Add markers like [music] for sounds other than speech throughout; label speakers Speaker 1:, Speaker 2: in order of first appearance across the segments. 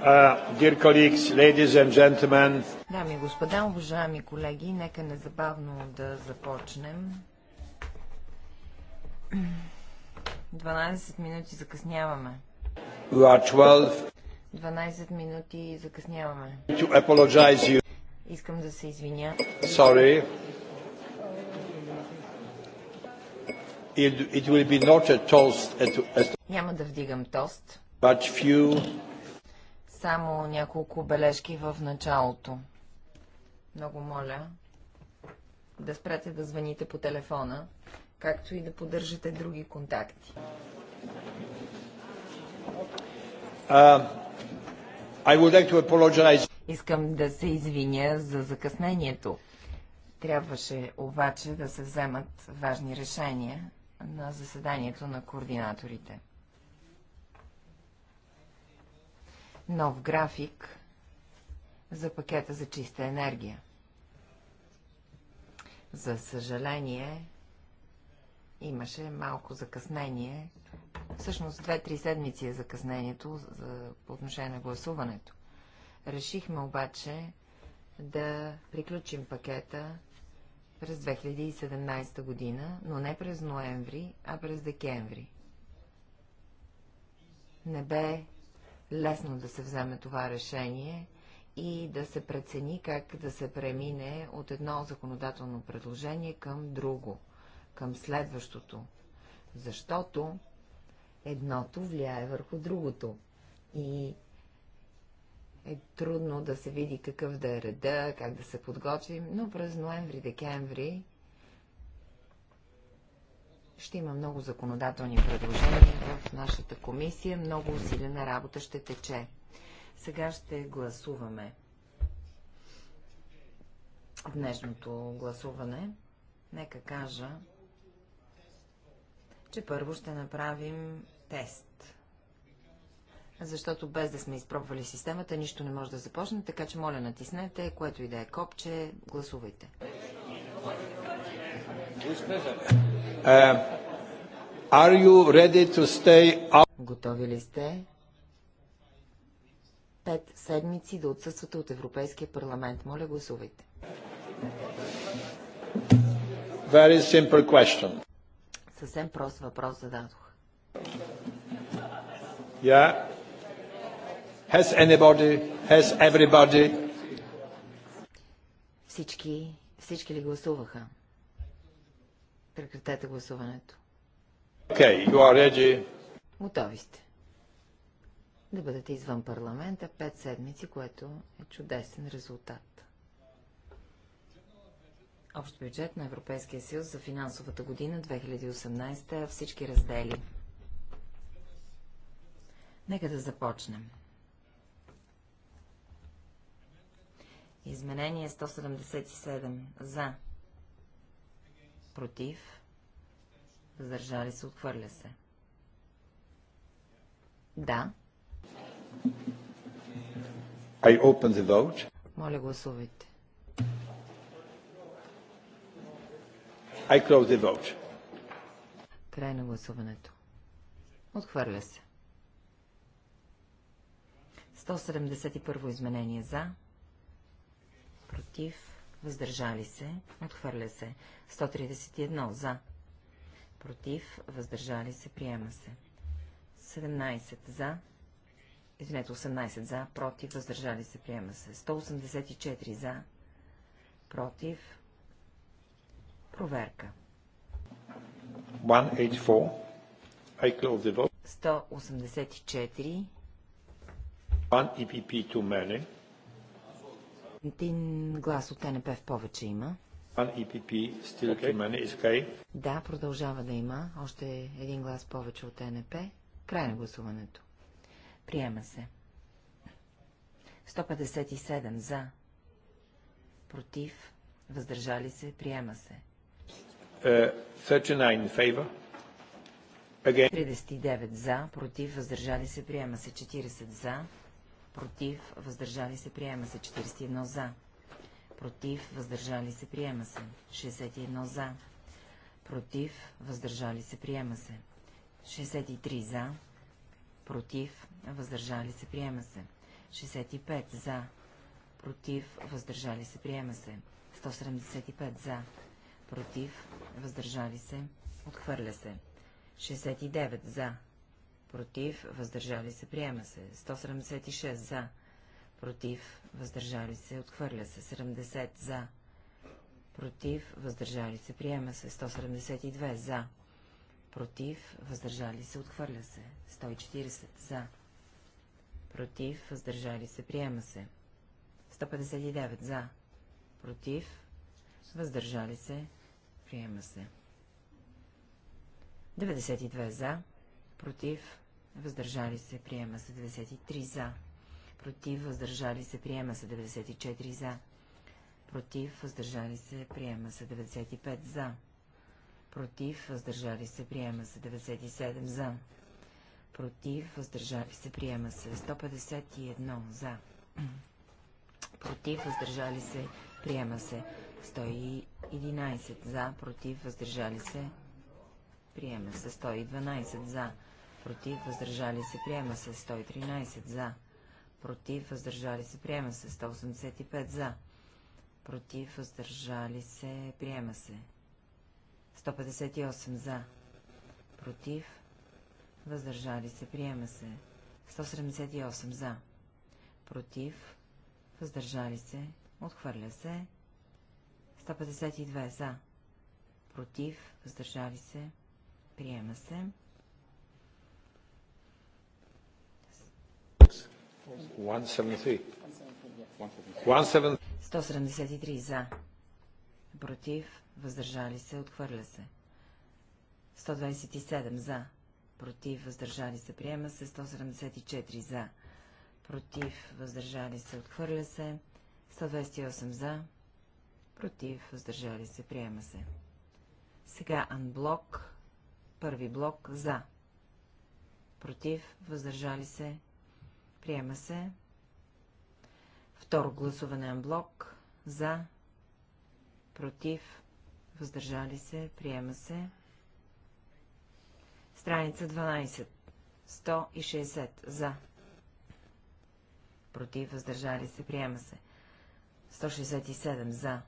Speaker 1: Uh,
Speaker 2: Дами и господа, уважаеми колеги, нека незабавно да започнем. 12 минути закъсняваме. 12. минути закъсняваме. Искам да се извиня.
Speaker 1: Sorry. It, will be not a toast,
Speaker 2: Няма да вдигам тост.
Speaker 1: But few...
Speaker 2: Само няколко бележки в началото. Много моля да спрете да звъните по телефона, както и да поддържате други контакти.
Speaker 1: Uh, like
Speaker 2: Искам да се извиня за закъснението. Трябваше обаче да се вземат важни решения на заседанието на координаторите. Нов график за пакета за чиста енергия. За съжаление, имаше малко закъснение. Всъщност, две-три седмици е закъснението за, по отношение на гласуването. Решихме обаче да приключим пакета през 2017 година, но не през ноември, а през декември. Не бе лесно да се вземе това решение и да се прецени как да се премине от едно законодателно предложение към друго, към следващото, защото едното влияе върху другото и е трудно да се види какъв да е реда, как да се подготвим, но през ноември-декември ще има много законодателни предложения в нашата комисия, много усилена работа ще тече. Сега ще гласуваме днешното гласуване. Нека кажа, че първо ще направим тест защото без да сме изпробвали системата, нищо не може да започне, така че моля натиснете, което и да е копче, гласувайте. Uh, Готови ли сте? Пет седмици да отсъствате от Европейския парламент. Моля, гласувайте.
Speaker 1: Very simple question.
Speaker 2: Съвсем прост въпрос зададох.
Speaker 1: Yeah. Has anybody? Has everybody?
Speaker 2: Всички, всички ли гласуваха? Прекратете гласуването.
Speaker 1: Okay, you are
Speaker 2: ready. Готови сте. Да бъдете извън парламента Пет седмици, което е чудесен резултат. Общ бюджет на Европейския съюз за финансовата година 2018 всички раздели. Нека да започнем. Изменение 177. За. Против. Въздържали се. Отхвърля се. Да.
Speaker 1: I open the vote.
Speaker 2: Моля, гласувайте. I close the vote. Край на гласуването. Отхвърля се. 171 изменение за против, въздържали се, отхвърля се. 131 за, против, въздържали се, приема се. 17 за, извинете, 18 за, против, въздържали се, приема се. 184 за, против, проверка.
Speaker 1: 184. I close the vote.
Speaker 2: 184.
Speaker 1: 1 EPP too many.
Speaker 2: Един глас от НП в повече има.
Speaker 1: E okay.
Speaker 2: Да, продължава да има. Още един глас повече от НП. Край на гласуването. Приема се. 157 за. Против. Въздържали се. Приема се.
Speaker 1: Uh, 39 in
Speaker 2: 39 за, против, въздържали се, приема се 40 за, против, въздържали се, приема се. 41 за, против, въздържали се, приема се. 61 за, против, въздържали се, приема се. 63 за, против, въздържали се, приема се. 65 за, против, въздържали се, приема се. 175 за, против, въздържали се, отхвърля се. 69 за, против, въздържали се, приема се. 176 за, против, въздържали се, отхвърля се. 70 за, против, въздържали се, приема се. 172 за, против, въздържали се, отхвърля се. 140 за, против, въздържали се, приема се. 159 за, против, въздържали се, приема се. 92 за, против, въздържали се, приема се 93 за, против, въздържали се, приема се 94 за, против, въздържали се, приема се 95 за, против, въздържали се, приема се 97 за, против, въздържали се, приема се 151 за, против, въздържали се, приема се 111 за, против, въздържали се, приема се 112 за, против, въздържали се, приема се 113 за, против, въздържали се, приема се 185 за, против, въздържали се, приема се 158 за, против, въздържали се, приема се 178 за, против, въздържали се, отхвърля се 152 за, против, въздържали се, приема се
Speaker 1: 173.
Speaker 2: за. Против. Въздържали се. Отхвърля се. 127 за. Против. Въздържали се. Приема се. 174 за. Против. Въздържали се. Отхвърля се. 128 за. Против. Въздържали се. Приема се. Сега анблок. Първи блок. За. Против. Въздържали се. Приема се. Второ гласуване на блок. За. Против. Въздържали се. Приема се. Страница 12. 160. За. Против. Въздържали се. Приема се. 167. За.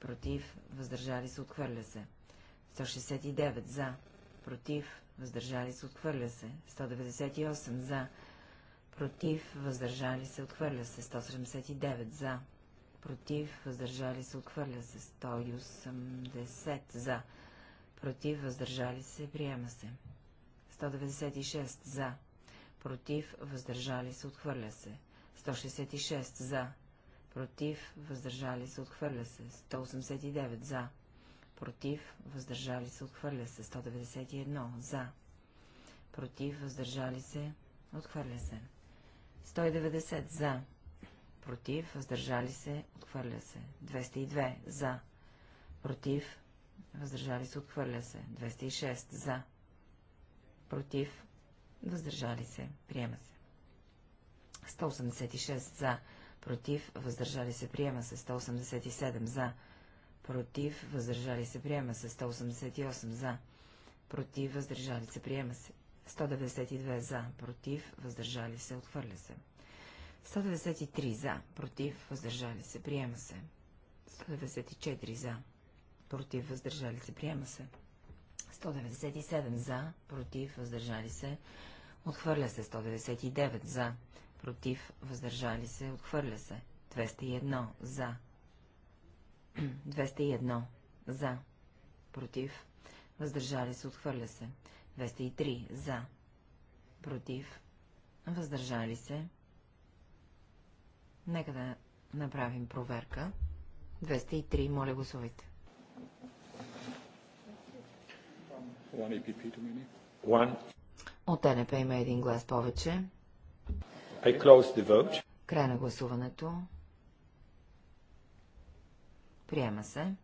Speaker 2: Против. Въздържали се. Отхвърля се. 169. За. Против. Въздържали се. Отхвърля се. 198. За против, въздържали се, отхвърля се 179 за, против, въздържали се, отхвърля се 180 за, против, въздържали се, приема се 196 за, против, въздържали се, отхвърля се 166 за, против, въздържали се, отхвърля се 189 за, против, въздържали се, отхвърля се 191 за, против, въздържали се, отхвърля се 190 за. Против. Въздържали се. Отхвърля се. 202 за. Против. Въздържали се. Отхвърля се. 206 за. Против. Въздържали се. Приема се. 186 за. Против. Въздържали се. Приема се. 187 за. Против. Въздържали се. Приема се. 188 за. Против. Въздържали се. Приема се. 192 за, против, въздържали се, отхвърля се. 193 за, против, въздържали се, приема се. 194 за, против, въздържали се, приема се. 197 за, против, въздържали се, отхвърля се. 199 за, против, въздържали се, отхвърля се. 201 за, 201 [clears throat] за, против, въздържали се, отхвърля се. 203 за, против, въздържали се. Нека да направим проверка. 203, моля гласувайте.
Speaker 1: E
Speaker 2: От НП има един глас повече. Край на гласуването. Приема се.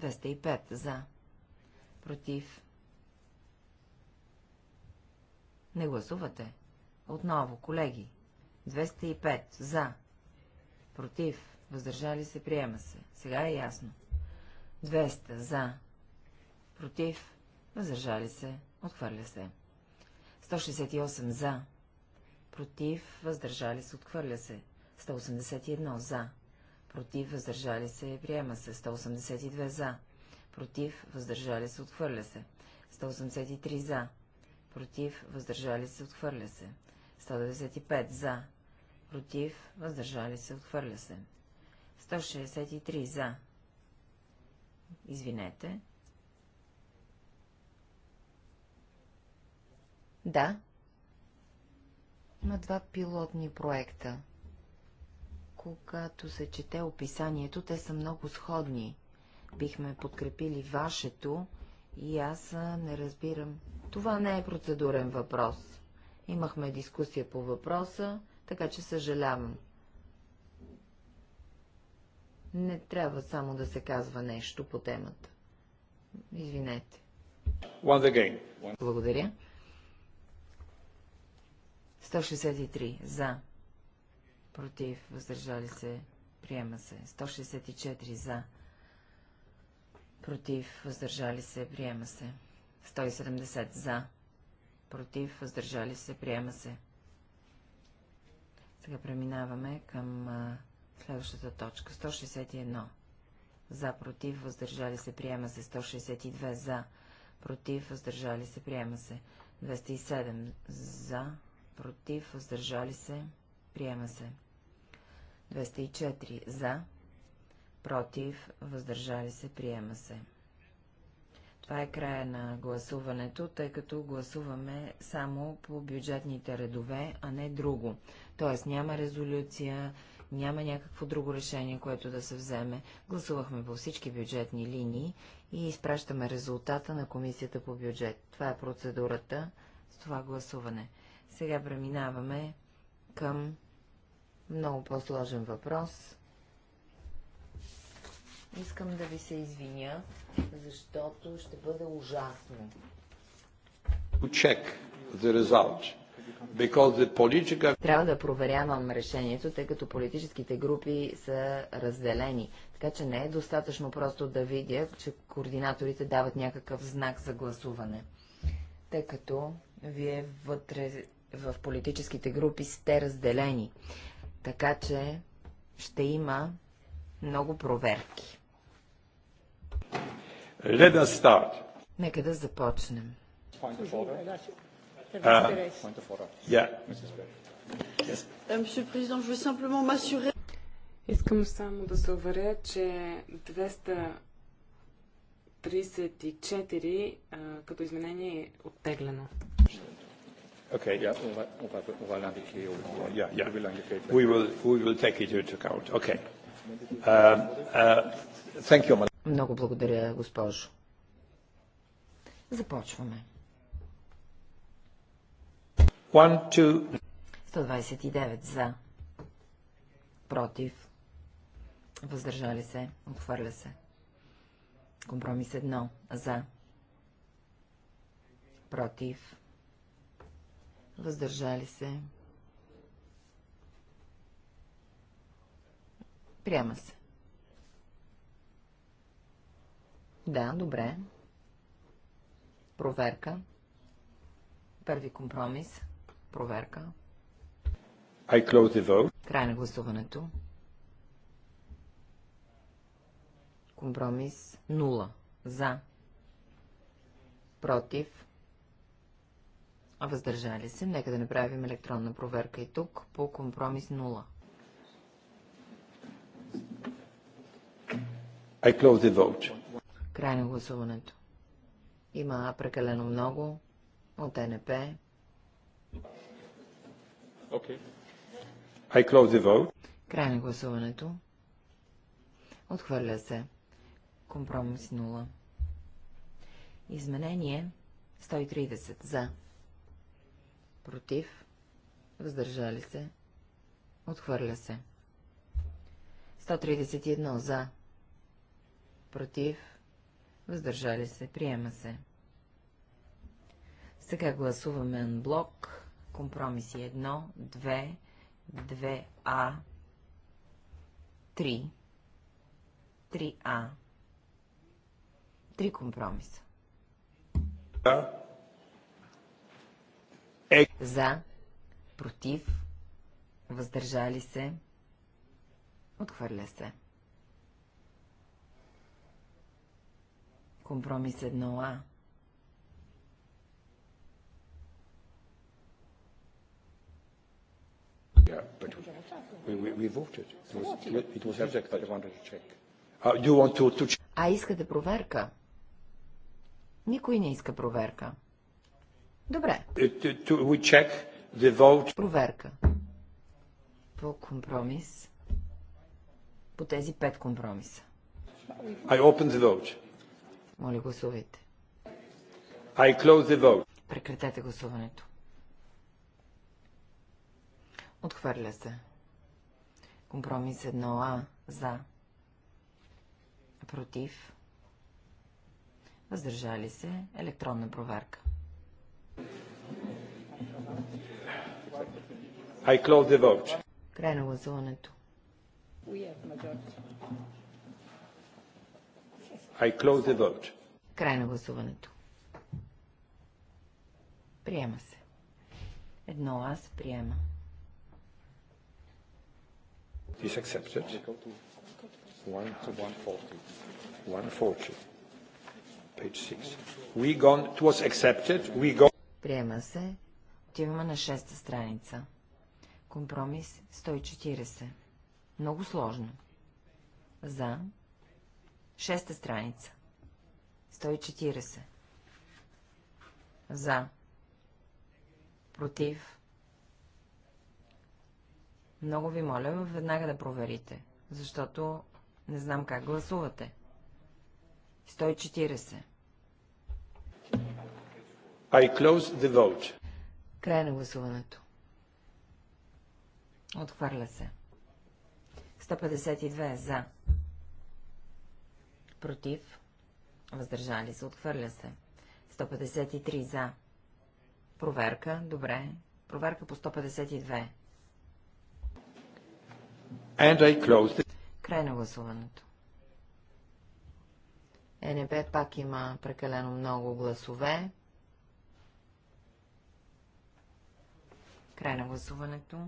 Speaker 2: 205 за. Против. Не гласувате. Отново, колеги. 205. За. Против. Въздържали се. Приема се. Сега е ясно. 200. За. Против. Въздържали се. Отхвърля се. 168. За. Против. Въздържали се. Отхвърля се. 181. За. Против. Въздържали се. Приема се. 182. За против, въздържали се, отхвърля се. 183 за, против, въздържали се, отхвърля се. 195 за, против, въздържали се, отхвърля се. 163 за. Извинете. Да. На два пилотни проекта. Когато се чете описанието, те са много сходни бихме подкрепили вашето и аз не разбирам. Това не е процедурен въпрос. Имахме дискусия по въпроса, така че съжалявам. Не трябва само да се казва нещо по темата. Извинете. Once again. Благодаря. 163 за. Против. Въздържали се. Приема се. 164 за против, въздържали се, приема се. 170 за, против, въздържали се, приема се. Сега преминаваме към а, следващата точка. 161 за, против, въздържали се, приема се. 162 за, против, въздържали се, приема се. 207 за, против, въздържали се, приема се. 204 за, против, въздържали се, приема се. Това е края на гласуването, тъй като гласуваме само по бюджетните редове, а не друго. Тоест няма резолюция, няма някакво друго решение, което да се вземе. Гласувахме по всички бюджетни линии и изпращаме резултата на комисията по бюджет. Това е процедурата с това гласуване. Сега преминаваме към много по-сложен въпрос Искам да ви се извиня, защото ще бъде ужасно.
Speaker 1: Check the result. The political...
Speaker 2: Трябва да проверявам решението, тъй като политическите групи са разделени. Така че не е достатъчно просто да видя, че координаторите дават някакъв знак за гласуване. Тъй като вие вътре в политическите групи сте разделени. Така че ще има много проверки.
Speaker 1: Let us start.
Speaker 2: Нека да започнем.
Speaker 3: Uh, yeah.
Speaker 4: yes. Искам само да се уверя, че 234 а, като изменение е оттеглено.
Speaker 1: Okay. Yeah, on va, on va l'indiquer au moment. Yeah, yeah. We will indicate that. We will, we will take it into account. Okay. Uh, uh,
Speaker 2: thank you, madam. Много благодаря, госпожо. Започваме. 129 за. Против. Въздържали се. Отхвърля се. Компромис едно. за. Против. Въздържали се. Приема се. Да, добре. Проверка. Първи компромис. Проверка.
Speaker 1: I close the vote.
Speaker 2: Край на гласуването. Компромис 0. За. Против. Въздържали се. Нека да направим електронна проверка и тук по компромис 0.
Speaker 1: I close the vote.
Speaker 2: Край на гласуването. Има прекалено много от НП.
Speaker 3: Okay.
Speaker 1: I close the vote.
Speaker 2: Край на гласуването. Отхвърля се. Компромис 0. Изменение 130 за. Против. Въздържали се. Отхвърля се. 131 за. Против. Въздържали се. Приема се. Сега гласуваме анблок. Компромиси 1, 2, 2А, 3, 3А. 3 компромиса. Да. Е. За, против, въздържали се, отхвърля се. Компромис едно А. А искате проверка? Никой не иска проверка. Добре.
Speaker 1: Uh,
Speaker 2: проверка. По компромис. По тези пет компромиса. Моля, гласувайте.
Speaker 1: I close the vote.
Speaker 2: Прекратете гласуването. Отхвърля се. Компромис 1А. За. Против. Въздържали се. Електронна проверка. I close the vote. Край на гласуването. We have majority.
Speaker 1: I close the vote.
Speaker 2: Край на гласуването. Приема се. Едно аз приема.
Speaker 1: Is accepted. 140. Page 6. We gone, it was accepted. We go...
Speaker 2: Приема се. Отиваме на шеста страница. Компромис 140. Много сложно. За. Шеста страница. 140. За. Против. Много ви моля, веднага да проверите, защото не знам как гласувате. 140.
Speaker 1: I close the vote.
Speaker 2: Край на гласуването. Отхвърля се. 152 за против, въздържали се, отхвърля се. 153 за. Проверка, добре. Проверка по 152.
Speaker 1: And I closed it.
Speaker 2: Край на гласуването. ЕНБ пак има прекалено много гласове. Край на гласуването.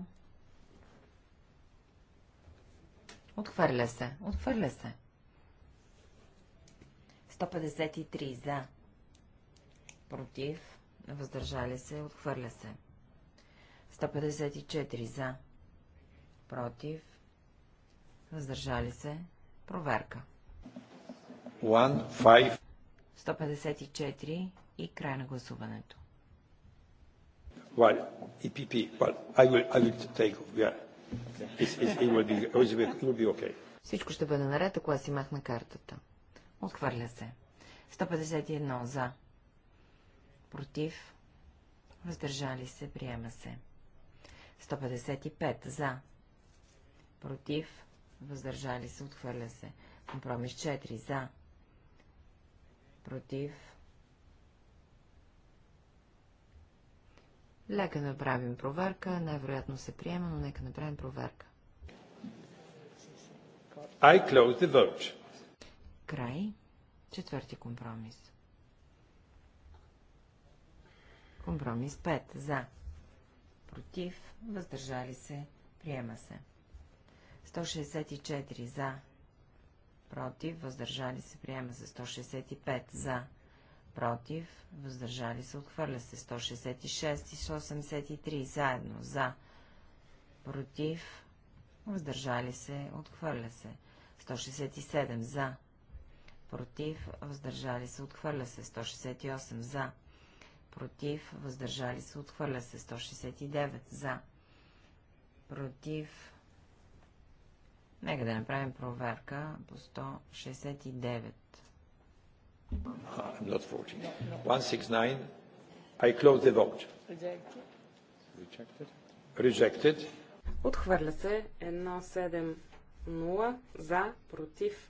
Speaker 2: Отхвърля се. Отхвърля се. 153 за. Против. Въздържали се. Отхвърля се. 154 за. Против. Въздържали се. Проверка.
Speaker 1: 1,
Speaker 2: 154 и край на гласуването.
Speaker 1: EPP, e well, I will, I will take, yeah. it will be, it will be okay.
Speaker 2: Всичко ще бъде наред, ако аз си махна картата. Отхвърля се. 151 за. Против. Въздържали се. Приема се. 155 за. Против. Въздържали се. Отхвърля се. Компромис 4 за. Против. Лека направим проверка. Най-вероятно се приема, но нека направим проверка.
Speaker 1: I close the vote.
Speaker 2: Край. Четвърти компромис. Компромис 5. За. Против. Въздържали се. Приема се. 164. За. Против. Въздържали се. Приема се. 165. За. Против. Въздържали се. Отхвърля се. 166 и 183. Заедно. За. Против. Въздържали се. Отхвърля се. 167. За против, въздържали се, отхвърля се 168 за, против, въздържали се, отхвърля се 169 за, против, нека да направим проверка по 169.
Speaker 1: 169. I close the vote.
Speaker 4: Rejected.
Speaker 1: Rejected.
Speaker 4: Отхвърля се 170 за, против,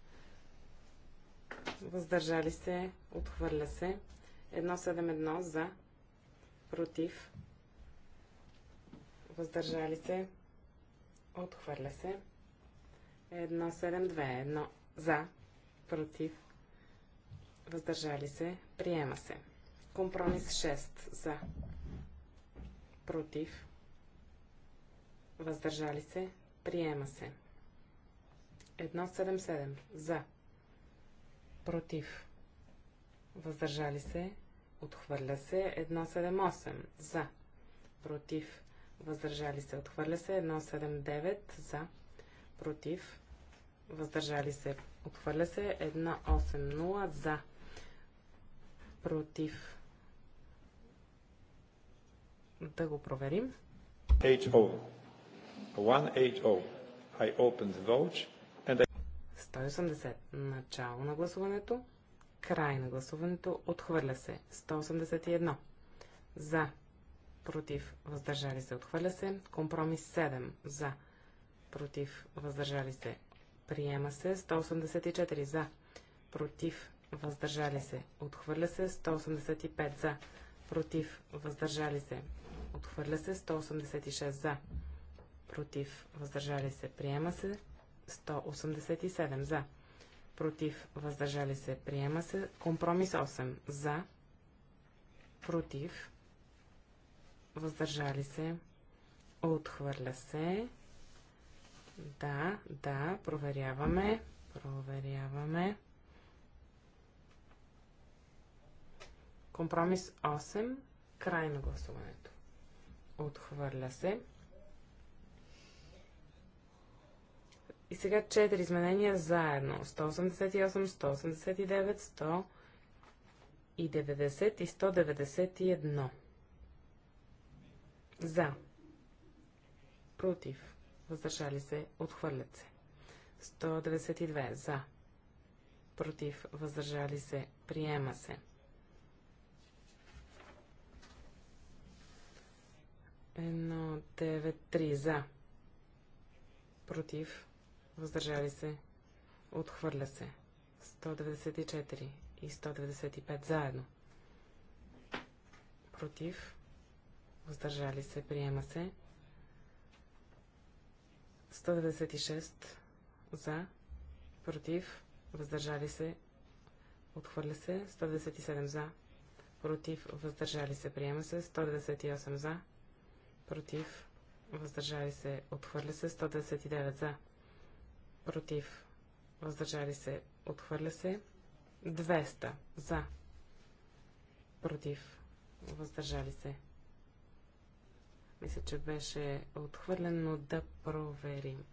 Speaker 4: въздържали се, отхвърля се. 171 за, против, въздържали се, отхвърля се. 172, едно за, против, въздържали се, приема се. Компромис 6 за, против, въздържали се, приема се. 177 за, против, въздържали се, отхвърля се 178 за, против, въздържали се, отхвърля се 179 за, против, въздържали се, отхвърля се 180 за, против. Да го проверим.
Speaker 1: 80. 180. I open the vote.
Speaker 4: 180. Начало на гласуването. Край на гласуването. Отхвърля се. 181. За. Против. Въздържали се. Отхвърля се. Компромис 7. За. Против. Въздържали се. Приема се. 184. За. Против. Въздържали се. Отхвърля се. 185. За. Против. Въздържали се. Отхвърля се. 186. За. Против. Въздържали се. Приема се. 187 за. Против. Въздържали се. Приема се. Компромис 8 за. Против. Въздържали се. Отхвърля се. Да, да, проверяваме. Проверяваме. Компромис 8. Край на гласуването. Отхвърля се. И сега четири изменения заедно. 188, 189, 100 и 90 и 191. За. Против. Въздържали се. Отхвърлят се. 192. За. Против. Въздържали се. Приема се. Едно, девет, три. За. Против въздържали се, отхвърля се. 194 и 195 заедно. Против, въздържали се, приема се. 196 за, против, въздържали се, отхвърля се. 197 за, против, въздържали се, приема се. 198 за, против, въздържали се, отхвърля се. 199 за, против, въздържали се, отхвърля се. 200 за, против, въздържали се. Мисля, че беше отхвърлено да проверим.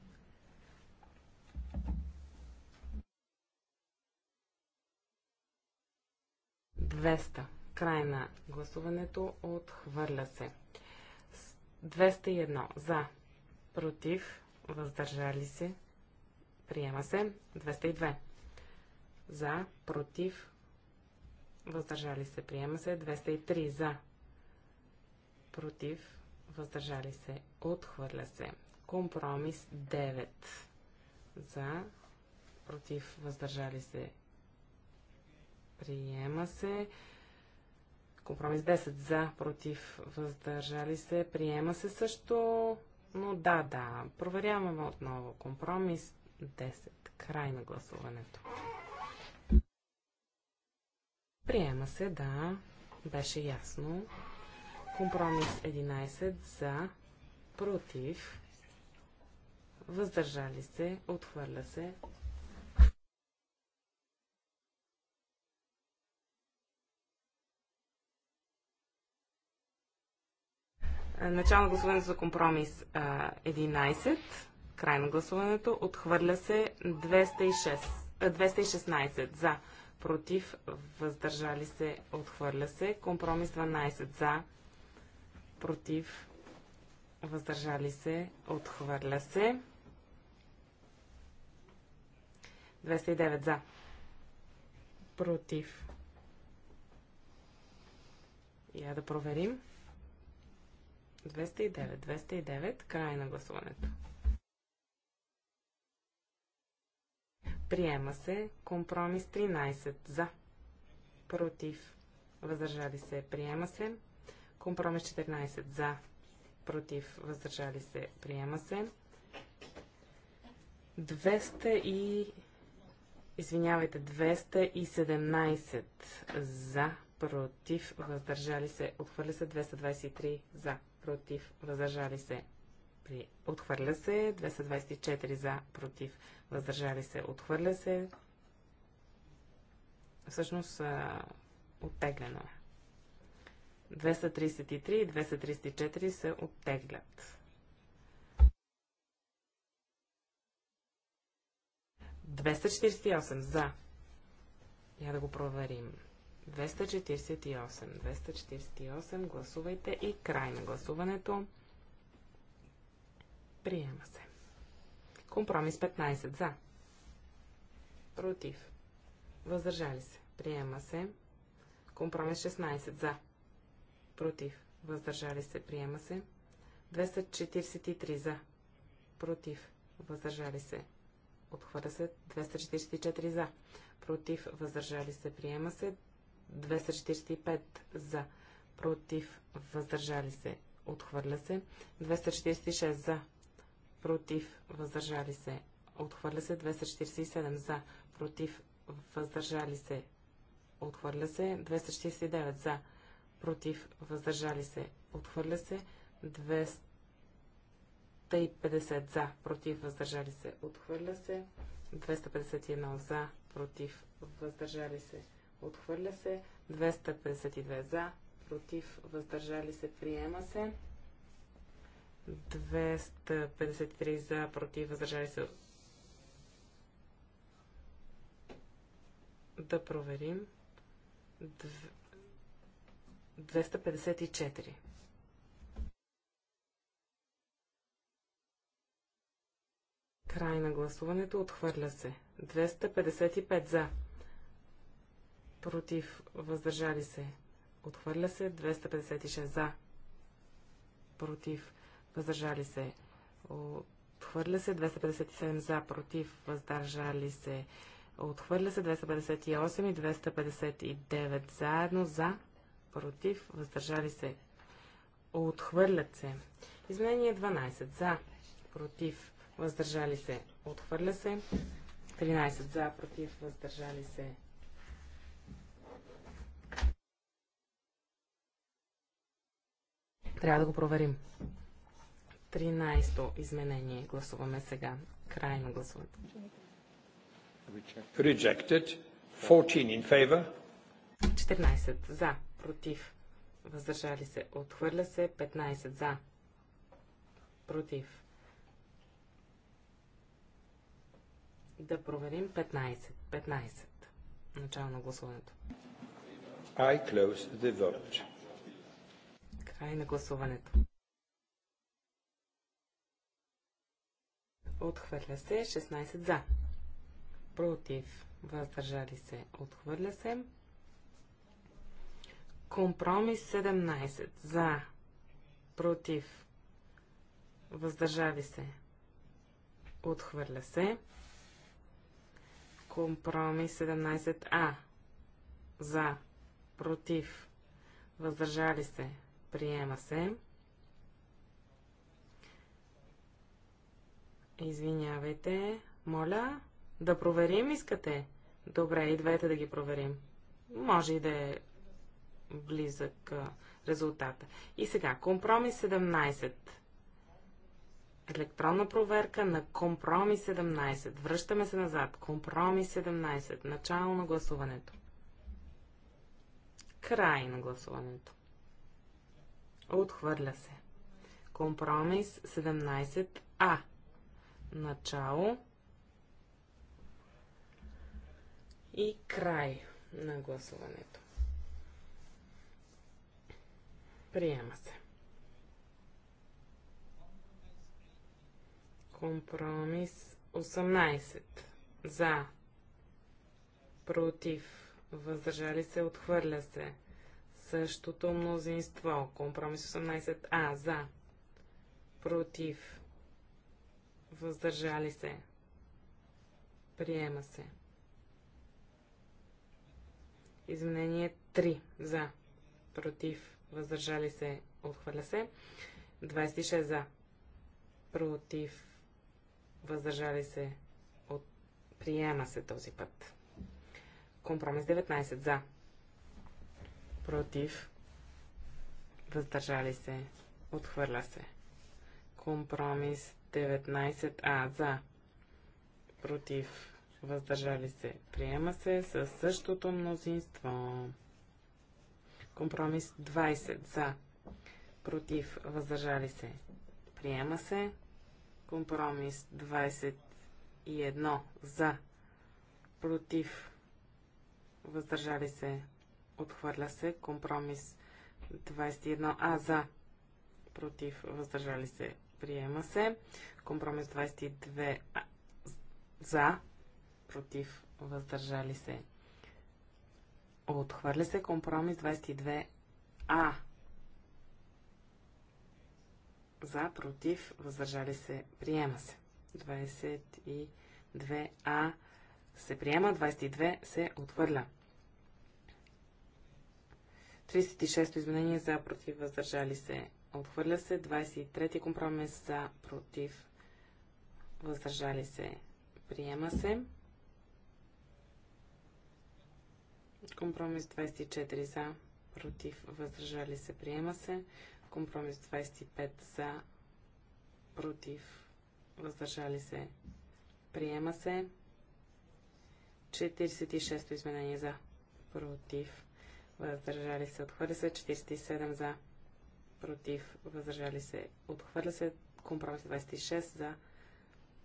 Speaker 4: Двеста. Край на гласуването отхвърля се. 201 за, против, въздържали се, Приема се. 202. За. Против. Въздържали се. Приема се. 203. За. Против. Въздържали се. Отхвърля се. Компромис 9. За. Против. Въздържали се. Приема се. Компромис 10 за, против, въздържали се. Приема се също. Но да, да. Проверяваме отново. Компромис 10. Край на гласуването. Приема се, да, беше ясно. Компромис 11 за, против, въздържали се, отхвърля се. Начално гласуване за компромис 11. Край на гласуването. Отхвърля се 206. 216 за. Против. Въздържали се. Отхвърля се. Компромис 12 за. Против. Въздържали се. Отхвърля се. 209 за. Против. Я да проверим. 209, 209, край на гласуването. Приема се. Компромис 13. За. Против. Въздържали се. Приема се. Компромис 14. За. Против. Въздържали се. Приема се. 200 и... Извинявайте, 217 за, против, въздържали се, отхвърля се 223 за, против, въздържали се, при... отхвърля се 224 за, против, въздържали се, отхвърля се. Всъщност, оттеглено е. 233 и 234 се оттеглят. 248 за. Я да го проверим. 248. 248. Гласувайте и край на гласуването. Приема се. Компромис 15 за. Против. Въздържали се. Приема се. Компромис 16 за. Против. Въздържали се. Приема се. 243 за. Против. Въздържали се. Отхвърля се. 244 за. Против. Въздържали се. Приема се. 245 за. Против. Въздържали се. Отхвърля се. 246 за против, въздържали се, отхвърля се 247 за, против, въздържали се, отхвърля се 249 за, против, въздържали се, отхвърля се 250 за, против, въздържали се, отхвърля се 251 за, против, въздържали се, отхвърля се 252 за, против, въздържали се, приема се 253 за, против, въздържали се. Да проверим. 254. Край на гласуването отхвърля се. 255 за. Против, въздържали се. Отхвърля се. 256 за. Против, въздържали се. Отхвърля се 257 за, против, въздържали се. Отхвърля се 258 и 259 заедно за, против, въздържали се. Отхвърлят се. Изменение 12 за, против, въздържали се. Отхвърля се. 13 за, против, въздържали се. Трябва да го проверим. 13-то изменение гласуваме сега. Край на гласуването.
Speaker 1: Rejected. 14 in favor.
Speaker 4: 14 за, против, въздържали се, отхвърля се, 15 за, против. Да проверим 15. 15. Начало на гласуването.
Speaker 1: I close the vote.
Speaker 4: Край на гласуването. Отхвърля се. 16 за. Против. Въздържали се. Отхвърля се. Компромис 17. За. Против. Въздържали се. Отхвърля се. Компромис 17А. За. Против. Въздържали се. Приема се. Извинявайте, моля, да проверим искате? Добре, и двете да ги проверим. Може и да е близък резултата. И сега, компромис 17. Електронна проверка на компромис 17. Връщаме се назад. Компромис 17. Начало на гласуването. Край на гласуването. Отхвърля се. Компромис 17А начало и край на гласуването. Приема се. Компромис 18. За. Против. Въздържали се. Отхвърля се. Същото мнозинство. Компромис 18А. За. Против въздържали се, приема се. Изменение 3 за, против, въздържали се, отхвърля се. 26 за, против, въздържали се, от... приема се този път. Компромис 19 за, против, въздържали се, отхвърля се. Компромис 19а за, против, въздържали се, приема се със същото мнозинство. Компромис 20 за, против, въздържали се, приема се. Компромис 21 за, против, въздържали се, отхвърля се. Компромис 21а за, против, въздържали се, Приема се. Компромис 22 а, за, против, въздържали се. Отхвърля се компромис 22а. За, против, въздържали се. Приема се. 22а се приема, 22 се отхвърля. 36-то изменение за, против, въздържали се. Отхвърля се. 23 компромис за, против, въздържали се. Приема се. Компромис 24 за, против, въздържали се. Приема се. Компромис 25 за, против, въздържали се. Приема се. 46 изменение за, против, въздържали се. Отхвърля се. 47 за, против, въздържали се, отхвърля се. Компромис 26 за,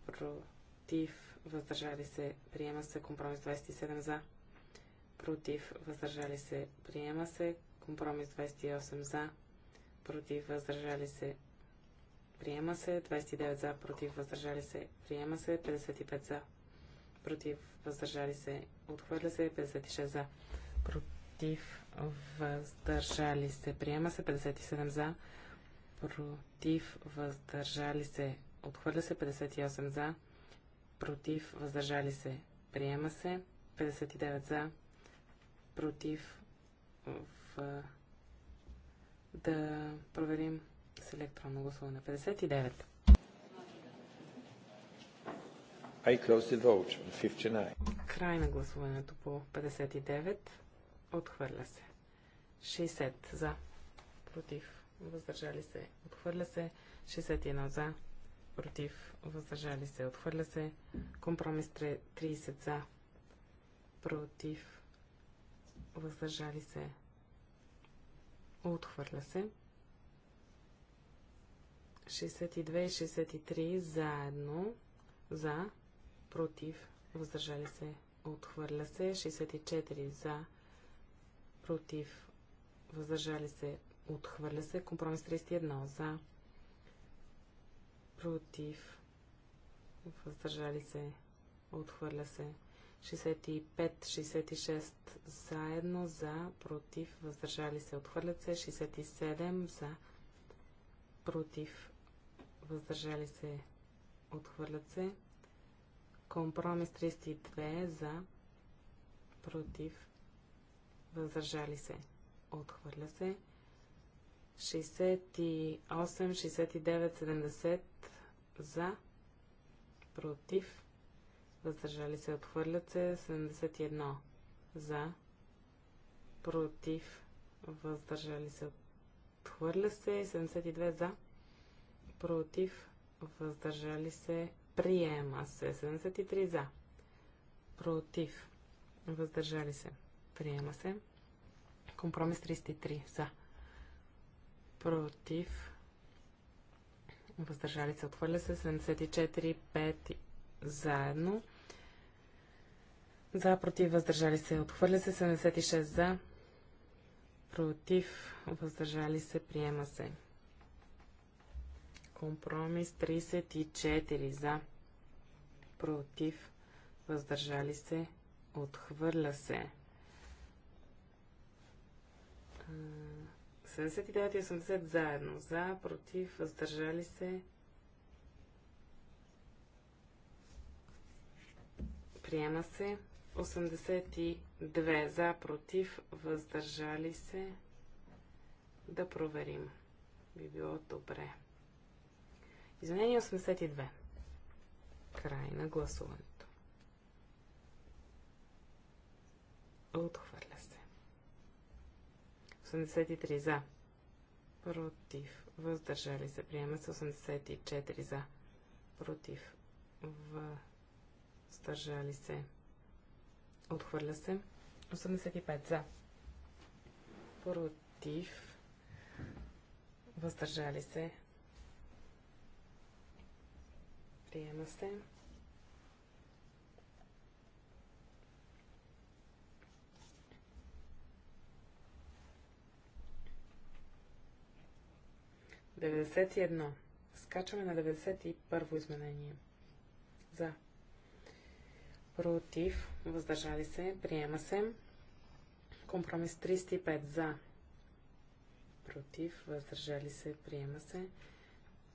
Speaker 4: против, въздържали се, приема се. Компромис 27 за, против, въздържали се, приема се. Компромис 28 за, против, въздържали се, приема се. 29 за, против, въздържали се, приема се. 55 за, против, въздържали се, отхвърля се. 56 за, против, против, въздържали се. Приема се 57 за, против, въздържали се. Отхвърля се 58 за, против, въздържали се. Приема се 59 за, против, в... да проверим с електронно гласуване. 59.
Speaker 1: I close the vote 59.
Speaker 4: Край на гласуването по 59. Отхвърля се. 60 за. Против. Въздържали се. Отхвърля се. 61 за. Против. Въздържали се. Отхвърля се. Компромис 30 за. Против. Въздържали се. Отхвърля се. 62 и 63 заедно. За. Против. Въздържали се. Отхвърля се. 64 за против, въздържали се, отхвърля се. Компромис 31 за, против, въздържали се, отхвърля се. 65-66 заедно за, против, въздържали се, отхвърлят се. 67 за, против, въздържали се, отхвърлят се. Компромис 32 за, против, въздържали се, отхвърля се. 68, 69, 70 за, против, въздържали се, отхвърлят се. 71 за, против, въздържали се, отхвърля се. 72 за, против, въздържали се, приема се. 73 за, против, въздържали се, Приема се. Компромис 33. За. Против. Въздържали се. Отхвърля се. 74. 5. Заедно. За. Против. Въздържали се. Отхвърля се. 76. За. Против. Въздържали се. Приема се. Компромис 34. За. Против. Въздържали се. Отхвърля се. 79 и 80 заедно. За, против, въздържали се. Приема се. 82 за, против, въздържали се. Да проверим. Би било добре. Извинение 82. Край на гласуването. Отхвърля 83 за. Против. Въздържали се. Приема се 84 за. Против. Въздържали се. Отхвърля се. 85 за. Против. Въздържали се. Приема се. 91. Скачаме на 91 изменение. За. Против. Въздържали се. Приема се. Компромис 35. За. Против. Въздържали се. Приема се.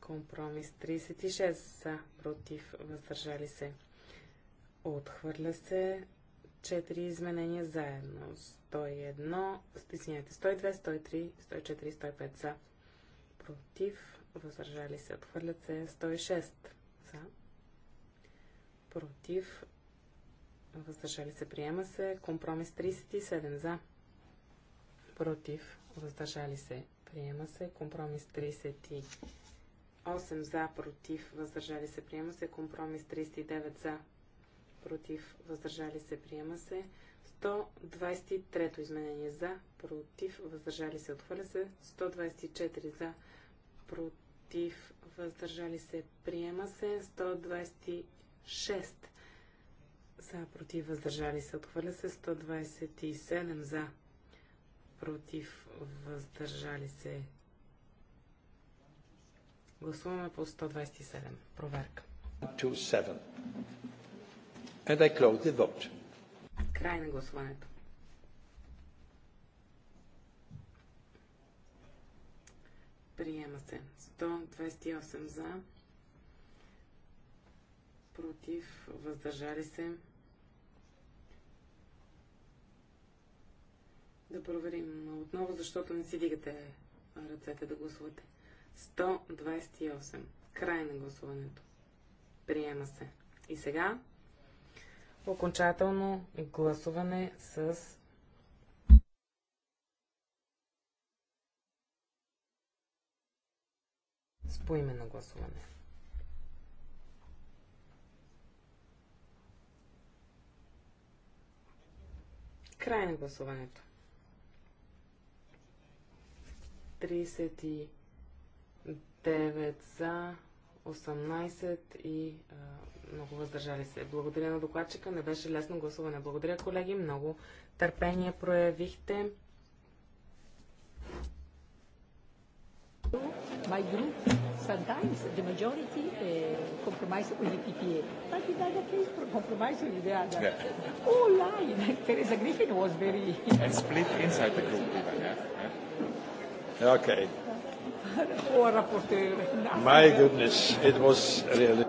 Speaker 4: Компромис 36. За. Против. Въздържали се. Отхвърля се. 4 изменения заедно. 101. стиснете 102, 103, 104, 105. За против, въздържали се, отхвърлят се 106 за, против, въздържали се, приема се, компромис 37 за, против, въздържали се, приема се, компромис 38 за, против, въздържали се, приема се, компромис 39 за, против, въздържали се, приема се, 123 изменение за, против, въздържали се, отхвърля се, 124 за, против, въздържали се, приема се. 126 за, против, въздържали се, отхвърля се. 127 за, против, въздържали се. Гласуваме по 127.
Speaker 3: Проверка.
Speaker 1: 27. And I close the vote.
Speaker 4: Край на гласуването. Приема се. 128 за. Против. Въздържали се. Да проверим отново, защото не си дигате ръцете да гласувате. 128. Край на гласуването. Приема се. И сега окончателно гласуване с с поименно гласуване. Край на гласуването. 39 за, 18 и а, много въздържали се. Благодаря на докладчика. Не беше лесно гласуване. Благодаря, колеги. Много търпение проявихте. my group, sometimes the majority uh, compromise with the PPA, but in other case compromise with the other. Yeah. Oh line. Teresa Griffin was very. and
Speaker 1: split inside the group, yeah. yeah. Okay.
Speaker 4: Or rapporteur. My
Speaker 1: goodness, it was really.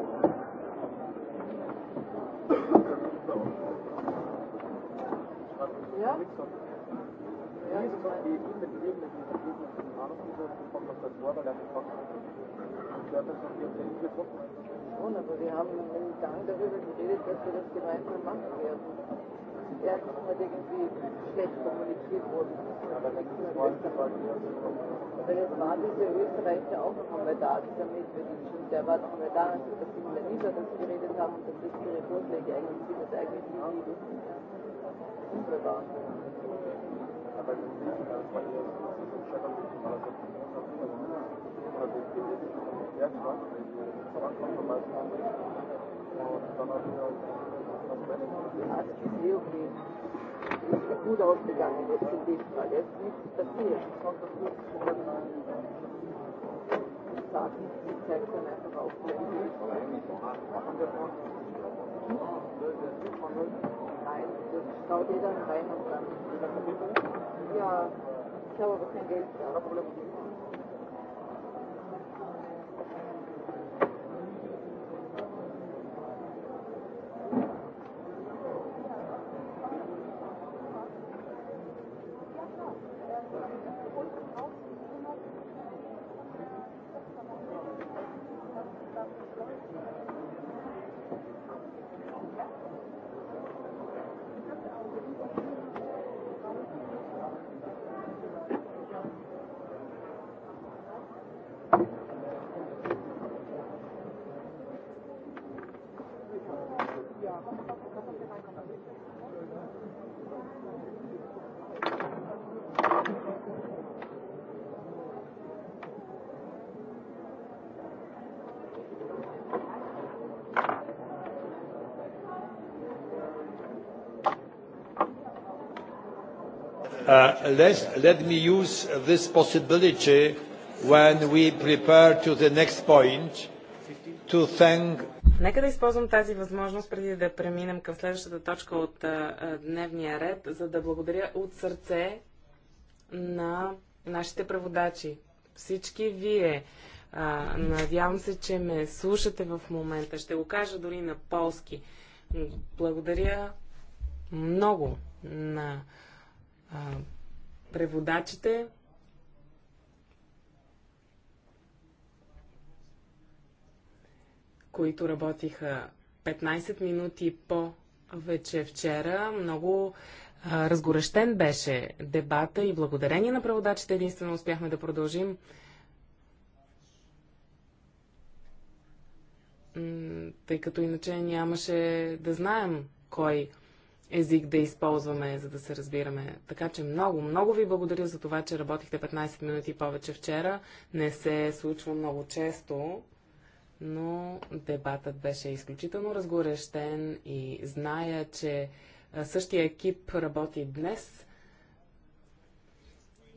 Speaker 3: Schon, aber wir haben einen Gang darüber geredet, dass wir das gemeinsam machen werden. Erst ist mal irgendwie schlecht kommuniziert worden. Aber jetzt war dieser Österreicher auch noch einmal da, dieser Medvedin, der war noch einmal da, als wir das in der Nieder das geredet haben und dass das ihre Vorschläge eigentlich sind, das eigentlich wunderbar. Also ich sehe, okay, ist gut ausgegangen jetzt in dem Fall. Jetzt nichts passiert. Ich sage nicht, die Zeit kann einfach aufhören. Nein, das schaut jeder rein und dann. Ja, ich glaube, wir können gehen. Ja, kein Problem.
Speaker 1: Uh, let me use this possibility when we prepare to the next point to thank
Speaker 4: Нека да използвам тази възможност преди да преминем към следващата точка от а, дневния ред, за да благодаря от сърце на нашите преводачи. Всички вие. А, надявам се, че ме слушате в момента. Ще го кажа дори на полски. Благодаря много на а, преводачите. които работиха 15 минути по-вече вчера. Много а, разгорещен беше дебата и благодарение на преводачите единствено успяхме да продължим. Тъй като иначе нямаше да знаем кой език да използваме, за да се разбираме. Така че много, много ви благодаря за това, че работихте 15 минути повече вчера. Не се е случва много често, но дебатът беше изключително разгорещен и зная, че същия екип работи днес.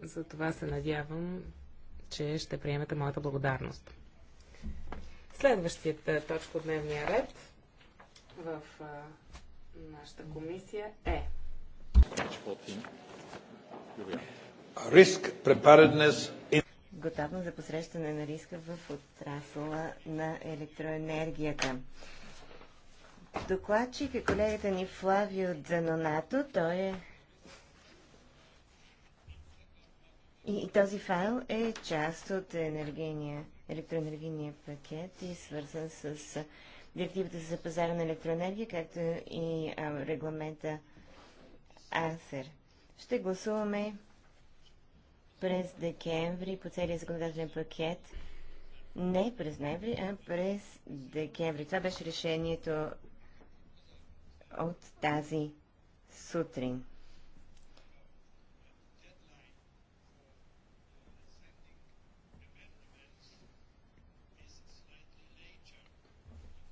Speaker 4: Затова се надявам, че ще приемете моята благодарност. Следващият точка от дневния ред в нашата комисия е
Speaker 1: Risk preparedness in...
Speaker 5: Готовност за посрещане на риска в отрасъла на електроенергията. Докладчик е колегата ни Флавио Дзанонато. Той е И, и този файл е част от енергийния, електроенергийния пакет и е свързан с директивата за пазара на електроенергия, както и а, регламента АСЕР. Ще гласуваме през декември по целия законодателен пакет. Не през ноември, а през декември. Това беше решението от тази сутрин.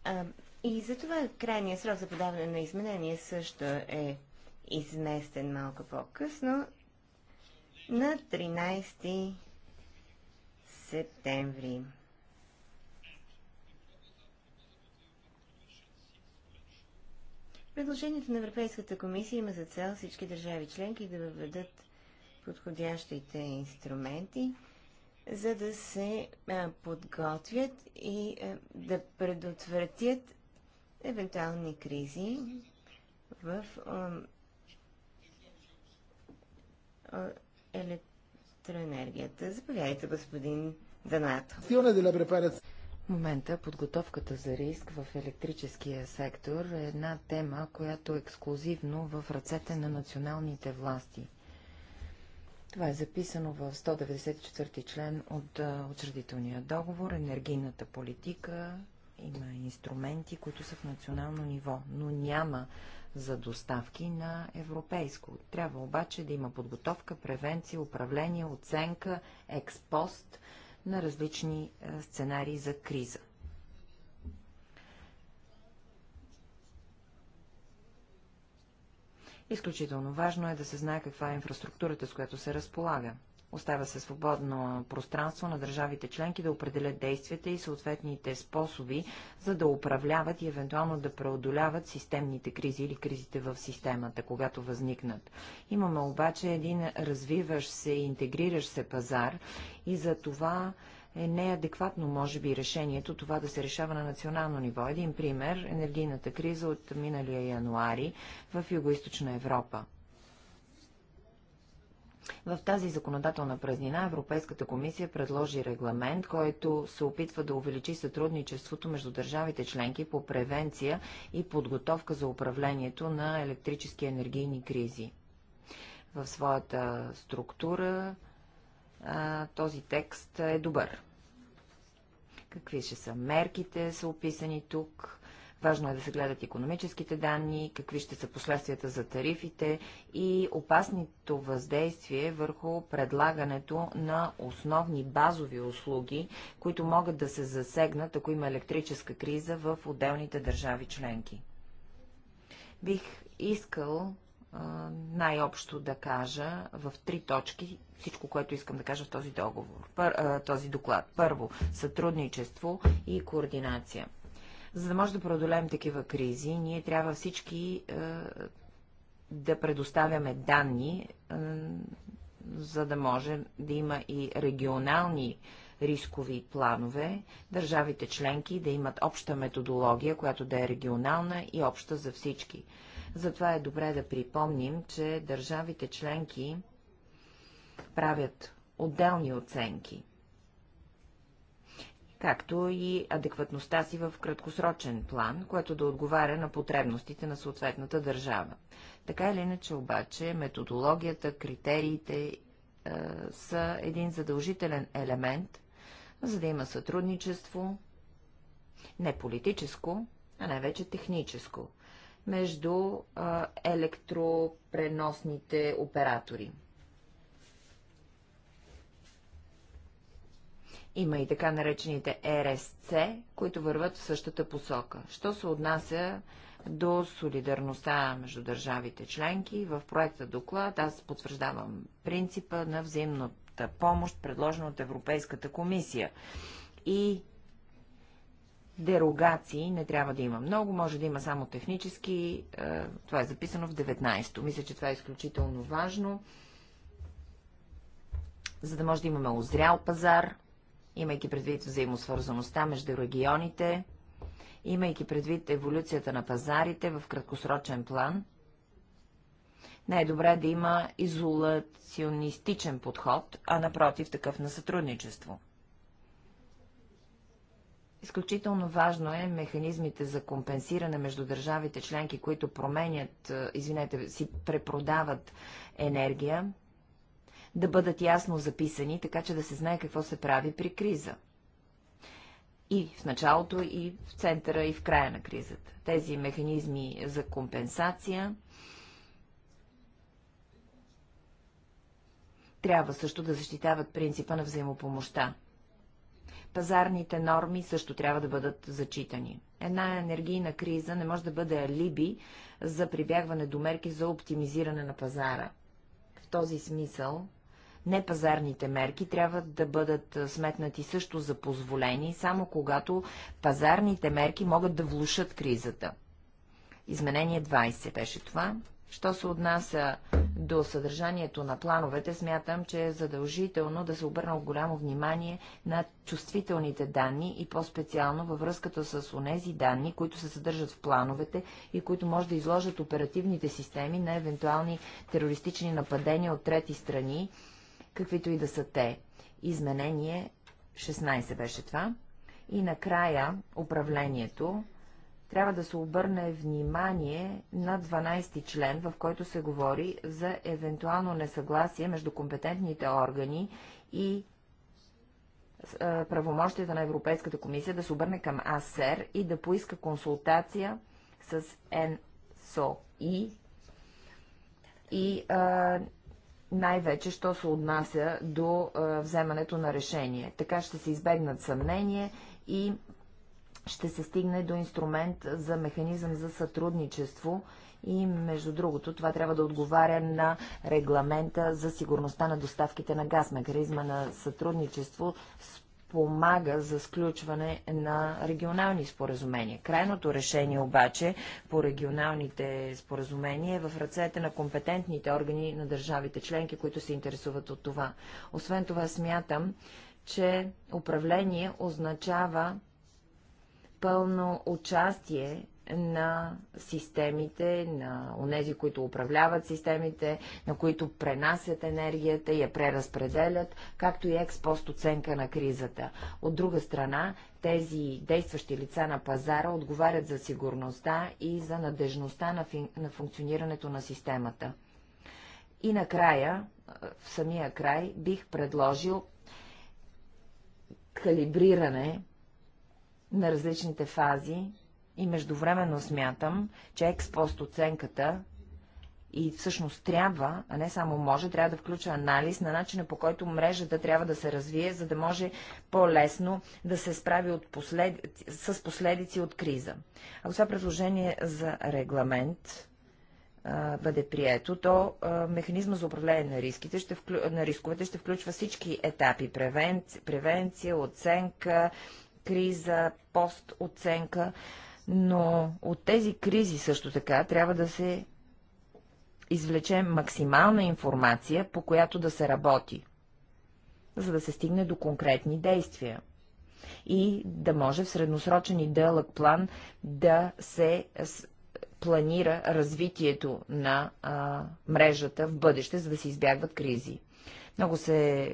Speaker 5: И и затова крайния срок за подаване на изменения също е изместен малко по-късно на 13 септември. Предложението на Европейската комисия има за цел всички държави членки да въведат подходящите инструменти – за да се подготвят и да предотвратят евентуални кризи в електроенергията. Заповядайте, господин Данато. Момента подготовката за риск в
Speaker 2: електрическия сектор е една тема, която е ексклюзивно в ръцете на националните власти – това е записано в 194 член от учредителния договор. Енергийната политика има инструменти, които са в национално ниво, но няма за доставки на европейско. Трябва обаче да има подготовка, превенция, управление, оценка, експост на различни сценарии за криза. Изключително важно е да се знае каква е инфраструктурата, с която се разполага. Остава се свободно пространство на държавите членки да определят действията и съответните способи, за да управляват и евентуално да преодоляват системните кризи или кризите в системата, когато възникнат. Имаме обаче един развиващ се и интегриращ се пазар и за това е неадекватно, може би, решението това да се решава на национално ниво. Един пример – енергийната криза от миналия януари в Юго-Источна Европа. В тази законодателна празнина Европейската комисия предложи регламент, който се опитва да увеличи сътрудничеството между държавите членки по превенция и подготовка за управлението на електрически енергийни кризи. В своята структура а, този текст е добър. Какви ще са мерките, са описани тук. Важно е да се гледат економическите данни, какви ще са последствията за тарифите и опасното въздействие върху предлагането на основни базови услуги, които могат да се засегнат, ако има електрическа криза в отделните държави членки. Бих искал най-общо да кажа в три точки всичко, което искам да кажа в този, договор, пър, този доклад. Първо, сътрудничество и координация. За да може да преодолеем такива кризи, ние трябва всички е, да предоставяме данни, е, за да може да има и регионални рискови планове, държавите членки да имат обща методология, която да е регионална и обща за всички. Затова е добре да припомним, че държавите членки правят отделни оценки, както и адекватността си в краткосрочен план, което да отговаря на потребностите на съответната държава. Така или иначе обаче методологията, критериите е, са един задължителен елемент, за да има сътрудничество, не политическо, а най-вече техническо между електропреносните оператори. Има и така наречените е РСЦ, които върват в същата посока. Що се отнася до солидарността между държавите членки, в проекта доклад аз потвърждавам принципа на взаимната помощ, предложена от Европейската комисия. И Дерогации не трябва да има много, може да има само технически. Е, това е записано в 19-то. Мисля, че това е изключително важно, за да може да имаме озрял пазар, имайки предвид взаимосвързаността между регионите, имайки предвид еволюцията на пазарите в краткосрочен план. Не е добре да има изолационистичен подход, а напротив такъв на сътрудничество. Изключително важно е механизмите за компенсиране между държавите членки, които променят, е, извинете, си препродават енергия, да бъдат ясно записани, така че да се знае какво се прави при криза. И в началото, и в центъра, и в края на кризата. Тези механизми за компенсация трябва също да защитават принципа на взаимопомощта. Пазарните норми също трябва да бъдат зачитани. Една енергийна криза не може да бъде алиби за прибягване до мерки за оптимизиране на пазара. В този смисъл непазарните мерки трябва да бъдат сметнати също за позволени, само когато пазарните мерки могат да влушат кризата. Изменение 20 беше това. Що се отнася до съдържанието на плановете, смятам, че е задължително да се обърна голямо внимание на чувствителните данни и по-специално във връзката с онези данни, които се съдържат в плановете и които може да изложат оперативните системи на евентуални терористични нападения от трети страни, каквито и да са те. Изменение 16 беше това. И накрая управлението трябва да се обърне внимание на 12 ти член, в който се говори за евентуално несъгласие между компетентните органи и правомощията на Европейската комисия да се обърне към АСЕР и да поиска консултация с НСОИ и най-вече, що се отнася до вземането на решение. Така ще се избегнат съмнение и ще се стигне до инструмент за механизъм за сътрудничество и между другото това трябва да отговаря на регламента за сигурността на доставките на газ. Механизма на сътрудничество помага за сключване на регионални споразумения. Крайното решение обаче по регионалните споразумения е в ръцете на компетентните органи на държавите членки, които се интересуват от това. Освен това смятам, че управление означава пълно участие на системите, на онези, които управляват системите, на които пренасят енергията и я преразпределят, както и експост оценка на кризата. От друга страна, тези действащи лица на пазара отговарят за сигурността и за надежността на, фин... на функционирането на системата. И накрая, в самия край, бих предложил калибриране на различните фази и междувременно смятам, че експост оценката и всъщност трябва, а не само може, трябва да включва анализ на начина по който мрежата трябва да се развие, за да може по-лесно да се справи от последици, с последици от криза. Ако това предложение за регламент а, бъде прието, то а, механизма за управление на, риските ще вклю... на рисковете ще включва всички етапи превенци... превенция, оценка, криза, постоценка, но от тези кризи също така трябва да се извлече максимална информация, по която да се работи, за да се стигне до конкретни действия и да може в средносрочен и дълъг план да се планира развитието на а, мрежата в бъдеще, за да се избягват кризи. Много се...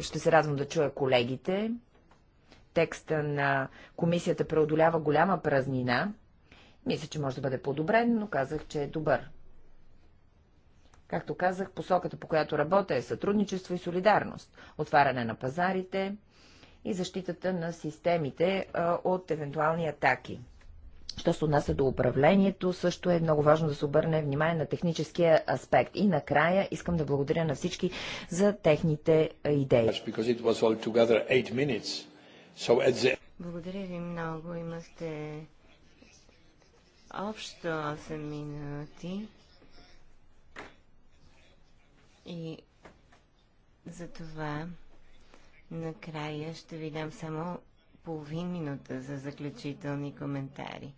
Speaker 2: ще се радвам да чуя колегите текста на комисията преодолява голяма празнина. Мисля, че може да бъде подобрен, но казах, че е добър. Както казах, посоката, по която работя е сътрудничество и солидарност, отваряне на пазарите и защитата на системите от евентуални атаки. Що се отнася до управлението, също е много важно да се обърне внимание на техническия аспект. И накрая искам да благодаря на всички за техните идеи.
Speaker 5: Благодаря ви много. Имахте общо 8 минути. И за това накрая ще ви дам само половин минута за заключителни коментари.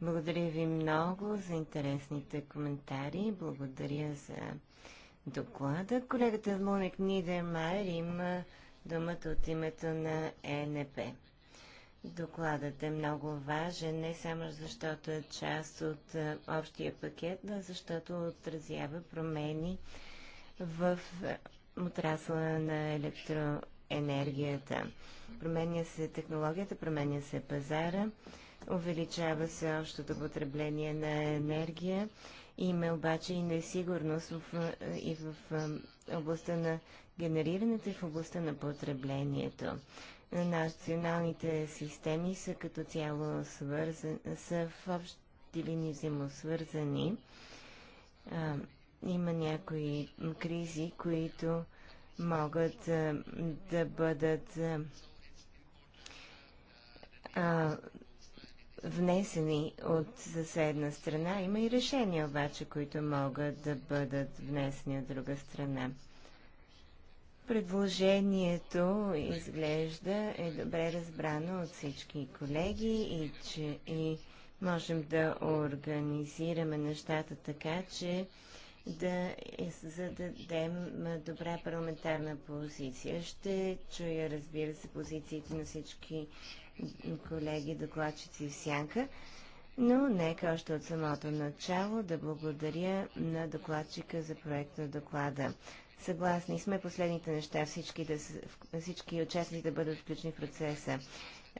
Speaker 5: Благодаря ви много за интересните коментари. Благодаря за доклада. Колегата Моник Нидермайер има думата от името на ЕНП. Докладът е много важен, не само защото е част от е, общия пакет, но защото отразява промени в е, отрасла на електроенергията. Променя се технологията, променя се пазара, увеличава се общото потребление на енергия. Има обаче и несигурност в, е, и в областта на генерирането и в областта на потреблението. Националните системи са като цяло свързани, са в общи линии взаимосвързани. има някои кризи, които могат да бъдат внесени от съседна страна. Има и решения обаче, които могат да бъдат внесени от друга страна предложението изглежда е добре разбрано от всички колеги и че и можем да организираме нещата така, че да е, зададем добра парламентарна позиция. Ще чуя, разбира се, позициите на всички колеги, докладчици и сянка, но нека още от самото начало да благодаря на докладчика за проект на доклада. Съгласни сме последните неща всички, да, всички участници да бъдат включени в процеса.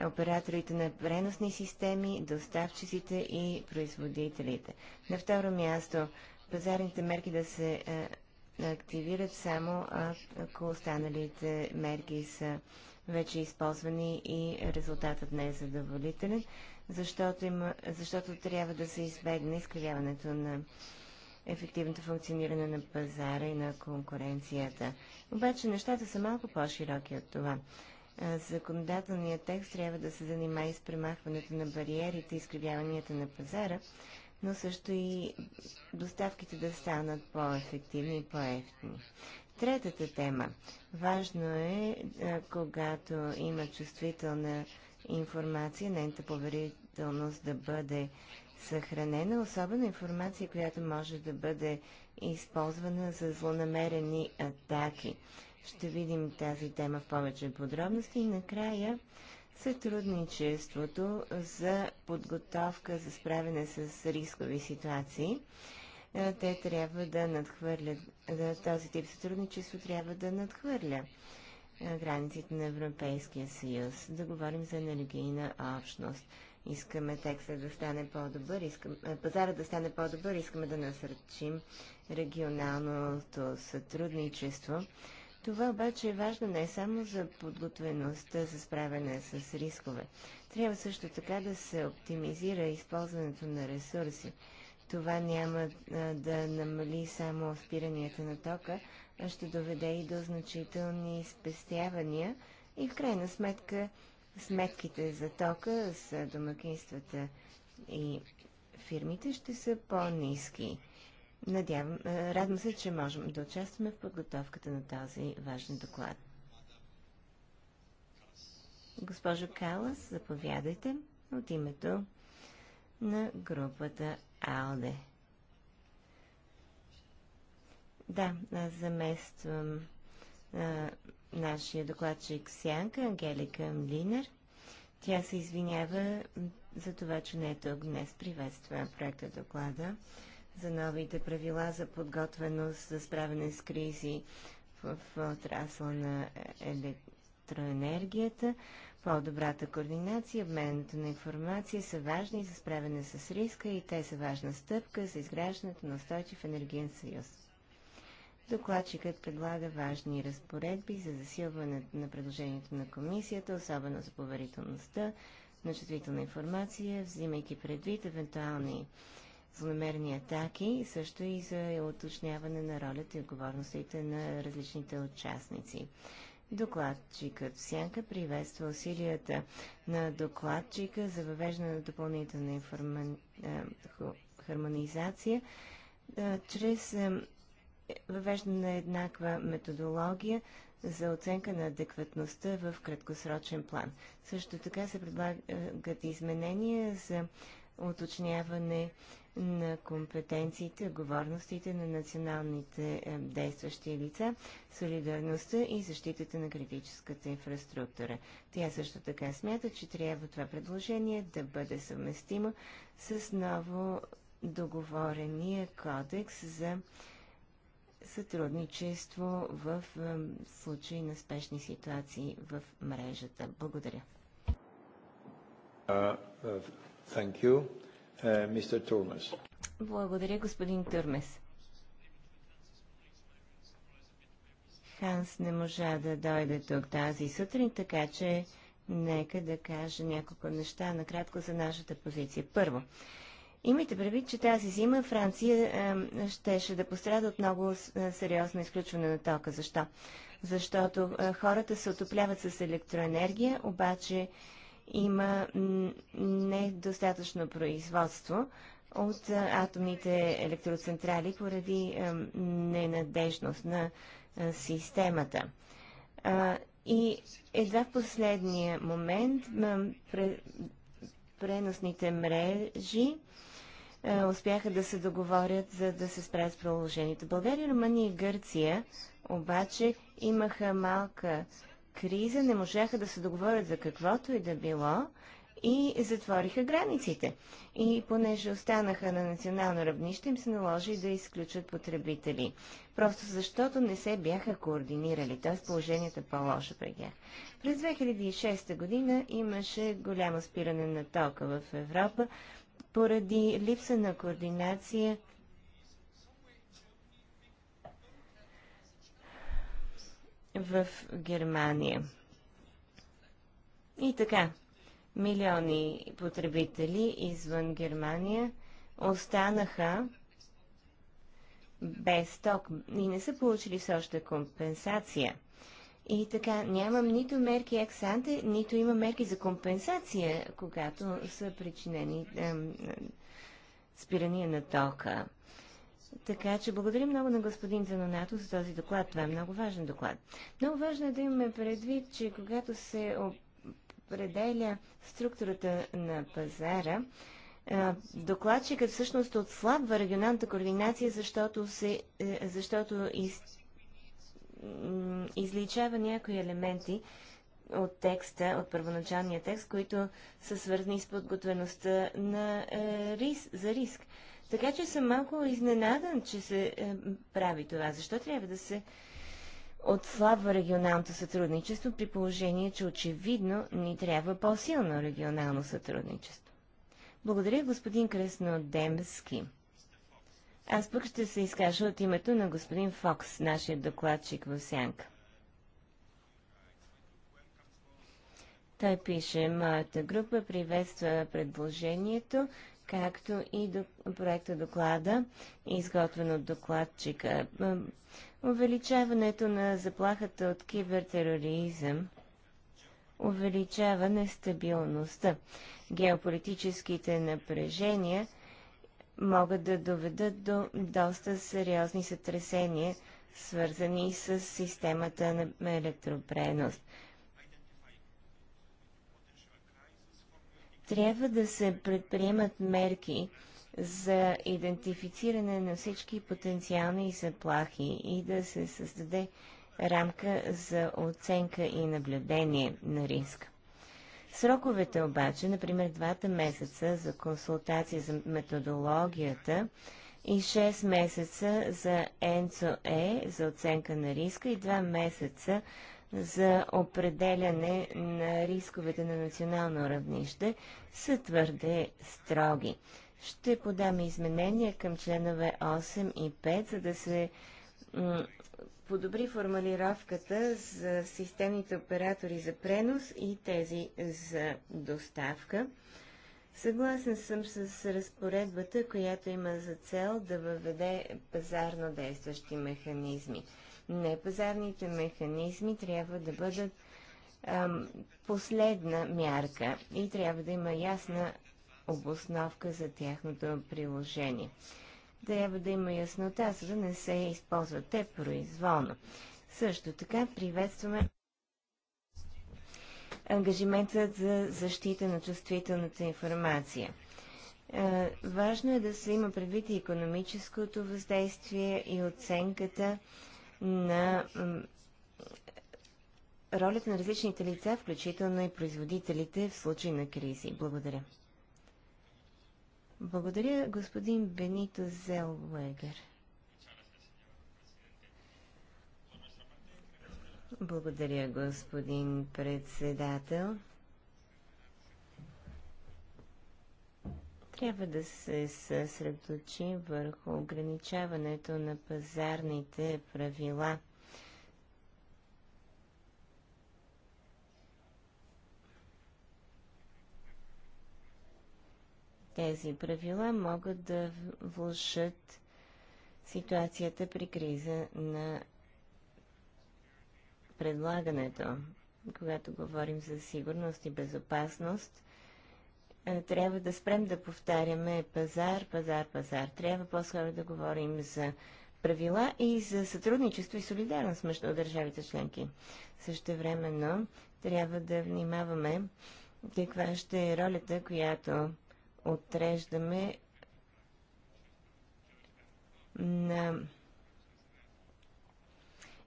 Speaker 5: Операторите на преносни системи, доставчиците и производителите. На второ място, пазарните мерки да се а, е, активират само ако останалите мерки са вече използвани и резултатът не е задоволителен, защото, има, защото трябва да се избегне изкривяването на ефективното функциониране на пазара и на конкуренцията. Обаче нещата са малко по-широки от това. Законодателният текст трябва да се занимава и с премахването на бариерите, и изкривяванията на пазара, но също и доставките да станат по-ефективни и по-ефтини. Третата тема. Важно е, когато има чувствителна информация, нейната поверителност да бъде съхранена, особена информация, която може да бъде използвана за злонамерени атаки. Ще видим тази тема в повече подробности и накрая сътрудничеството за подготовка за справяне с рискови ситуации. Е, те трябва да надхвърлят, този тип сътрудничество трябва да надхвърля е, границите на Европейския съюз, да говорим за енергийна общност. Искаме текста да стане по-добър, искам, е, пазара да стане по-добър, искаме да насърчим регионалното сътрудничество. Това обаче е важно не само за подготвеността за справяне с рискове. Трябва също така да се оптимизира използването на ресурси. Това няма е, да намали само спиранията на тока, а ще доведе и до значителни спестявания и в крайна сметка сметките за тока с домакинствата и фирмите ще са по-низки. Надявам, е, радвам се, че можем да участваме в подготовката на този важен доклад. Госпожо Калас, заповядайте от името на групата АЛДЕ. Да, аз замествам е, нашия докладчик Сянка, Ангелика Млинер. Тя се извинява за това, че не е тук днес. Приветства проекта доклада за новите правила за подготвеност за справяне с кризи в, в отрасла на електроенергията. По-добрата координация, обменето на информация са важни за справяне с риска и те са важна стъпка за изграждането на устойчив енергиен съюз. Докладчикът предлага важни разпоредби за засилване на предложението на комисията, особено за поверителността на чувствителна информация, взимайки предвид евентуални злонамерни атаки, също и за уточняване на ролята и отговорностите на различните участници. Докладчикът в Сянка приветства усилията на докладчика за въвеждане на допълнителна информа... Е, хармонизация е, чрез е, въвеждане на еднаква методология за оценка на адекватността в краткосрочен план. Също така се предлагат изменения за уточняване на компетенциите, отговорностите на националните е, действащи лица, солидарността и защитата на критическата инфраструктура. Тя също така смята, че трябва това предложение да бъде съвместимо с ново договорения кодекс за сътрудничество в случаи на спешни ситуации в мрежата. Благодаря.
Speaker 1: Uh, uh, uh,
Speaker 5: Благодаря, господин Турмес. Ханс не можа да дойде тук тази сутрин, така че нека да кажа няколко неща накратко за нашата позиция. Първо, Имайте предвид, че тази зима Франция е, щеше да пострада от много сериозно изключване на тока. Защо? Защото е, хората се отопляват с електроенергия, обаче има недостатъчно производство от атомните електроцентрали поради ненадежност на системата. И едва в последния момент преносните мрежи е, успяха да се договорят, за да се справят с проложението. България, Румъния и Гърция обаче имаха малка криза, не можаха да се договорят за каквото и да било и затвориха границите. И понеже останаха на национално равнище, им се наложи да изключат потребители. Просто защото не се бяха координирали, т.е. положението е по-лошо при тях. През 2006 година имаше голямо спиране на тока в Европа, поради липса на координация в Германия. И така, милиони потребители извън Германия останаха без ток и не са получили все още компенсация – и така, нямам нито мерки ексанте, нито има мерки за компенсация, когато са причинени ем, спирания на тока. Така че благодарим много на господин Занонато за този доклад. Това е много важен доклад. Много важно е да имаме предвид, че когато се определя структурата на пазара, докладчикът всъщност отслабва регионалната координация, защото, се, е, защото из изличава някои елементи от текста, от първоначалния текст, които са свързани с подготвеността на, е, рис, за риск. Така че съм малко изненадан, че се е, прави това. Защо трябва да се отслабва регионалното сътрудничество при положение, че очевидно ни трябва по-силно регионално сътрудничество? Благодаря, господин Кресно Демски. Аз пък ще се изкажа от името на господин Фокс, нашия докладчик в Сянка. Той пише, моята група приветства предложението, както и до, проекта доклада, изготвен от докладчика. Увеличаването на заплахата от кибертероризъм увеличава нестабилността. Геополитическите напрежения – могат да доведат до доста сериозни сътресения, свързани с системата на електропренос. Трябва да се предприемат мерки за идентифициране на всички потенциални заплахи и да се създаде рамка за оценка и наблюдение на риска. Сроковете обаче, например двата месеца за консултации за методологията и 6 месеца за НЦОЕ за оценка на риска и 2 месеца за определяне на рисковете на национално равнище, са твърде строги. Ще подаме изменения към членове 8 и 5, за да се подобри формулировката за системните оператори за пренос и тези за доставка. Съгласен съм с разпоредбата, която има за цел да въведе пазарно действащи механизми. Непазарните механизми трябва да бъдат ам, последна мярка и трябва да има ясна обосновка за тяхното приложение трябва да има яснота, за да не се използват те произволно. Също така приветстваме ангажиментът за защита на чувствителната информация. Е, важно е да се има предвид и економическото въздействие и оценката на ролята на различните лица, включително и производителите в случай на кризи. Благодаря. Благодаря, господин Бенито Зелвегер. Благодаря, господин председател. Трябва да се съсредоточим върху ограничаването на пазарните правила – Тези правила могат да влушат ситуацията при криза на предлагането. Когато говорим за сигурност и безопасност, е, трябва да спрем да повтаряме пазар, пазар, пазар. Трябва по-скоро да говорим за правила и за сътрудничество и солидарност между държавите членки. Също времено трябва да внимаваме каква ще е ролята, която отреждаме на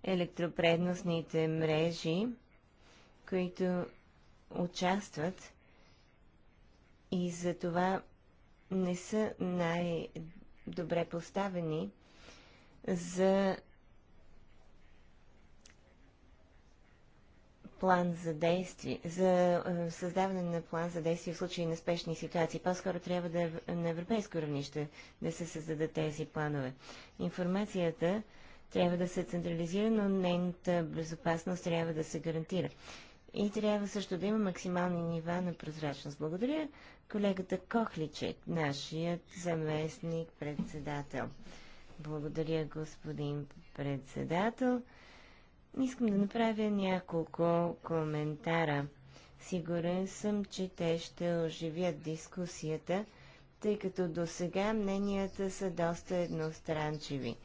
Speaker 5: електропредностните мрежи, които участват и за това не са най-добре поставени за план за действие, за е, създаване на план за действие в случай на спешни ситуации. По-скоро трябва да е на европейско равнище да се създадат тези планове. Информацията трябва да се централизира, но нейната безопасност трябва да се гарантира. И трябва също да има максимални нива на прозрачност. Благодаря колегата Кохличек, нашият заместник председател. Благодаря, господин председател. Искам да направя няколко коментара. Сигурен съм, че те ще оживят дискусията, тъй като до сега мненията са доста едностранчиви.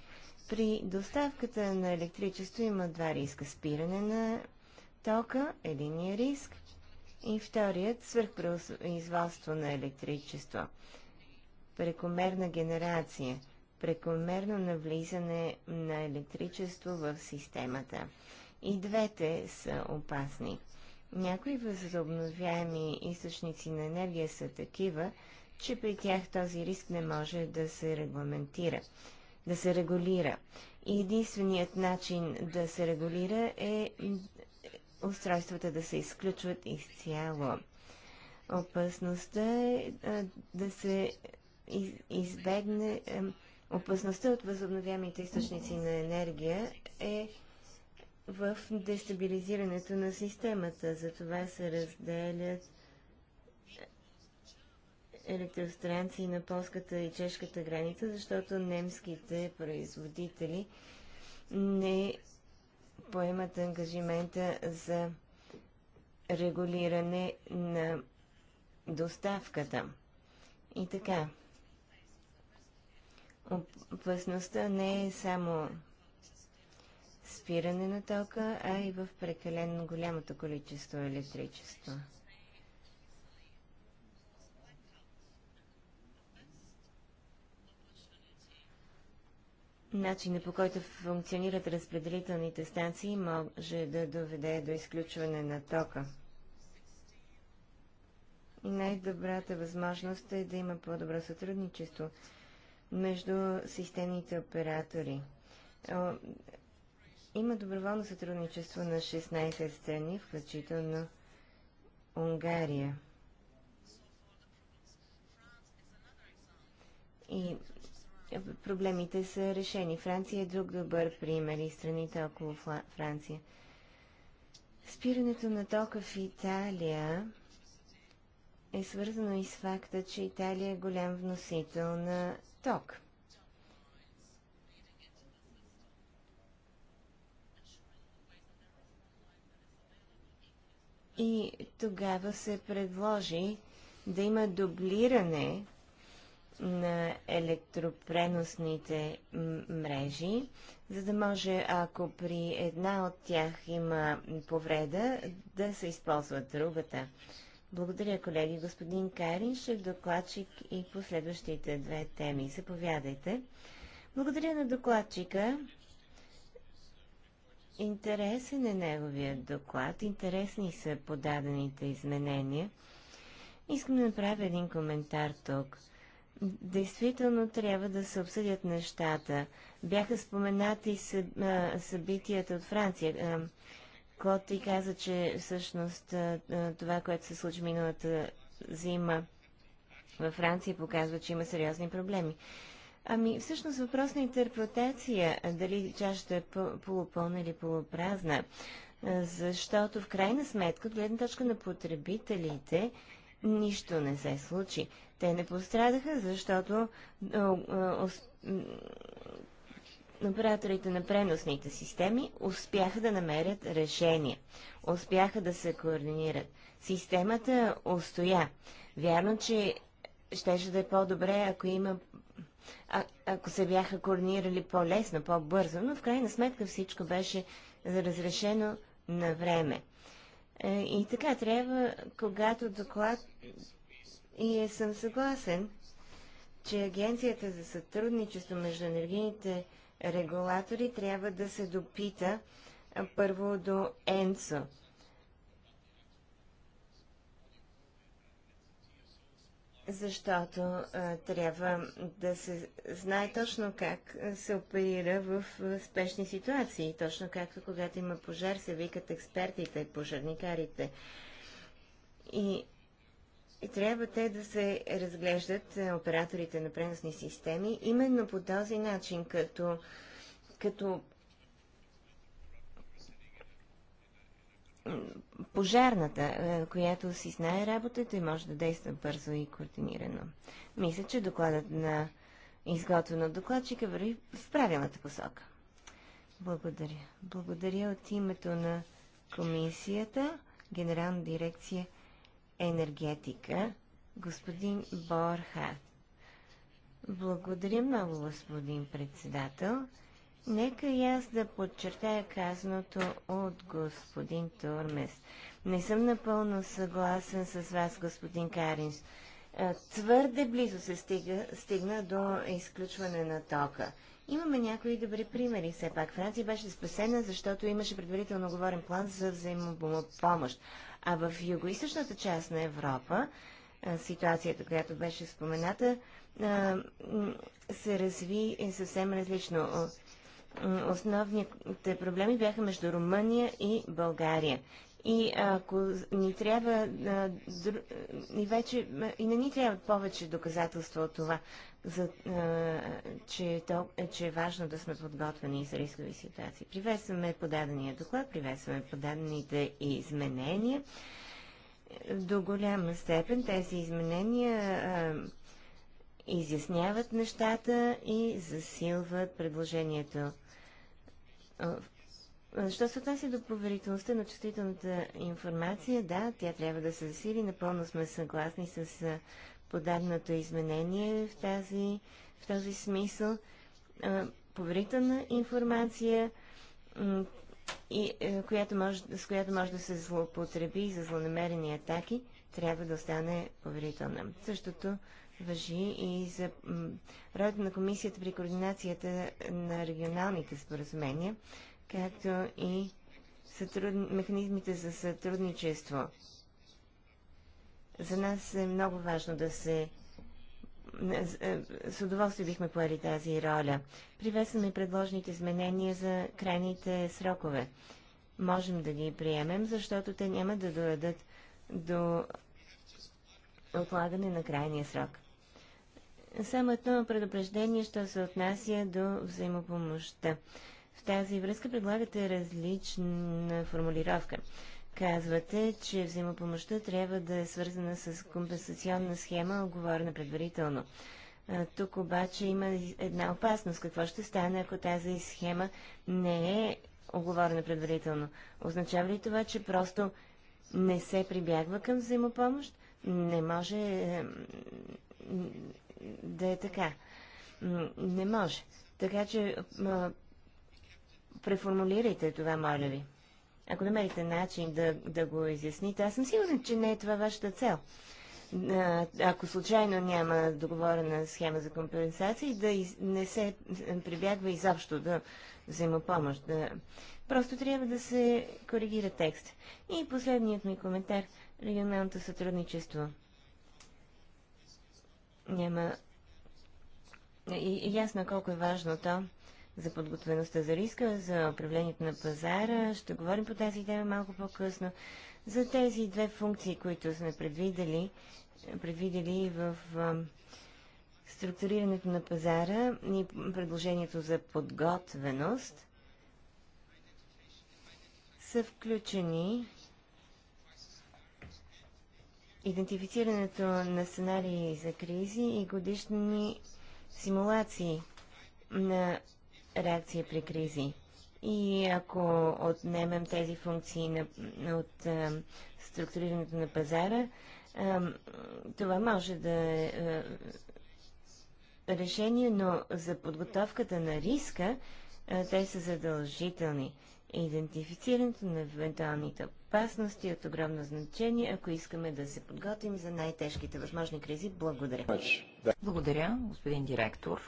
Speaker 5: При доставката на електричество има два риска. Спиране на тока, единия риск, и вторият свърхпроизводство на електричество. Прекомерна генерация прекомерно навлизане на електричество в системата. И двете са опасни. Някои възобновяеми източници на енергия са такива, че при тях този риск не може да се регламентира, да се регулира. И единственият начин да се регулира е устройствата да се изключват изцяло. Опасността е да се избегне Опасността от възобновяемите източници на енергия е в дестабилизирането на системата. Затова се разделят електространци на полската и чешката граница, защото немските производители не поемат ангажимента за регулиране на доставката. И така, Опасността не е само спиране на тока, а и в прекалено голямото количество електричество. Начинът по който функционират разпределителните станции може да доведе до изключване на тока. И най-добрата възможност е да има по-добро сътрудничество между системните оператори. Има доброволно сътрудничество на 16 страни, включително Унгария. И проблемите са решени. Франция е друг добър пример и страните около Франция. Спирането на тока в Италия е свързано и с факта, че Италия е голям вносител на ток. И тогава се предложи да има дублиране на електропреносните мрежи, за да може, ако при една от тях има повреда, да се използва другата. Благодаря, колеги. Господин Карин е докладчик и последващите две теми. Заповядайте. Благодаря на докладчика. Интересен е неговия доклад. Интересни са подадените изменения. Искам да направя един коментар тук. Действително трябва да се обсъдят нещата. Бяха споменати събитията от Франция. Кот и каза, че всъщност това, което се случи миналата зима във Франция, показва, че има сериозни проблеми. Ами, всъщност въпрос на интерпретация, дали чашата е полупълна или полупразна, защото в крайна сметка, от гледна точка на потребителите, нищо не се случи. Те не пострадаха, защото операторите на преносните системи успяха да намерят решение, успяха да се координират. Системата устоя. Вярно, че щеше да е по-добре, ако има а, ако се бяха координирали по-лесно, по-бързо, но в крайна сметка всичко беше разрешено на време. Е, и така трябва, когато доклад и е, съм съгласен, че Агенцията за сътрудничество между енергийните регулатори, трябва да се допита първо до Енцо. Защото а, трябва да се знае точно как се оперира в спешни ситуации, точно както когато има пожар, се викат експертите, пожарникарите. И и трябва те да се разглеждат е, операторите на преносни системи именно по този начин, като, като пожарната, е, която си знае работата и може да действа бързо и координирано. Мисля, че докладът на изготвено докладчика върви в правилната посока. Благодаря. Благодаря от името на комисията, генерална дирекция енергетика, господин Борха. Благодаря много, господин председател. Нека и аз да подчертая казаното от господин Турмес. Не съм напълно съгласен с вас, господин Каринс. Е, твърде близо се стига, стигна до изключване на тока. Имаме някои добри примери. Все пак Франция беше спасена, защото имаше предварително говорен план за взаимопомощ. А в югоисточната част на Европа ситуацията, която беше спомената, се разви съвсем различно. Основните проблеми бяха между Румъния и България. И ако ни трябва. И вече. И не ни трябва повече доказателства от това, за, че, е то, е, че е важно да сме подготвени за рискови ситуации. Приветстваме подадения доклад, приветстваме подадените изменения. До голяма степен тези изменения изясняват нещата и засилват предложението Що се отнася до поверителността на чувствителната информация, да, тя трябва да се засили. Напълно сме съгласни с подаденото изменение в, тази, в този смисъл. Поверителна информация, е, която може, с която може да се злоупотреби за злонамерени атаки, трябва да остане поверителна. Същото въжи и за ролята на комисията при координацията на регионалните споразумения както и сътруд... механизмите за сътрудничество. За нас е много важно да се е, с удоволствие бихме поели тази роля. Приветстваме предложените изменения за крайните срокове. Можем да ги приемем, защото те няма да доведат до отлагане на крайния срок. Само едно предупреждение, що се отнася до взаимопомощта. В тази връзка предлагате различна формулировка. Казвате, че взаимопомощта трябва да е свързана с компенсационна схема, оговорена предварително. Тук обаче има една опасност. Какво ще стане, ако тази схема не е оговорена предварително? Означава ли това, че просто не се прибягва към взаимопомощ? Не може да е така. Не може. Така че преформулирайте това, моля ви. Ако намерите начин да, да го изясните, аз съм сигурен, че не е това вашата цел. ако случайно няма договорена схема за компенсации, да из, не се прибягва изобщо да взаимопомощ. Да, просто трябва да се коригира текст. И последният ми коментар – регионалното сътрудничество. Няма... И, ясно колко е важно то за подготвеността за риска, за управлението на пазара. Ще говорим по тази тема малко по-късно. За тези две функции, които сме предвидели, предвидели в структурирането на пазара и предложението за подготвеност, са включени идентифицирането на сценарии за кризи и годишни симулации на реакция при кризи. И ако отнемем тези функции на, от а, структурирането на пазара, а, това може да е решение, но за подготовката на риска а, те са задължителни. Идентифицирането на евентуалните опасности е от огромно значение, ако искаме да се подготвим за най-тежките възможни кризи. Благодаря. Благодаря, господин директор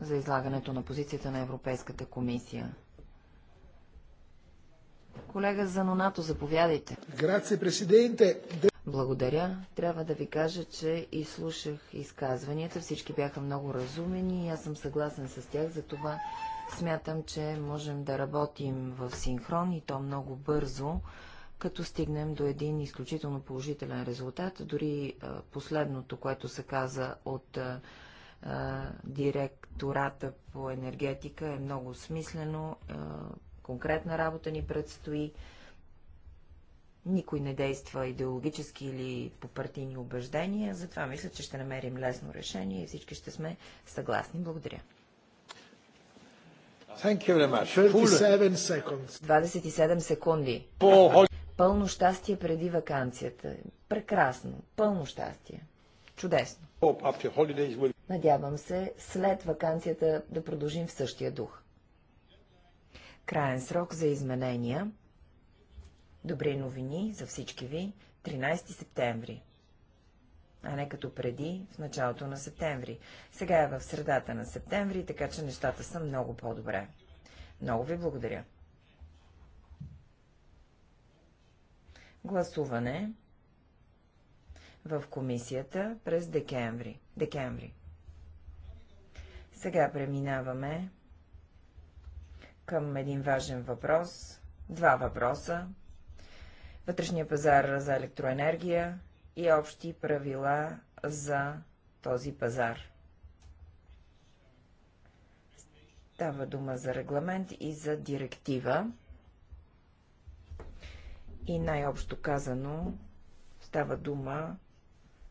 Speaker 2: за излагането на позицията на Европейската комисия. Колега Занонато, заповядайте. Грация, президенте. Благодаря. Трябва да ви кажа, че изслушах изказванията. Всички бяха много разумени и аз съм съгласен с тях. Затова смятам, че можем да работим в синхрон и то много бързо, като стигнем до един изключително положителен резултат. Дори последното, което се каза от директората по енергетика е много смислено, конкретна работа ни предстои. Никой не действа идеологически или по партийни убеждения, затова мисля, че ще намерим лесно решение и всички ще сме съгласни. Благодаря. 27 секунди. Пълно щастие преди вакансията. Прекрасно. Пълно щастие. Чудесно. Надявам се, след вакансията да продължим в същия дух. Краен срок за изменения. Добри новини за всички ви. 13 септември. А не като преди, в началото на септември. Сега е в средата на септември, така че нещата са много по-добре. Много ви благодаря. Гласуване в комисията през декември. декември. Сега преминаваме към един важен въпрос, два въпроса – вътрешния пазар за електроенергия и общи правила за този пазар. Става дума за регламент и за директива. И най-общо казано става дума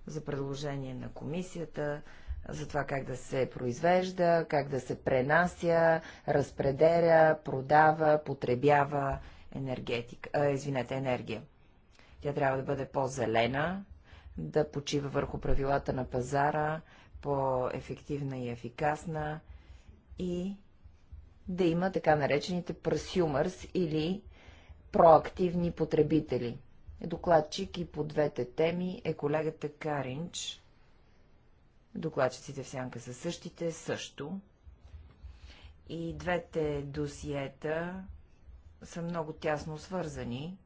Speaker 2: за предложение на комисията за това как да се произвежда, как да се пренася, разпределя, продава, потребява енергетика, а, извинете, енергия. Тя трябва да бъде по-зелена, да почива върху правилата на пазара, по-ефективна и ефикасна и да има така наречените просюмърс или проактивни потребители. Докладчик и по двете теми е колегата Каринч. Докладчиците в сянка са същите, също. И двете досиета са много тясно свързани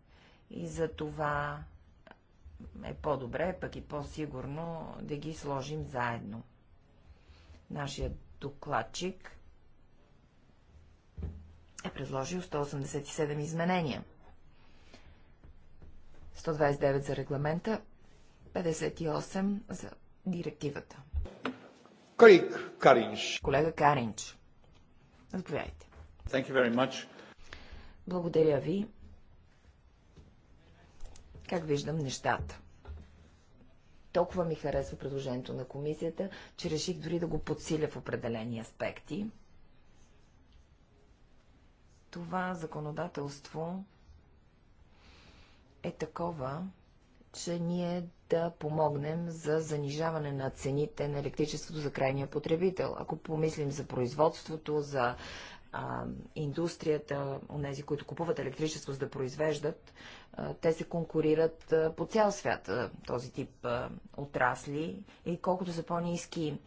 Speaker 2: и за това е по-добре, пък и по-сигурно да ги сложим заедно. Нашият докладчик е предложил 187 изменения. 129 за регламента, 58 за директивата. Колега Каринч. Заповядайте. Благодаря ви. Как виждам нещата? Толкова ми харесва предложението на комисията, че реших дори да го подсиля в определени аспекти. Това законодателство е такова, че ние да помогнем за занижаване на цените на електричеството за крайния потребител. Ако помислим за производството, за а, индустрията, онези, които купуват електричество за да произвеждат, а, те се конкурират а, по цял свят а, този тип а, отрасли и колкото са по-низки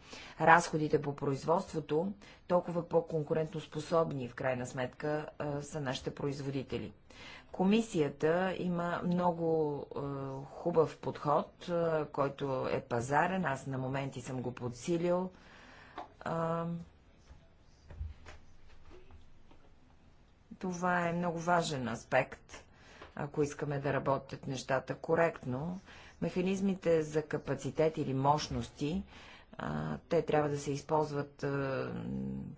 Speaker 2: разходите по производството, толкова по-конкурентоспособни в крайна сметка а, са нашите производители. Комисията има много е, хубав подход, е, който е пазарен. Аз на моменти съм го подсилил. Е, това е много важен аспект, ако искаме да работят нещата коректно. Механизмите за капацитет или мощности те трябва да се използват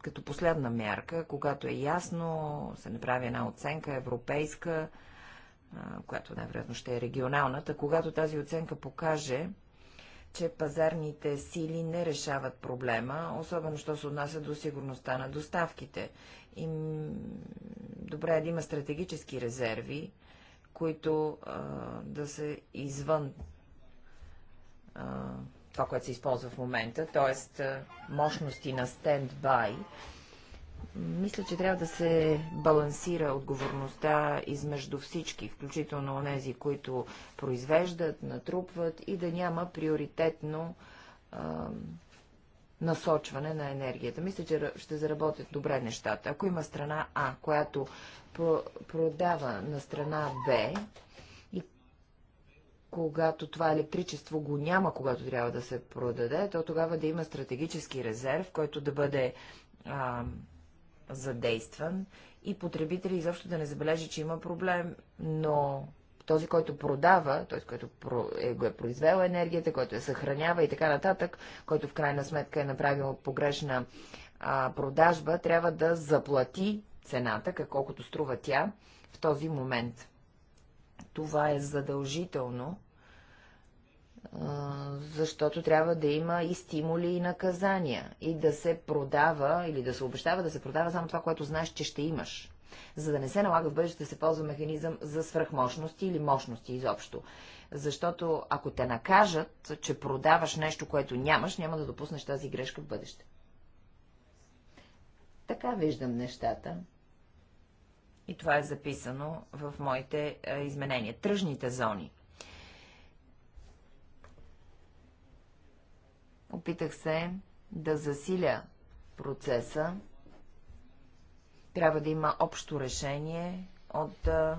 Speaker 2: като последна мярка, когато е ясно, се направи една оценка европейска, която най-вероятно ще е регионалната, когато тази оценка покаже, че пазарните сили не решават проблема, особено що се отнася до сигурността на доставките. И добре е да има стратегически резерви, които а, да са извън а, това, което се използва в момента, т.е. мощности на стендбай, мисля, че трябва да се балансира отговорността измежду всички, включително онези, които произвеждат, натрупват и да няма приоритетно а, насочване на енергията. Мисля, че ще заработят добре нещата. Ако има страна А, която продава на страна Б когато това електричество го няма, когато трябва да се продаде, то тогава да има стратегически резерв, който да бъде а, задействан и потребители изобщо да не забележи, че има проблем, но този, който продава, т.е. който е, го е произвел енергията, който я съхранява и така нататък, който в крайна сметка е направил погрешна а, продажба, трябва да заплати цената, колкото струва тя в този момент. Това е задължително, защото трябва да има и стимули и наказания, и да се продава или да се обещава да се продава само това, което знаеш, че ще имаш, за да не се налага в бъдеще да се ползва механизъм за свръхмощности или мощности изобщо. Защото ако те накажат, че продаваш нещо, което нямаш, няма да допуснеш тази грешка в бъдеще. Така виждам нещата. И това е записано в моите е, изменения. Тръжните зони. Опитах се да засиля процеса. Трябва да има общо решение от е,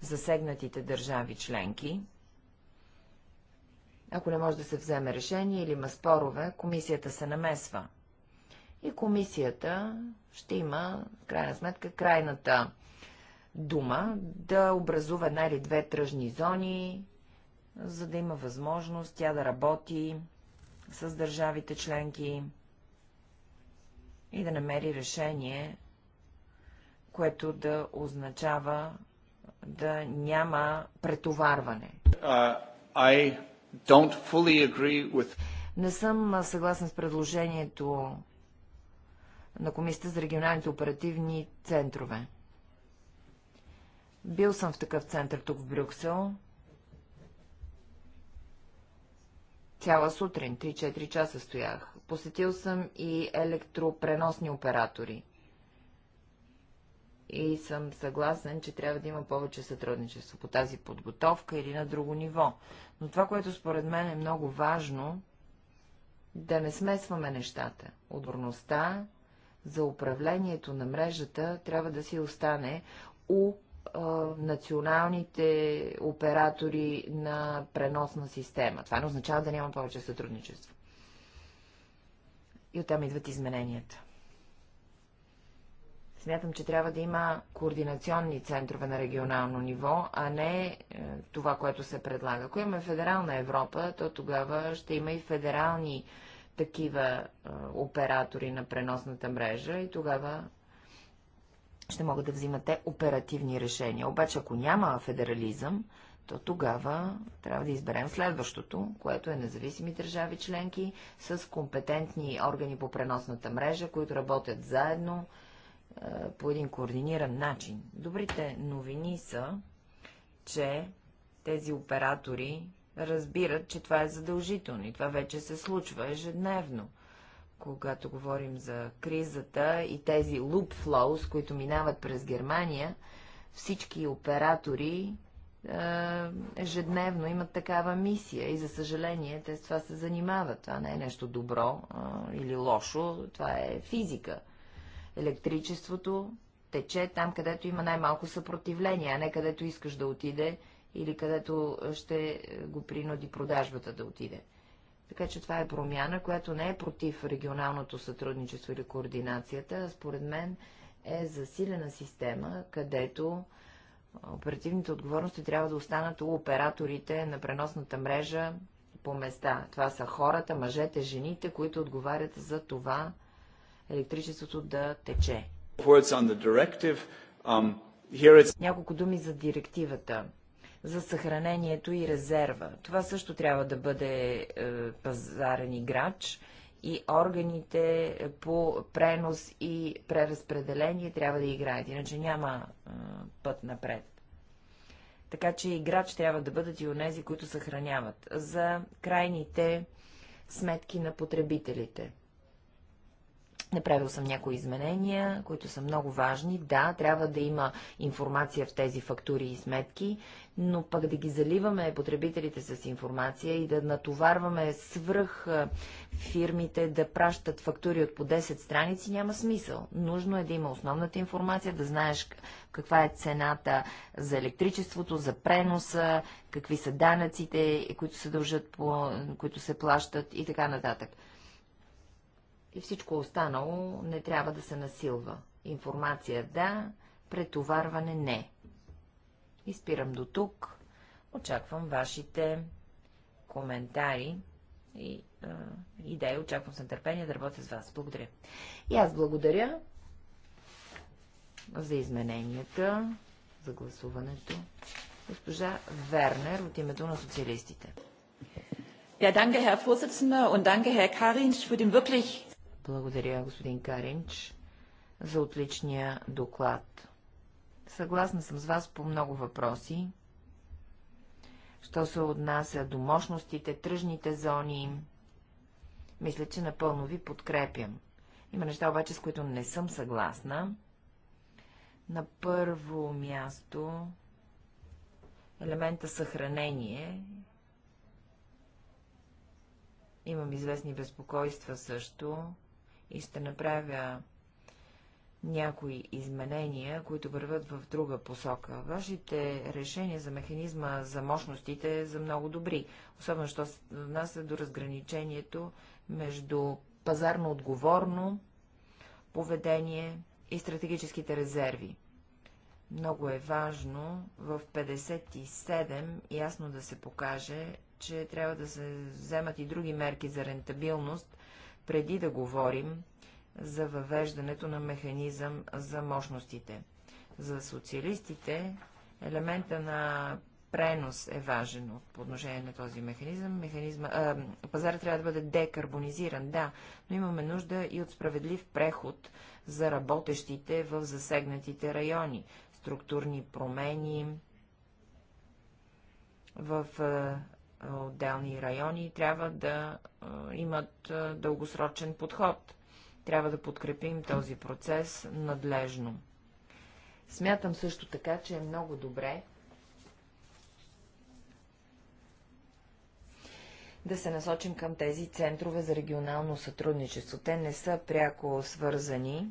Speaker 2: засегнатите държави членки. Ако не може да се вземе решение или има спорове, комисията се намесва и комисията ще има, в крайна сметка, крайната дума да образува една или две тръжни зони, за да има възможност тя да работи с държавите членки и да намери решение, което да означава да няма претоварване.
Speaker 1: Uh, I don't fully agree with...
Speaker 2: Не съм съгласен с предложението на Комисията за регионалните оперативни центрове. Бил съм в такъв център тук в Брюксел. Цяла сутрин, 3-4 часа стоях. Посетил съм и електропреносни оператори. И съм съгласен, че трябва да има повече сътрудничество по тази подготовка или на друго ниво. Но това, което според мен е много важно, да не смесваме нещата. Отборността, за управлението на мрежата трябва да си остане у а, националните оператори на преносна система. Това не означава да няма повече сътрудничество. И оттам идват измененията. Смятам, че трябва да има координационни центрове на регионално ниво, а не е, това, което се предлага. Ако имаме федерална Европа, то тогава ще има и федерални е, такива оператори на преносната мрежа и тогава ще могат да взимат те оперативни решения. Обаче, ако няма федерализъм, то тогава трябва да изберем следващото, което е независими държави членки с компетентни органи по преносната мрежа, които работят заедно е, по един координиран начин. Добрите новини са, че тези оператори разбират, че това е задължително и това вече се случва ежедневно. Когато говорим за кризата и тези loop flows, които минават през Германия, всички оператори ежедневно имат такава мисия и за съжаление те с това се занимават. Това не е нещо добро или лошо, това е физика. Електричеството тече там, където има най-малко съпротивление, а не където искаш да отиде или където ще го принуди продажбата да отиде. Така че това е промяна, която не е против регионалното сътрудничество или координацията, а според мен е засилена система, където оперативните отговорности трябва да останат у операторите на преносната мрежа по места. Това са хората, мъжете, жените, които отговарят за това електричеството да тече. Um, Няколко думи за директивата за съхранението и резерва. Това също трябва да бъде е, пазарен играч и органите е, по пренос и преразпределение трябва да играят, иначе няма е, път напред. Така че играч трябва да бъдат и онези, които съхраняват. За крайните сметки на потребителите – Направил съм някои изменения, които са много важни. Да, трябва да има информация в тези фактури и сметки, но пък да ги заливаме потребителите с информация и да натоварваме свръх фирмите да пращат фактури от по 10 страници няма смисъл. Нужно е да има основната информация, да знаеш каква е цената за електричеството, за преноса, какви са данъците, които се дължат, по, които се плащат и така нататък и всичко останало не трябва да се насилва. Информация да, претоварване не. Изпирам до тук. Очаквам вашите коментари и е, идеи. Очаквам с нетърпение да работя с вас. Благодаря. И аз благодаря за измененията, за гласуването. Госпожа Вернер от името на социалистите. Ja, danke, Herr Vorsitzender, und danke, Herr Karinsch, für den wirklich благодаря, господин Каринч, за отличния доклад. Съгласна съм с вас по много въпроси. Що се отнася до мощностите, тръжните зони, мисля, че напълно ви подкрепям. Има неща обаче, с които не съм съгласна. На първо място елемента съхранение. Имам известни безпокойства също и ще направя някои изменения, които върват в друга посока. Вашите решения за механизма за мощностите са много добри, особено що нас отнася до разграничението между пазарно отговорно поведение и стратегическите резерви. Много е важно в 57 ясно да се покаже, че трябва да се вземат и други мерки за рентабилност, преди да говорим за въвеждането на механизъм за мощностите. За социалистите елемента на пренос е важен от подношение на този механизъм. Механизма, а, пазарът трябва да бъде декарбонизиран, да, но имаме нужда и от справедлив преход за работещите в засегнатите райони, структурни промени в отделни райони, трябва да имат дългосрочен подход. Трябва да подкрепим този процес надлежно. Смятам също така, че е много добре да се насочим към тези центрове за регионално сътрудничество. Те не са пряко свързани.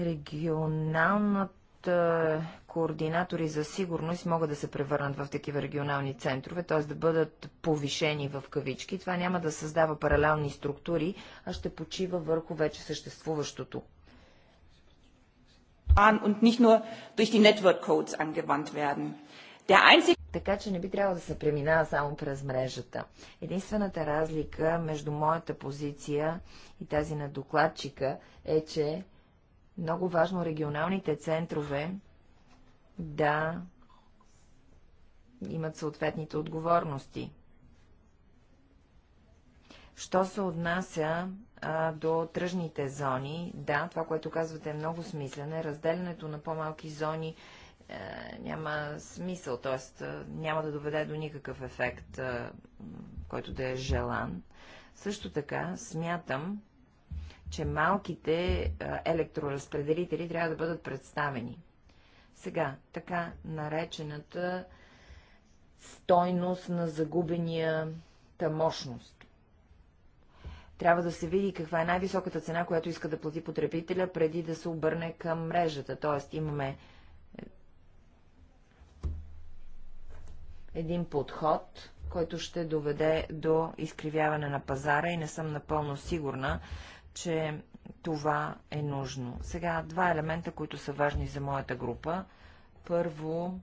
Speaker 2: Регионалната е, координатори за сигурност могат да се превърнат в такива регионални центрове, т.е. да бъдат повишени в кавички. Това няма да създава паралелни структури, а ще почива върху вече съществуващото. Така че не би трябвало да се преминава само през мрежата. Единствената разлика между моята позиция и тази на докладчика е, че много важно регионалните центрове да имат съответните отговорности. Що се отнася а, до тръжните зони, да, това, което казвате е много смислене. Разделянето на по-малки зони е, няма смисъл, т.е. няма да доведе до никакъв ефект, е, който да е желан. Също така смятам, че малките електроразпределители трябва да бъдат представени. Сега, така наречената стойност на загубенията мощност. Трябва да се види каква е най-високата цена, която иска да плати потребителя, преди да се обърне към мрежата. Тоест имаме е, един подход, който ще доведе до изкривяване на пазара и не съм напълно сигурна, че това е нужно. Сега два елемента, които са важни за моята група. Първо,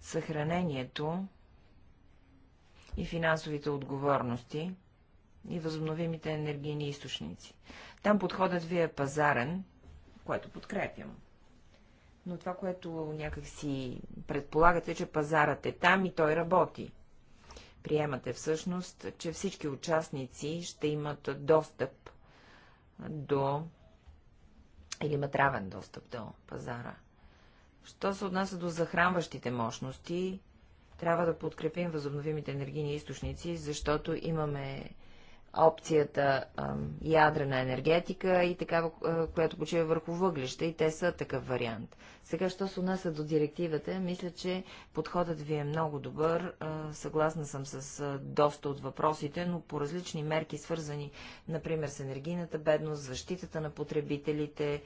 Speaker 2: съхранението и финансовите отговорности и възобновимите енергийни източници. Там подходът ви е пазарен, което подкрепям. Но това, което някак си предполагате, е, че пазарът е там и той работи приемате всъщност, че всички участници ще имат достъп до или имат равен достъп до пазара. Що се отнася до захранващите мощности, трябва да подкрепим възобновимите енергийни източници, защото имаме опцията а, ядрена енергетика и такава, която почива върху въглища и те са такъв вариант. Сега, що се отнася до директивата, мисля, че подходът ви е много добър. А, съгласна съм с а, доста от въпросите, но по различни мерки, свързани, например, с енергийната бедност, защитата на потребителите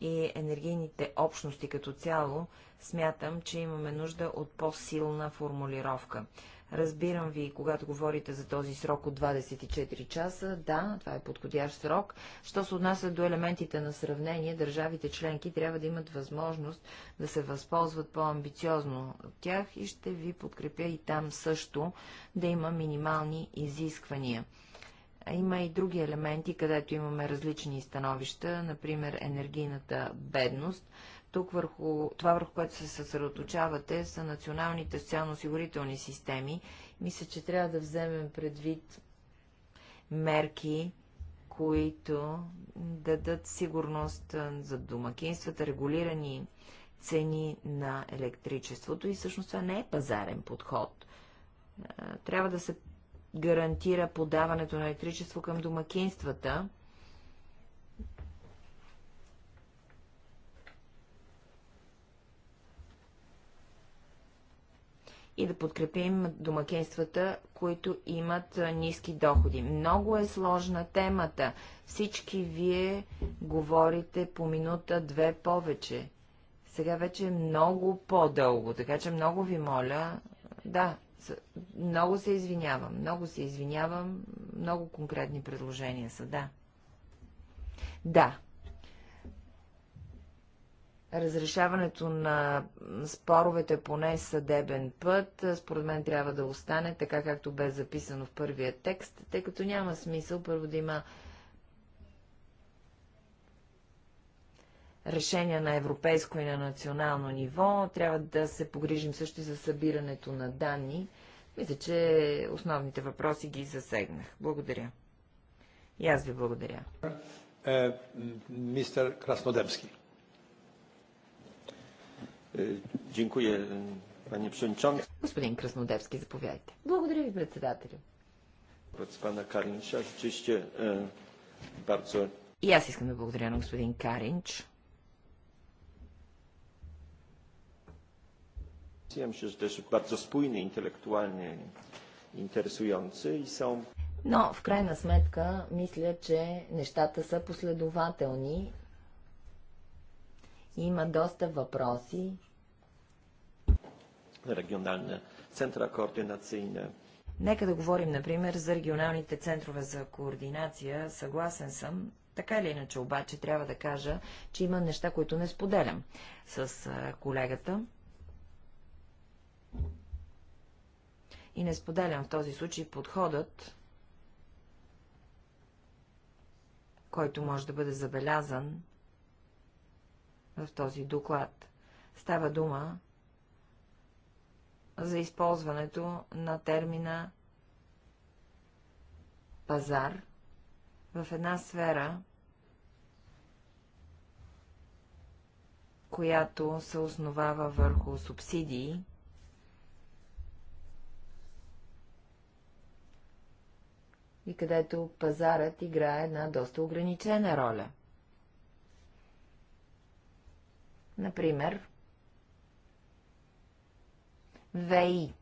Speaker 2: и енергийните общности като цяло, смятам, че имаме нужда от по-силна формулировка. Разбирам ви, когато говорите за този срок от 24 часа, да, това е подходящ срок. Що се отнася до елементите на сравнение, държавите членки трябва да имат възможност да се възползват по-амбициозно от тях и ще ви подкрепя и там също да има минимални изисквания. Има и други елементи, където имаме различни становища, например енергийната бедност – тук върху, това върху което се съсредоточавате са националните социално-осигурителни системи. Мисля, че трябва да вземем предвид мерки, които дадат сигурност за домакинствата, регулирани цени на електричеството и всъщност това не е пазарен подход. Трябва да се гарантира подаването на електричество към домакинствата, и да подкрепим домакинствата, които имат ниски доходи. Много е сложна темата. Всички вие говорите по минута две повече. Сега вече е много по-дълго, така че много ви моля, да, много се извинявам, много се извинявам, много конкретни предложения са, да. Да, разрешаването на споровете поне съдебен път, според мен трябва да остане така, както бе записано в първия текст, тъй като няма смисъл първо да има решения на европейско и на национално ниво. Трябва да се погрижим също и за събирането на данни. Мисля, че основните въпроси ги засегнах. Благодаря. И аз ви благодаря.
Speaker 1: Е, мистер Краснодемски.
Speaker 2: Дякую, пани Пшенчон. Господин Краснодевски, заповядайте. Благодаря ви, председателю. Wobec pana Karincza rzeczywiście e, И аз искам да благодаря на господин Каринч. Но в крайна сметка мисля, че нещата са последователни има доста въпроси.
Speaker 1: Регионална центра координация.
Speaker 2: Нека да говорим, например, за регионалните центрове за координация. Съгласен съм. Така или иначе, обаче, трябва да кажа, че има неща, които не споделям с колегата. И не споделям в този случай подходът, който може да бъде забелязан в този доклад. Става дума за използването на термина пазар в една сфера, която се основава върху субсидии, и където пазарът играе една доста ограничена роля – Например, ВИ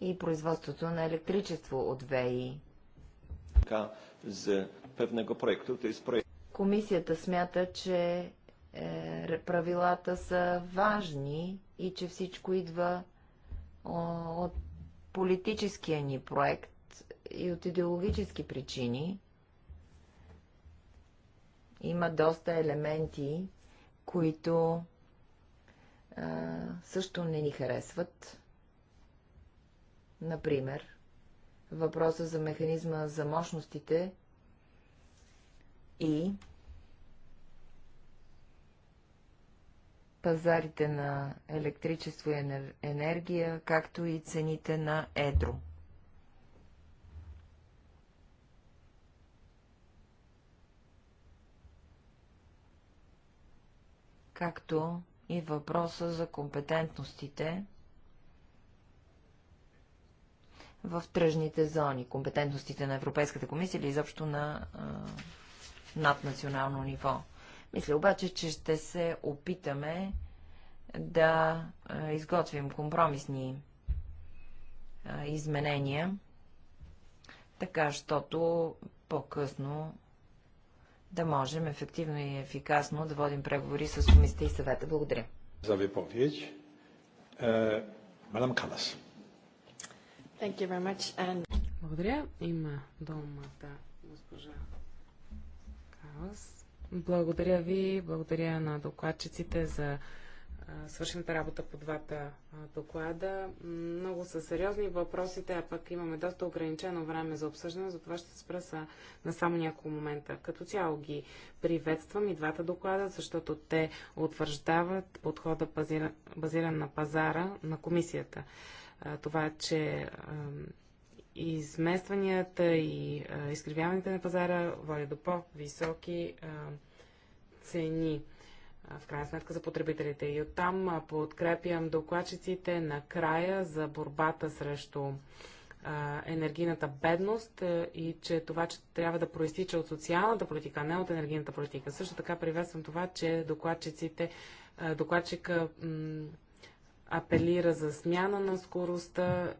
Speaker 2: и производството на електричество от ВИ.
Speaker 1: За певнего проекта, то есть проект...
Speaker 2: Комисията смята, че е, правилата са важни и че всичко идва о, от политическия ни проект и от идеологически причини има доста елементи, които а, също не ни харесват. Например, въпроса за механизма за мощностите и пазарите на електричество и енергия, както и цените на едро. както и въпроса за компетентностите в тръжните зони, компетентностите на Европейската комисия или изобщо на а, наднационално ниво. Мисля обаче, че ще се опитаме да а, изготвим компромисни а, изменения, така, щото по-късно да можем ефективно и ефикасно да водим преговори с комисията и съвета. Благодаря.
Speaker 1: За виповедь, е, мадам Калас.
Speaker 4: Благодаря. Има думата госпожа Калас. Благодаря ви, благодаря на докладчиците за Свършната работа по двата доклада. Много са сериозни въпросите, а пък имаме доста ограничено време за обсъждане, затова ще спра са на само няколко момента. Като цяло ги приветствам и двата доклада, защото те утвърждават подхода базиран, базиран на пазара на комисията. Това, че изместванията и изкривяването на пазара води до по-високи цени в крайна сметка за потребителите. И оттам подкрепям докладчиците накрая за борбата срещу енергийната бедност е, и че това, че трябва да проистича от социалната политика, а не от енергийната политика. Също така приветствам това, че докладчиците, докладчика апелира за смяна на скоростта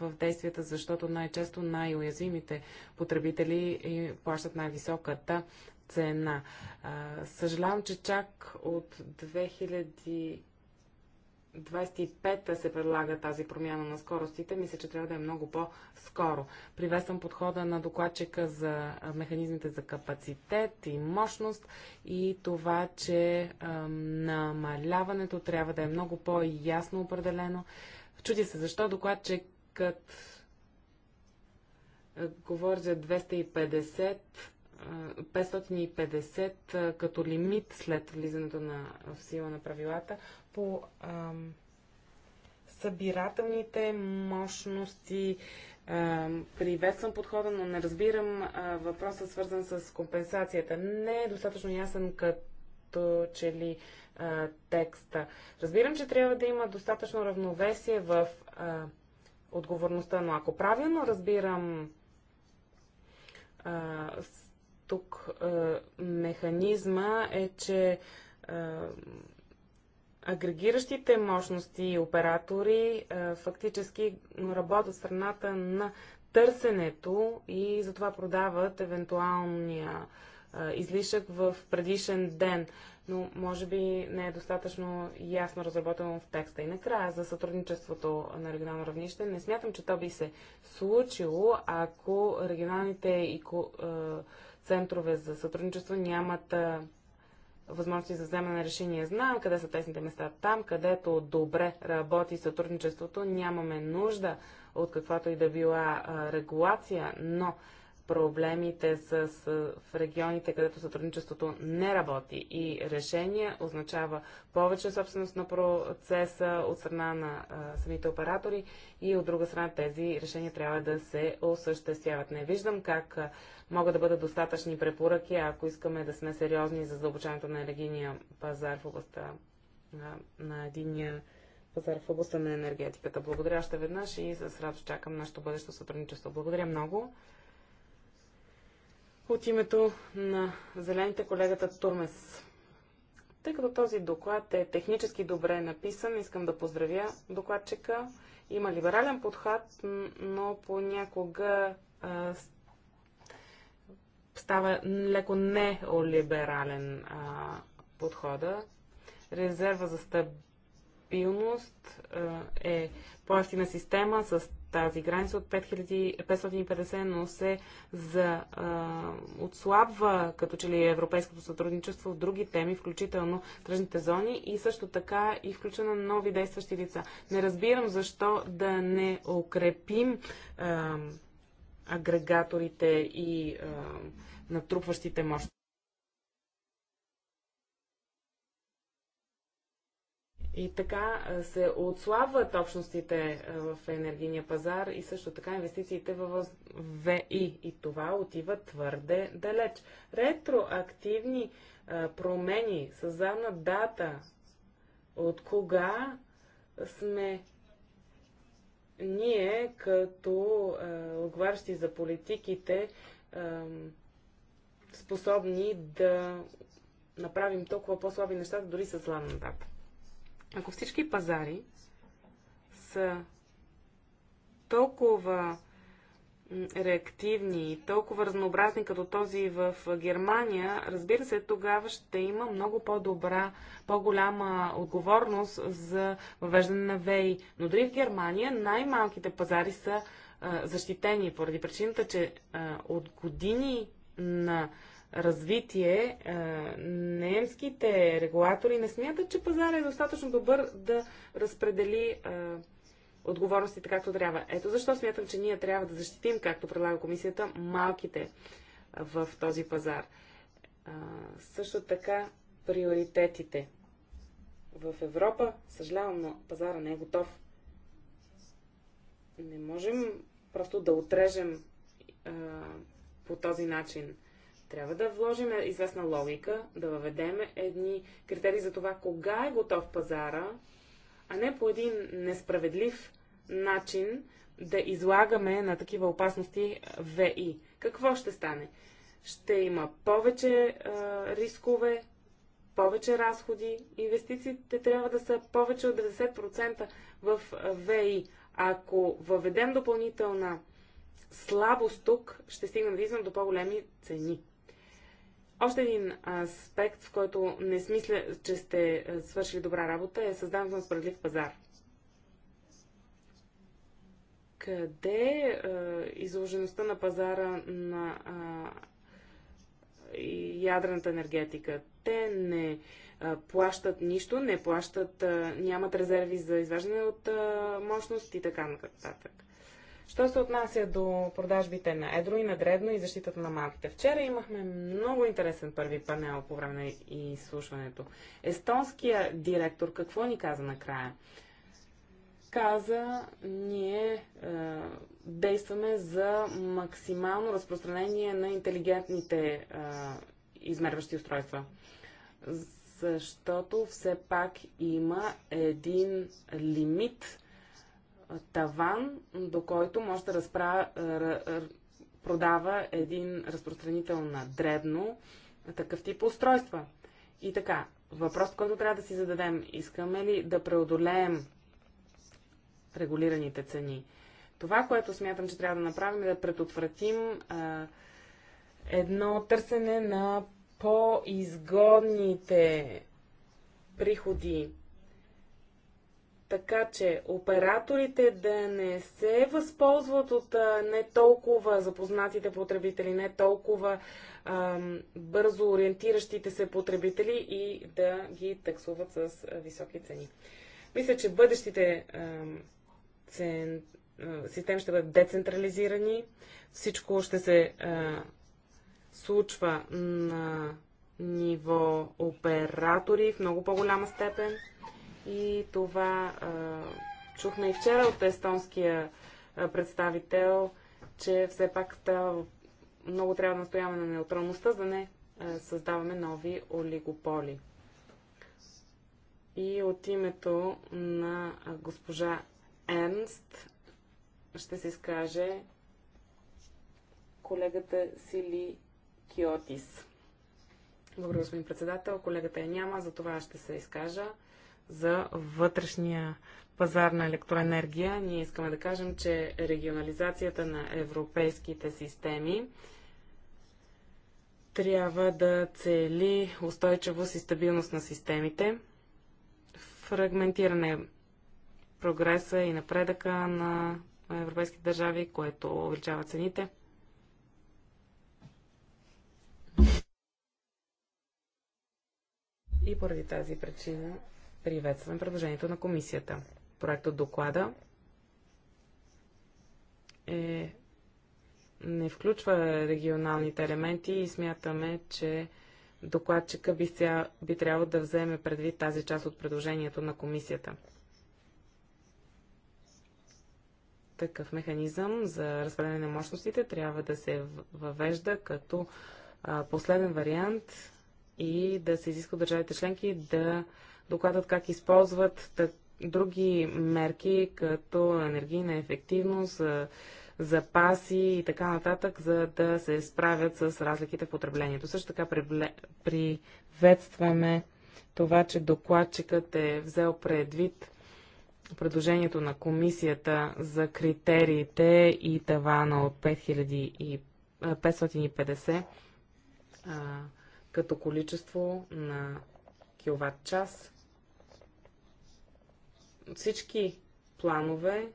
Speaker 4: в действията, защото най-често най-уязвимите потребители плащат най-високата цена. А, съжалявам, че чак от 2025 се предлага тази промяна на скоростите. Мисля, че трябва да е много по-скоро. Привествам подхода на докладчика за механизмите за капацитет и мощност и това, че а, намаляването трябва да е много по-ясно определено. Чуди се защо докладчикът говори за 250 550 като лимит след влизането на, в сила на правилата по ам, събирателните мощности. Ам, приветствам подхода, но не разбирам а, въпроса свързан с компенсацията. Не е достатъчно ясен като че ли а, текста. Разбирам, че трябва да има достатъчно равновесие в а, отговорността, но ако правилно разбирам а, тук е, механизма е, че е, агрегиращите мощности и оператори е, фактически работят страната на търсенето и затова продават евентуалния излишък в предишен ден. Но може би не е достатъчно ясно разработено в текста. И накрая за сътрудничеството на регионално равнище. Не смятам, че то би се случило, ако регионалните и центрове за сътрудничество нямат възможности за вземане на решение. Знаем къде са тесните места. Там, където добре работи сътрудничеството, нямаме нужда от каквато и да била регулация, но проблемите с, с, в регионите, където сътрудничеството не работи и решение означава повече собственост на процеса от страна на а, самите оператори и от друга страна тези решения трябва да се осъществяват. Не виждам как а, могат да бъдат достатъчни препоръки, ако искаме да сме сериозни за задълбочаването на енергийния пазар в областта на единия пазар в областта на енергетиката. Благодаря още веднъж и с радост чакам нашето бъдещо сътрудничество. Благодаря много. От името на зелените колегата Турмес. Тъй като този доклад е технически добре написан, искам да поздравя докладчика. Има либерален подход, но понякога а, става леко неолиберален а, подхода. Резерва за стабилност а, е по-ефтина система с тази граница от 5550, но се за, а, отслабва като че ли европейското сътрудничество в други теми, включително тръжните зони и също така и включване на нови действащи лица. Не разбирам защо да не укрепим а, агрегаторите и а, натрупващите мощности. И така се отслабват общностите в енергийния пазар и също така инвестициите в ВИ. И това отива твърде далеч. Ретроактивни промени с задна дата, от кога сме ние като отговарящи за политиките способни да направим толкова по-слаби нещата, дори с задна дата. Ако всички пазари са толкова реактивни и толкова разнообразни като този в Германия, разбира се, тогава ще има много по-добра, по-голяма отговорност за въвеждане на ВЕИ. Но дори в Германия най-малките пазари са а, защитени поради причината, че а, от години на развитие, немските регулатори не смятат, че пазара е достатъчно добър да разпредели отговорностите както трябва. Ето защо смятам, че ние трябва да защитим, както предлага комисията, малките в този пазар. също така, приоритетите. В Европа, съжалявам, но пазара не е готов. Не можем просто да отрежем по този начин. Трябва да вложим известна логика, да въведем едни критерии за това кога е готов пазара, а не по един несправедлив начин да излагаме на такива опасности ВИ. Какво ще стане? Ще има повече а, рискове, повече разходи. Инвестициите трябва да са повече от 90% в ВИ. Ако въведем допълнителна слабост тук, ще стигнем да до по-големи цени. Още един аспект, в който не смисля, че сте свършили добра работа, е създаването на справедлив пазар. Къде е, изложеността на пазара на ядрената енергетика? Те не плащат нищо, не плащат, нямат резерви за изваждане от мощност и така нататък. Що се отнася до продажбите на едро и на дребно и защитата на малките? Вчера имахме много интересен първи панел по време на изслушването. Естонския директор какво ни каза накрая? Каза, ние е, действаме за максимално разпространение на интелигентните е, измерващи устройства. Защото все пак има един лимит таван, до който може да разпра... продава един разпространител на дребно такъв тип устройства. И така, въпросът, който трябва да си зададем, искаме ли да преодолеем регулираните цени? Това, което смятам, че трябва да направим е да предотвратим а, едно търсене на по-изгодните приходи така че операторите да не се възползват от а, не толкова запознатите потребители, не толкова а, бързо ориентиращите се потребители и да ги таксуват с а, високи цени. Мисля, че бъдещите а, цен, а, системи ще бъдат децентрализирани, всичко ще се а, случва на ниво оператори в много по-голяма степен. И това а, чухме и вчера от естонския а, представител, че все пак става, много трябва да настояваме на неутралността, за да не а, създаваме нови олигополи. И от името на госпожа Ернст ще се изкаже колегата Сили Киотис. Благодаря, господин председател. Колегата я няма, за това ще се изкажа за вътрешния пазар на електроенергия. Ние искаме да кажем, че регионализацията на европейските системи трябва да цели устойчивост и стабилност на системите, фрагментиране прогреса и напредъка на европейските държави, което увеличава цените. И поради тази причина Приветстваме предложението на комисията. Проект от доклада е, не включва регионалните елементи и смятаме, че докладчика би, ся, би трябвало да вземе предвид тази част от предложението на комисията. Такъв механизъм за разпределение на мощностите трябва да се въвежда като последен вариант и да се изиска държавите членки да докладът как използват так, други мерки, като енергийна ефективност, запаси и така нататък, за да се справят с разликите в потреблението. Също така приветстваме това, че докладчикът е взел предвид предложението на комисията за критериите и тавана от 5550 като количество на киловатт час всички планове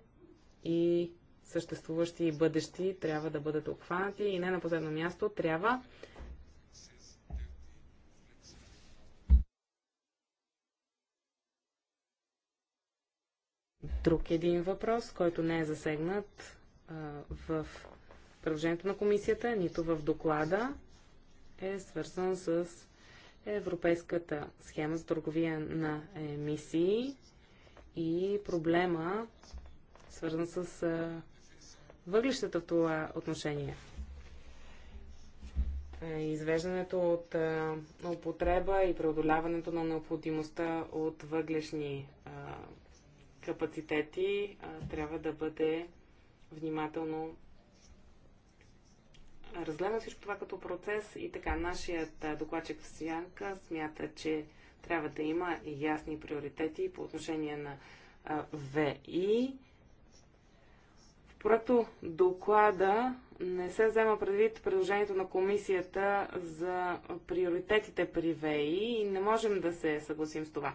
Speaker 4: и съществуващи и бъдещи трябва да бъдат обхванати и не на последно място трябва Друг един въпрос, който не е засегнат а, в предложението на комисията, нито в доклада, е свързан с Европейската схема за търговия на емисии и проблема, свързан с въглищата в това отношение. Извеждането от употреба и преодоляването на необходимостта от въглешни капацитети трябва да бъде внимателно разгледано всичко това като процес и така нашият докладчик в Сиянка смята, че трябва да има ясни приоритети по отношение на ВИ. В прото доклада не се взема предвид предложението на комисията за приоритетите при ВИ и не можем да се съгласим с това.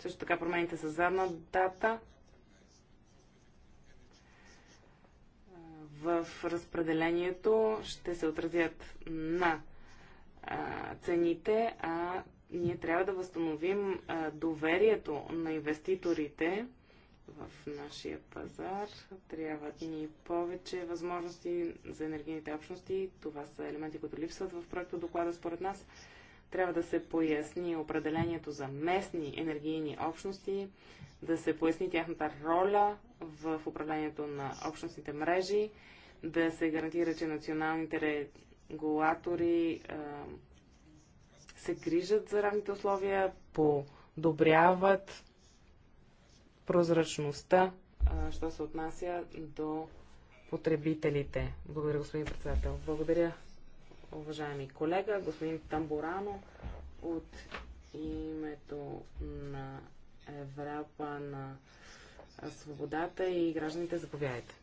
Speaker 4: Също така промените са задна дата. В разпределението ще се отразят на цените, а ние трябва да възстановим доверието на инвеститорите в нашия пазар. Трябват ни повече възможности за енергийните общности. Това са елементи, които липсват в проекта доклада според нас. Трябва да се поясни определението за местни енергийни общности, да се поясни тяхната роля в управлението на общностните мрежи, да се гарантира, че националните регулатори а, се грижат за равните условия, подобряват прозрачността, а, що се отнася до потребителите. Благодаря, господин председател. Благодаря, уважаеми колега, господин Тамбурано от името на Европа на свободата и гражданите, заповядайте.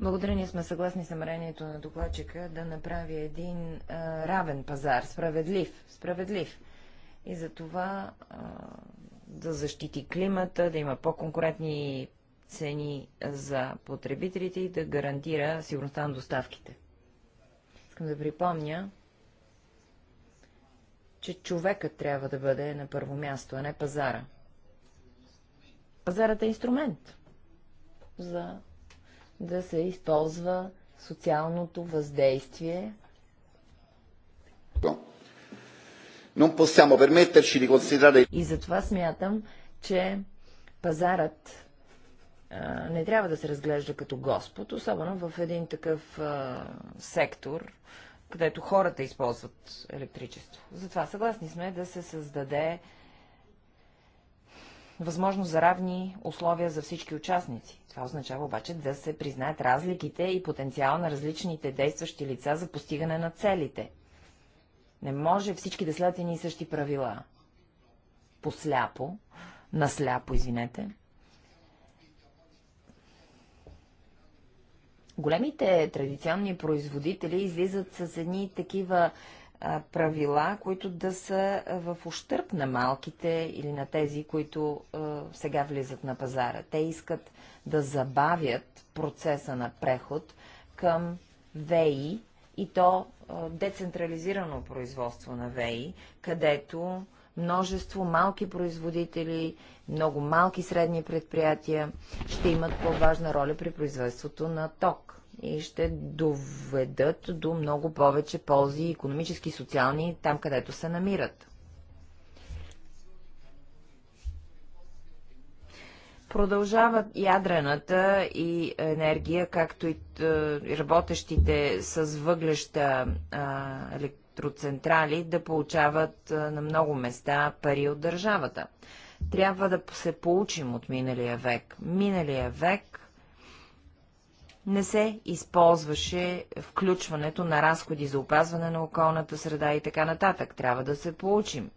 Speaker 2: Благодаря, ние сме съгласни с намерението на докладчика да направи един а, равен пазар, справедлив, справедлив. И за това а, да защити климата, да има по-конкурентни цени за потребителите и да гарантира сигурността на доставките. Искам да припомня, че човекът трябва да бъде на първо място, а не пазара. Пазарът е инструмент за да се използва социалното въздействие. И затова смятам, че пазарът а, не трябва да се разглежда като Господ, особено в един такъв а, сектор, където хората използват електричество. Затова съгласни сме да се създаде Възможно за равни условия за всички участници. Това означава обаче да се признаят разликите и потенциал на различните действащи лица за постигане на целите. Не може всички да следят едни и същи правила. Посляпо, насляпо, извинете. Големите традиционни производители излизат с едни такива правила, които да са в ущърп на малките или на тези, които сега влизат на пазара. Те искат да забавят процеса на преход към ВЕИ и то децентрализирано производство на ВЕИ, където множество малки производители, много малки средни предприятия ще имат по-важна роля при производството на ток и ще доведат до много повече ползи, економически, и социални, там където се намират. Продължават ядрената и енергия, както и е, работещите с въглеща е, електроцентрали да получават е, на много места пари от държавата. Трябва да се получим от миналия век. Миналия век не се използваше включването на разходи за опазване на околната среда и така нататък. Трябва да се получим.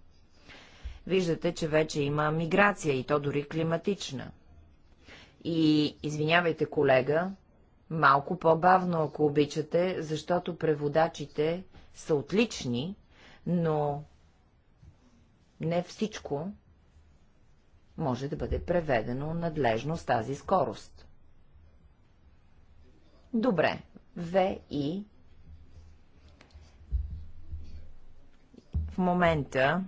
Speaker 2: Виждате, че вече има миграция и то дори климатична. И, извинявайте, колега, малко по-бавно, ако обичате, защото преводачите са отлични, но не всичко може да бъде преведено надлежно с тази скорост. Добре. ВИ в момента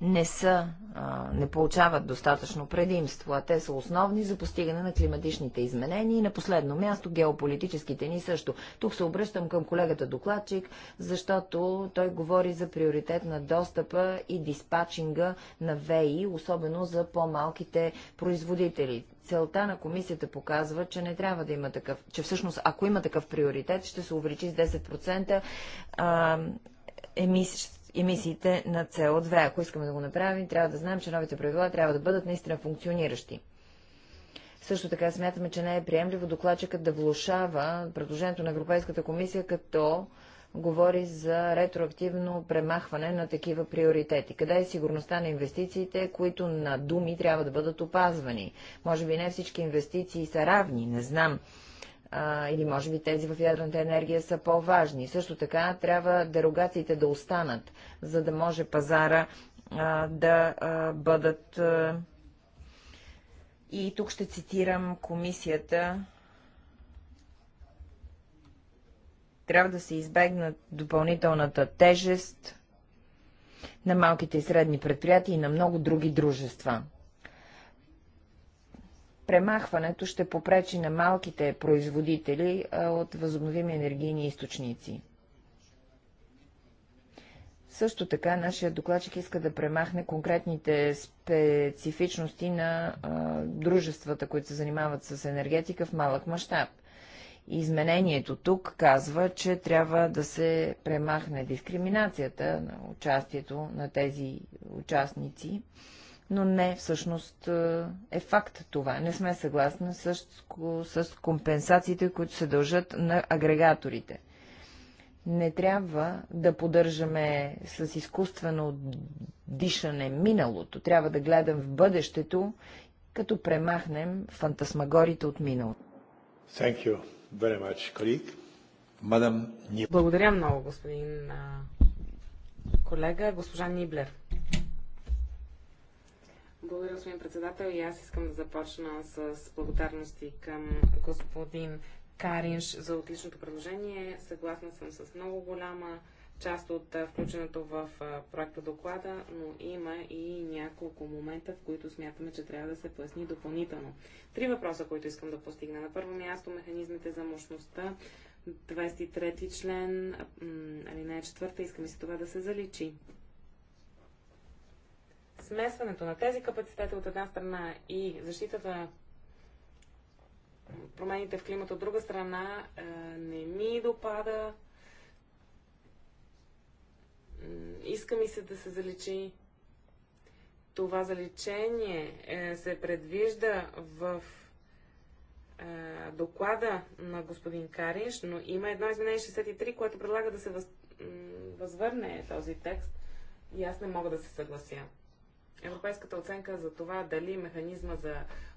Speaker 2: не са, а, не получават достатъчно предимство, а те са основни за постигане на климатичните изменения и на последно място геополитическите ни също. Тук се обръщам към колегата докладчик, защото той говори за приоритет на достъпа и диспачинга на ВИ, особено за по-малките производители целта на комисията показва, че не трябва да има такъв, че всъщност ако има такъв приоритет, ще се увеличи с 10% а, емис, емисиите на CO2. Ако искаме да го направим, трябва да знаем, че новите правила трябва да бъдат наистина функциониращи. Също така смятаме, че не е приемливо докладчикът да влушава предложението на Европейската комисия, като говори за ретроактивно премахване на такива приоритети. Къде е сигурността на инвестициите, които на думи трябва да бъдат опазвани? Може би не всички инвестиции са равни, не знам а, или може би тези в ядрената енергия са по-важни. Също така трябва дерогациите да останат, за да може пазара а, да а, бъдат. А... И тук ще цитирам комисията Трябва да се избегнат допълнителната тежест на малките и средни предприятия и на много други дружества. Премахването ще попречи на малките производители от възобновими енергийни източници. Също така нашия докладчик иска да премахне конкретните специфичности на а, дружествата, които се занимават с енергетика в малък мащаб. Изменението тук казва, че трябва да се премахне дискриминацията на участието на тези участници, но не всъщност е, е факт това. Не сме съгласни с, с компенсациите, които се дължат на агрегаторите. Не трябва да поддържаме с изкуствено дишане миналото. Трябва да гледам в бъдещето, като премахнем фантасмагорите от миналото.
Speaker 1: Thank you.
Speaker 4: Благодаря много, господин колега, госпожа Ниблер. Благодаря, господин председател. И аз искам да започна с благодарности към господин Каринш за отличното предложение. Съгласна съм с много голяма част от включеното в проекта доклада, но има и няколко момента, в които смятаме, че трябва да се поясни допълнително. Три въпроса, които искам да постигна. На първо място механизмите за мощността. 23 ти член, алинея 4, искаме се това да се заличи. Смесването на тези капацитети от една страна и защитата промените в климата от друга страна е, не ми допада иска ми се да се заличи това заличение е, се предвижда в е, доклада на господин Каринш, но има едно изменение 63, което предлага да се въз, възвърне този текст и аз не мога да се съглася. Европейската оценка за това дали механизма за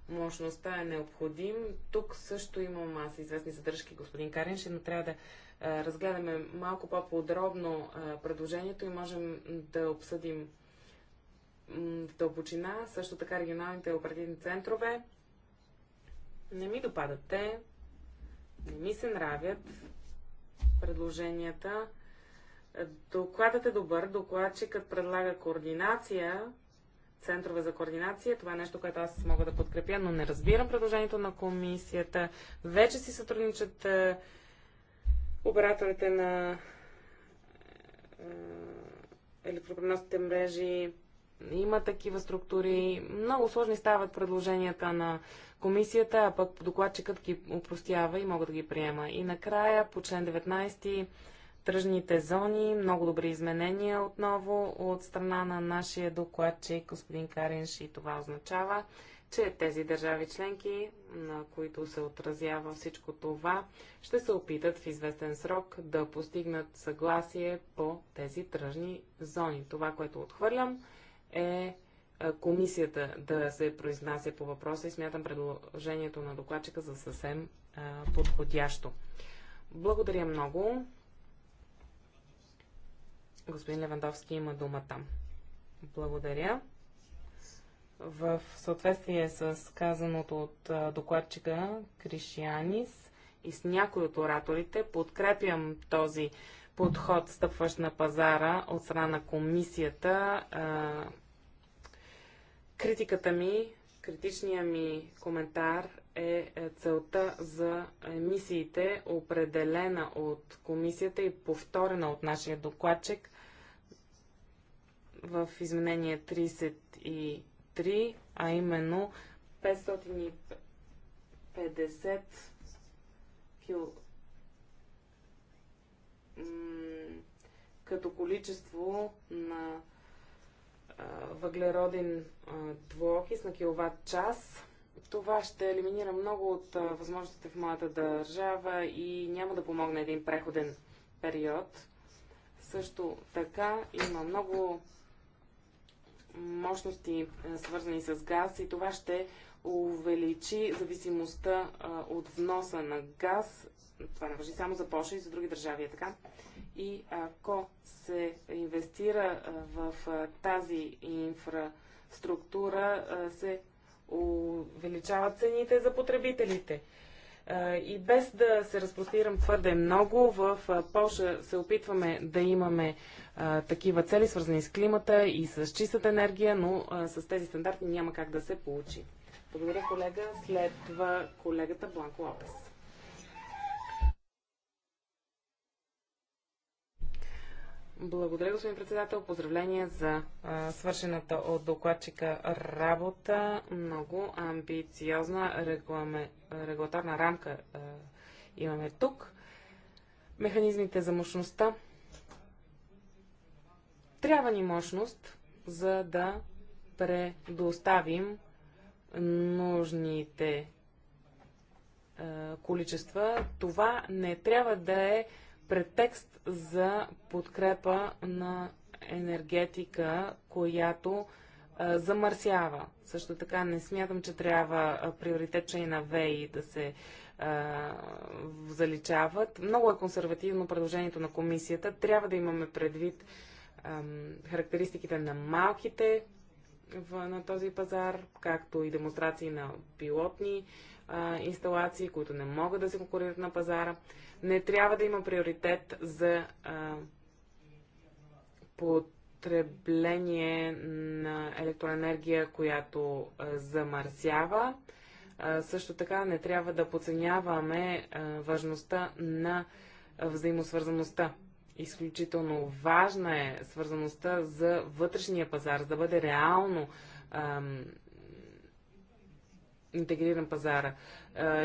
Speaker 4: мощността е необходим, тук също имам аз известни задръжки, господин Каринш, но трябва да е, разгледаме малко по-подробно е, предложението и можем да обсъдим в дълбочина, също така регионалните оперативни центрове. Не ми допадат те, не ми се нравят предложенията. Докладът е добър, докладчикът предлага координация, центрове за координация. Това е нещо, което аз мога да подкрепя, но не разбирам предложението на комисията. Вече си сътрудничат е, операторите на е, електропреносните мрежи, има такива структури. Много сложни стават предложенията на комисията, а пък докладчикът ги упростява и мога да ги приема. И накрая по член 19 тръжните зони, много добри изменения отново от страна на нашия докладчик господин Каринш и това означава, че тези държави членки, на които се отразява всичко това, ще се опитат в известен срок да постигнат съгласие по тези тръжни зони. Това, което отхвърлям, е, е комисията да се произнася по въпроса и смятам предложението на докладчика за съвсем е, подходящо. Благодаря много. Господин Левандовски има думата. Благодаря в съответствие с казаното от докладчика Кришианис и с някои от ораторите, подкрепям този подход, стъпващ на пазара от страна на комисията. Критиката ми, критичният ми коментар е, е целта за емисиите, определена от комисията и повторена от нашия докладчик в изменение 30 и 3, а именно 550 кил... като количество на въглероден двуокис на киловатт час. Това ще елиминира много от възможностите в моята държава и няма да помогне един преходен период. Също така има много мощности, е, свързани с газ и това ще увеличи зависимостта е, от вноса на газ. Това не въжи само за Польша и за други държави, е така. И ако се инвестира е, в тази инфраструктура, се увеличават цените за потребителите. И без да се разпростирам твърде много, в Польша се опитваме да имаме такива цели, свързани с климата и с чистата енергия, но с тези стандарти няма как да се получи. Благодаря, колега. Следва колегата Бланко Лопес. Благодаря, господин председател. Поздравления за а, свършената от докладчика работа. Много амбициозна регламе, регулаторна рамка а, имаме тук. Механизмите за мощността. Трябва ни мощност, за да предоставим нужните а, количества. Това не трябва да е претекст за подкрепа на енергетика, която замърсява. Също така не смятам, че трябва приоритет и на ВЕИ да се а, заличават. Много е консервативно предложението на комисията. Трябва да имаме предвид а, характеристиките на малките в, на този пазар, както и демонстрации на пилотни а, инсталации, които не могат да се конкурират на пазара. Не трябва да има приоритет за а, потребление на електроенергия, която а, замърсява. А, също така не трябва да подценяваме а, важността на взаимосвързаността. Изключително важна е свързаността за вътрешния пазар, за да бъде реално интегриран пазара.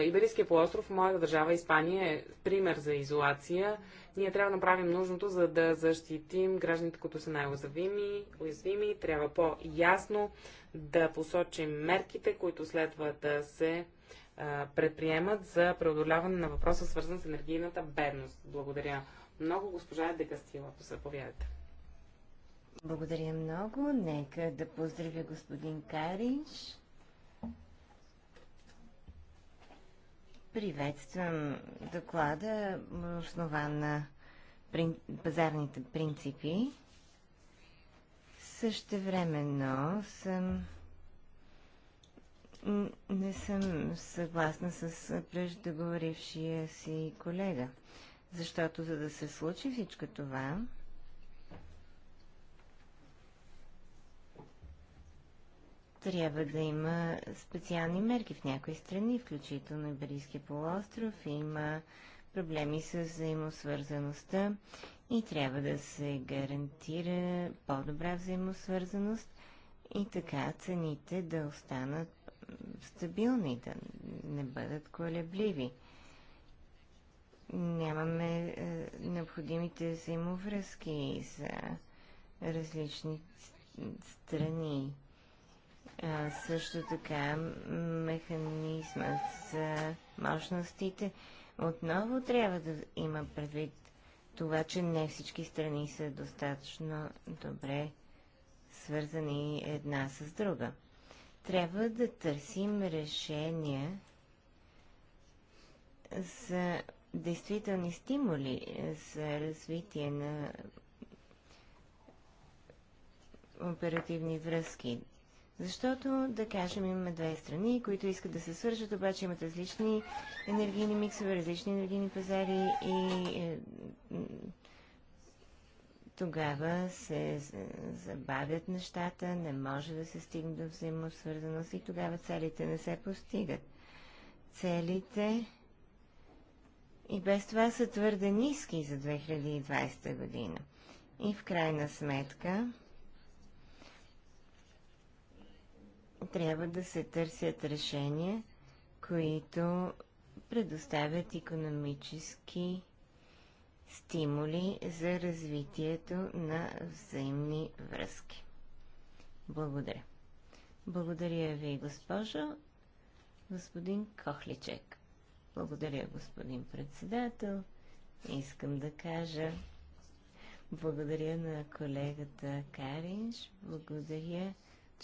Speaker 4: Иберийския полуостров, моята държава Испания е пример за изолация. Ние трябва да направим нужното, за да защитим гражданите, които са най-уязвими. Уязвими. Трябва по-ясно да посочим мерките, които следва да се предприемат за преодоляване на въпроса, свързан с енергийната бедност. Благодаря много, госпожа се повядате.
Speaker 5: Благодаря много. Нека да поздравя господин Кариш Приветствам доклада, основан на пазарните принципи. Същевременно съм не съм съгласна с преждеговорившия си колега, защото за да се случи всичко това, трябва да има специални мерки в някои страни, включително и Берийския полуостров. Има проблеми с взаимосвързаността и трябва да се гарантира по-добра взаимосвързаност и така цените да останат стабилни, да не бъдат колебливи. Нямаме е, необходимите взаимовръзки за различни страни. А, също така механизма за мощностите отново трябва да има предвид това, че не всички страни са достатъчно добре свързани една с друга. Трябва да търсим решения за действителни стимули за развитие на оперативни връзки. Защото, да кажем, имаме две страни, които искат да се свържат, обаче имат различни енергийни миксове, различни енергийни пазари и е, тогава се забавят нещата, не може да се стигне до взаимосвързаност и тогава целите не се постигат. Целите и без това са твърде ниски за 2020 година. И в крайна сметка, трябва да се търсят решения, които предоставят економически стимули за развитието на взаимни връзки. Благодаря. Благодаря ви, госпожо. Господин Кохличек. Благодаря, господин председател. Искам да кажа благодаря на колегата Каринш, благодаря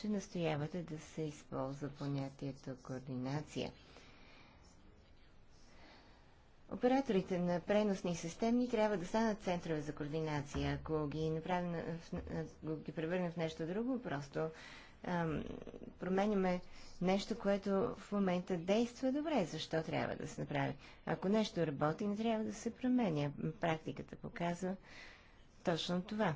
Speaker 5: че настоявате да се използва понятието координация. Операторите на преносни системи трябва да станат центрове за координация. Ако ги, направим, ако ги превърнем в нещо друго, просто ам, променяме нещо, което в момента действа добре. Защо трябва да се направи? Ако нещо работи, не трябва да се променя. Практиката показва точно това.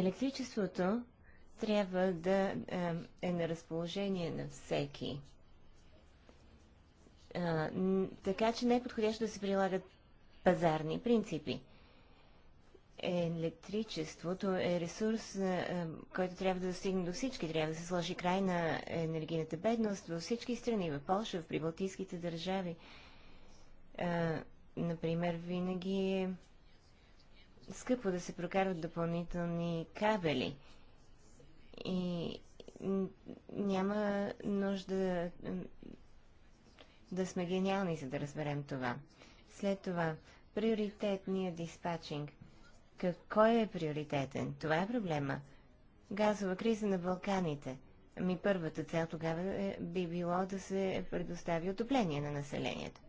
Speaker 5: електричеството трябва да е, е на разположение на всеки. Така че не е подходящо да се прилагат пазарни принципи. Електричеството е ресурс, е, който трябва да достигне до всички. Трябва да се сложи край на енергийната бедност във всички страни, в Польша, в прибалтийските държави. Например, винаги е скъпо да се прокарват допълнителни кабели. И няма нужда да сме гениални, за да разберем това. След това, приоритетният диспачинг. Кой е приоритетен? Това е проблема. Газова криза на Балканите. Ми първата цел тогава е, би било да се предостави отопление на населението.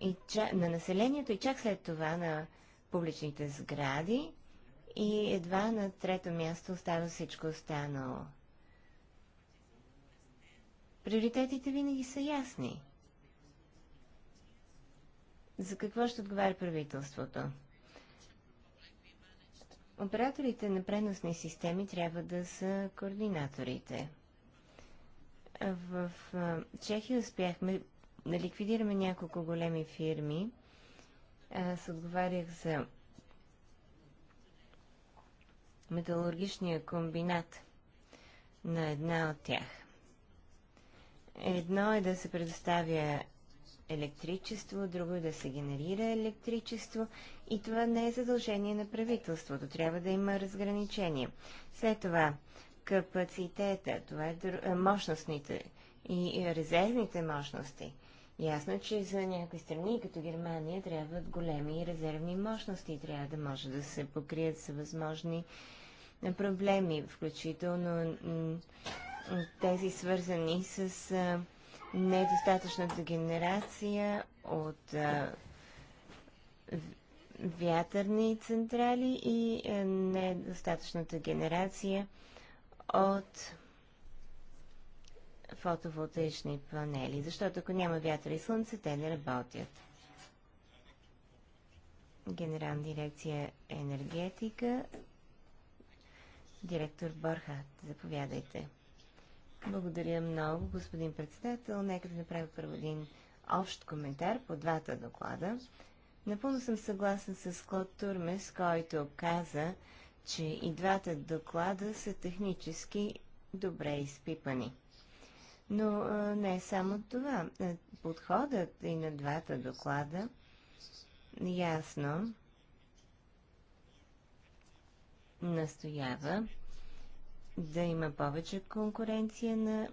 Speaker 5: И ча... на населението и чак след това на публичните сгради и едва на трето място остава всичко останало. Приоритетите винаги са ясни. За какво ще отговаря правителството? Операторите на преносни системи трябва да са координаторите. В Чехия успяхме да ликвидираме няколко големи фирми, аз отговарях за металургичния комбинат на една от тях. Едно е да се предоставя електричество, друго е да се генерира електричество и това не е задължение на правителството. Трябва да има разграничение. След това капацитета, това е, е мощностните и резервните мощности. Ясно че за някои страни, като Германия, трябват големи резервни мощности и трябва да може да се покрият съвъзможни проблеми, включително тези свързани с недостатъчната генерация от вятърни централи и недостатъчната генерация от фотоволтаични панели, защото ако няма вятър и слънце, те не работят. Генерална дирекция енергетика, директор Борхат, заповядайте. Благодаря много, господин председател. Нека да направя първо един общ коментар по двата доклада. Напълно съм съгласен с Клод Турмес, който каза, че и двата доклада са технически добре изпипани. Но не само това. Е, подходът и на двата доклада ясно настоява да има повече конкуренция на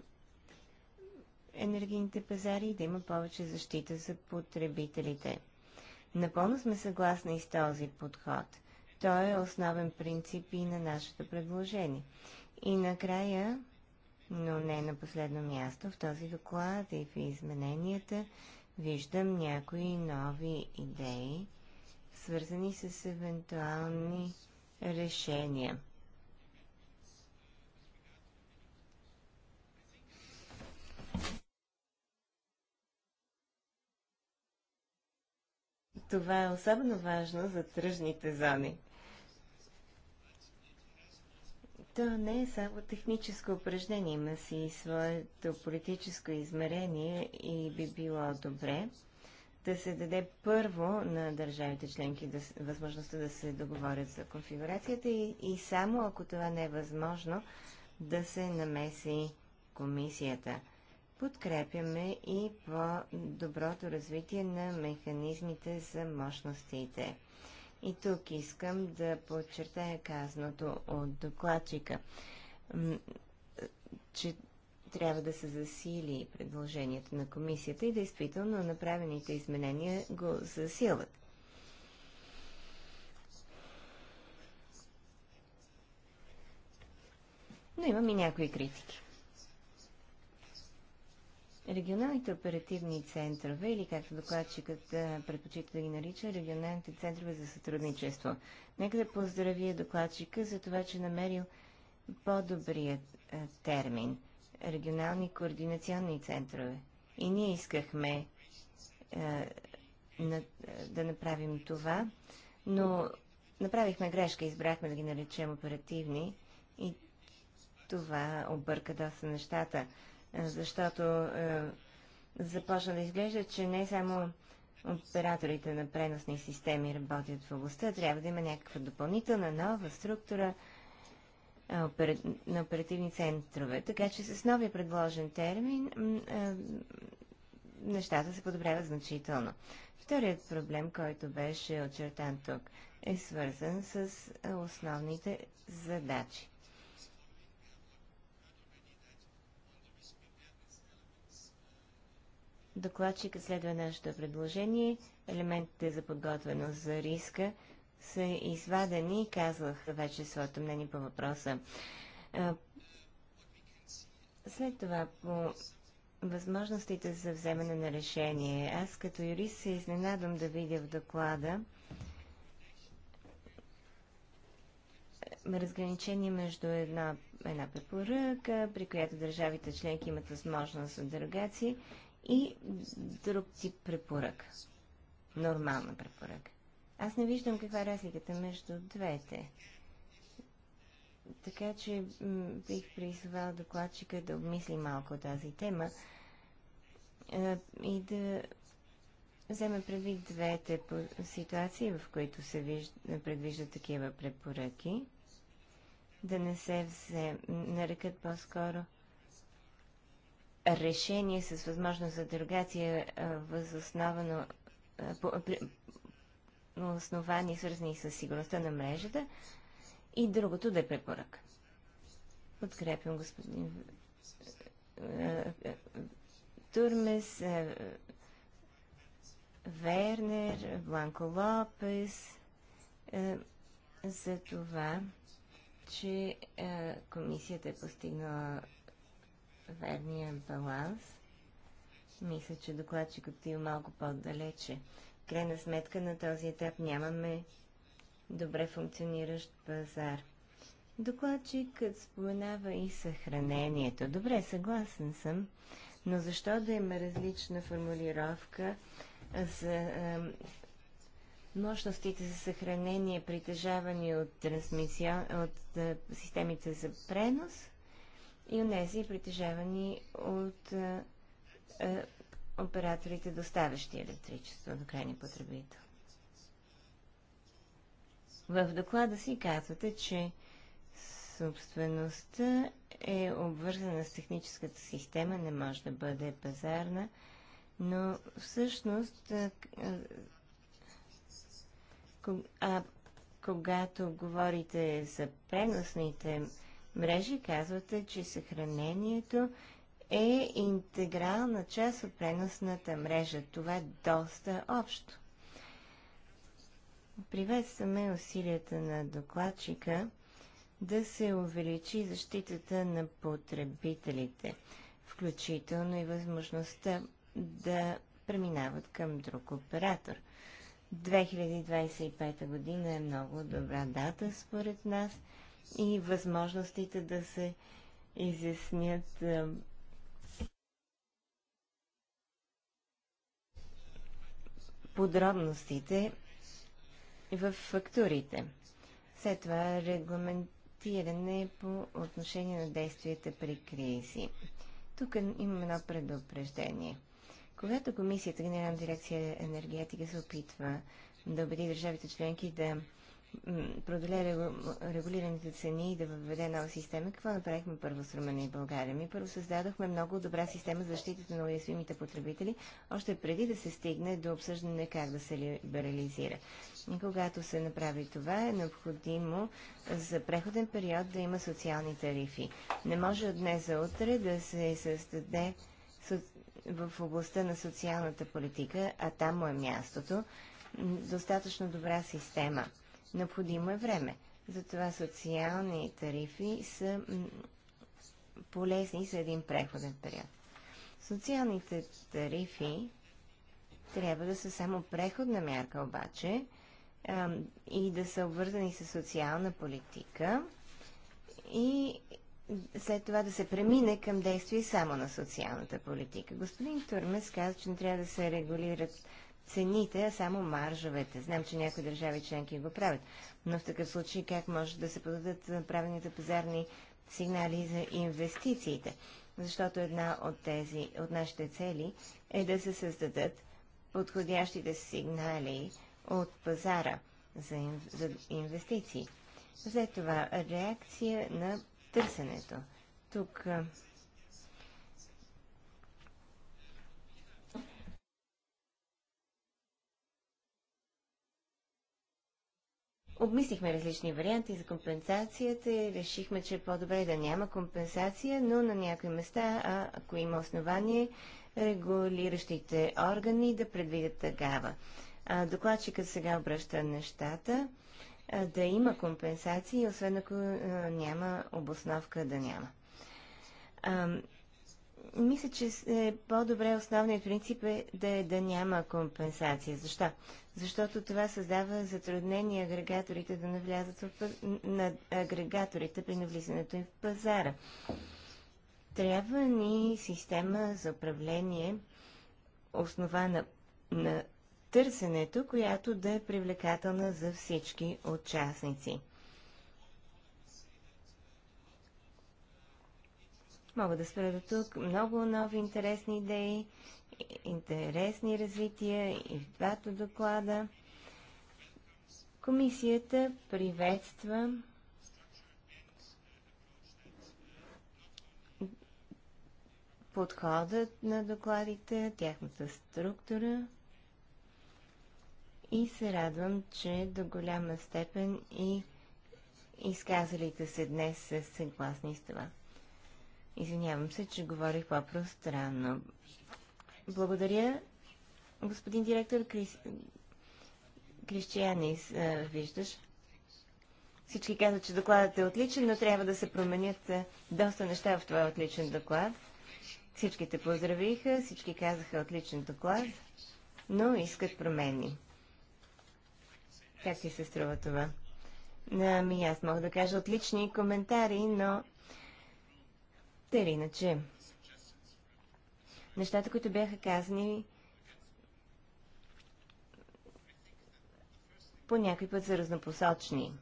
Speaker 5: енергийните пазари и да има повече защита за потребителите. Напълно сме съгласни и с този подход. Той е основен принцип и на нашето предложение. И накрая но не на последно място в този доклад и в измененията виждам някои нови идеи, свързани с евентуални решения. Това е особено важно за тръжните зони. То не е само техническо упражнение, има си и своето политическо измерение и би било добре да се даде първо на държавите членки да, възможността да се договорят за конфигурацията и, и само ако това не е възможно, да се намеси комисията. Подкрепяме и по-доброто развитие на механизмите за мощностите. И тук искам да подчертая казаното от докладчика, че трябва да се засили предложението на комисията и действително направените изменения го засилват. Но имам и някои критики. Регионалните оперативни центрове, или както докладчикът предпочита да ги нарича, регионалните центрове за сътрудничество. Нека да поздравя докладчика за това, че е намерил по-добрият термин – регионални координационни центрове. И ние искахме на, да направим това, но направихме грешка, избрахме да ги наречем оперативни и това обърка доста нещата. Е, защото е, започна да изглежда, че не само операторите на преносни системи работят в областта, трябва да има някаква допълнителна нова структура е, на оперативни центрове. Така че с новия предложен термин е, нещата се подобряват значително. Вторият проблем, който беше очертан тук, е свързан с е, основните задачи. Докладчика е следва нашето предложение. Елементите за подготвеност за риска са извадени. Казвах вече своето мнение по въпроса. След това по възможностите за вземане на решение. Аз като юрист се изненадам да видя в доклада разграничение между една, една препоръка, при която държавите членки имат възможност от дерогации и друг тип препоръка. Нормална препоръка. Аз не виждам каква е разликата между двете. Така че бих призвал докладчика да обмисли малко тази тема и да вземе предвид двете ситуации, в които се вижда, предвижда такива препоръки. Да не се взе, нарекат по-скоро решение с възможност за дерогация възосновано на основания, свързани с сигурността на мрежата, и другото да е препоръка. Подкрепям господин Турмес, Вернер, Бланко Лопес за това, че комисията е постигнала верния баланс. Мисля, че докладчикът отива е малко по-далече. В Крайна сметка на този етап нямаме добре функциониращ пазар. Докладчикът споменава и съхранението. Добре, съгласен съм, но защо да има различна формулировка за е, мощностите за съхранение, притежавани от, трансмисион... от е, системите за пренос и онези притежавани от а, е, а, е, операторите, доставящи електричество до крайния потребител. В доклада си казвате, че собствеността е обвързана с техническата система, не може да бъде пазарна, но всъщност а, е, а когато говорите за преносните мрежи казвате, че съхранението е интегрална част от преносната мрежа. Това е доста общо. Приветстваме усилията на докладчика да се увеличи защитата на потребителите, включително и възможността да преминават към друг оператор. 2025 година е много добра дата според нас – и възможностите да се изяснят подробностите в фактурите. След това регламентиране по отношение на действията при кризи. Тук имам едно предупреждение. Когато комисията, Генерална дирекция енергетика се опитва да убеди държавите членки да преодолее регулираните цени и да въведе нова система, какво направихме първо с Румъния и България? Ми първо създадохме много добра система за защитата на уязвимите потребители, още преди да се стигне до обсъждане как да се либерализира. И когато се направи това, е необходимо за преходен период да има социални тарифи. Не може от днес за утре да се създаде в областта на социалната политика, а там му е мястото, достатъчно добра система – Необходимо е време. Затова социални тарифи са полезни за един преходен период. Социалните тарифи трябва да са само преходна мярка обаче и да са обвързани с социална политика и след това да се премине към действие само на социалната политика. Господин Турмес каза, че не трябва да се регулират цените, а само маржовете. Знам, че някои държави членки го правят. Но в такъв случай как може да се подадат правените пазарни сигнали за инвестициите? Защото една от тези, от нашите цели е да се създадат подходящите сигнали от пазара за, инв... за инвестиции. След това реакция на търсенето. Тук Обмислихме различни варианти за компенсацията и решихме, че е по-добре да няма компенсация, но на някои места, а, ако има основание, регулиращите органи да предвидят такава. Докладчикът сега обръща нещата а, да има компенсации, освен ако а, няма обосновка да няма. А, мисля, че е по-добре основният принцип е да, е да няма компенсация. Защо? защото това създава затруднения агрегаторите да навлязат в, на агрегаторите при навлизането им в пазара. Трябва ни система за управление, основана на търсенето, която да е привлекателна за всички участници. Мога да спра до тук. Много нови интересни идеи интересни развития и в двата доклада. Комисията приветства подходът на докладите, тяхната структура и се радвам, че до голяма степен и изказалите се днес са съгласни с това. Извинявам се, че говорих по-пространно. Благодаря, господин директор Крис... Крищианис, виждаш. Всички казват, че докладът е отличен, но трябва да се променят доста неща в това отличен доклад. Всички те поздравиха, всички казаха отличен доклад, но искат промени. Как ти се струва това? Ами аз мога да кажа отлични коментари, но те иначе нещата, които бяха казани по някой път са разнопосочни.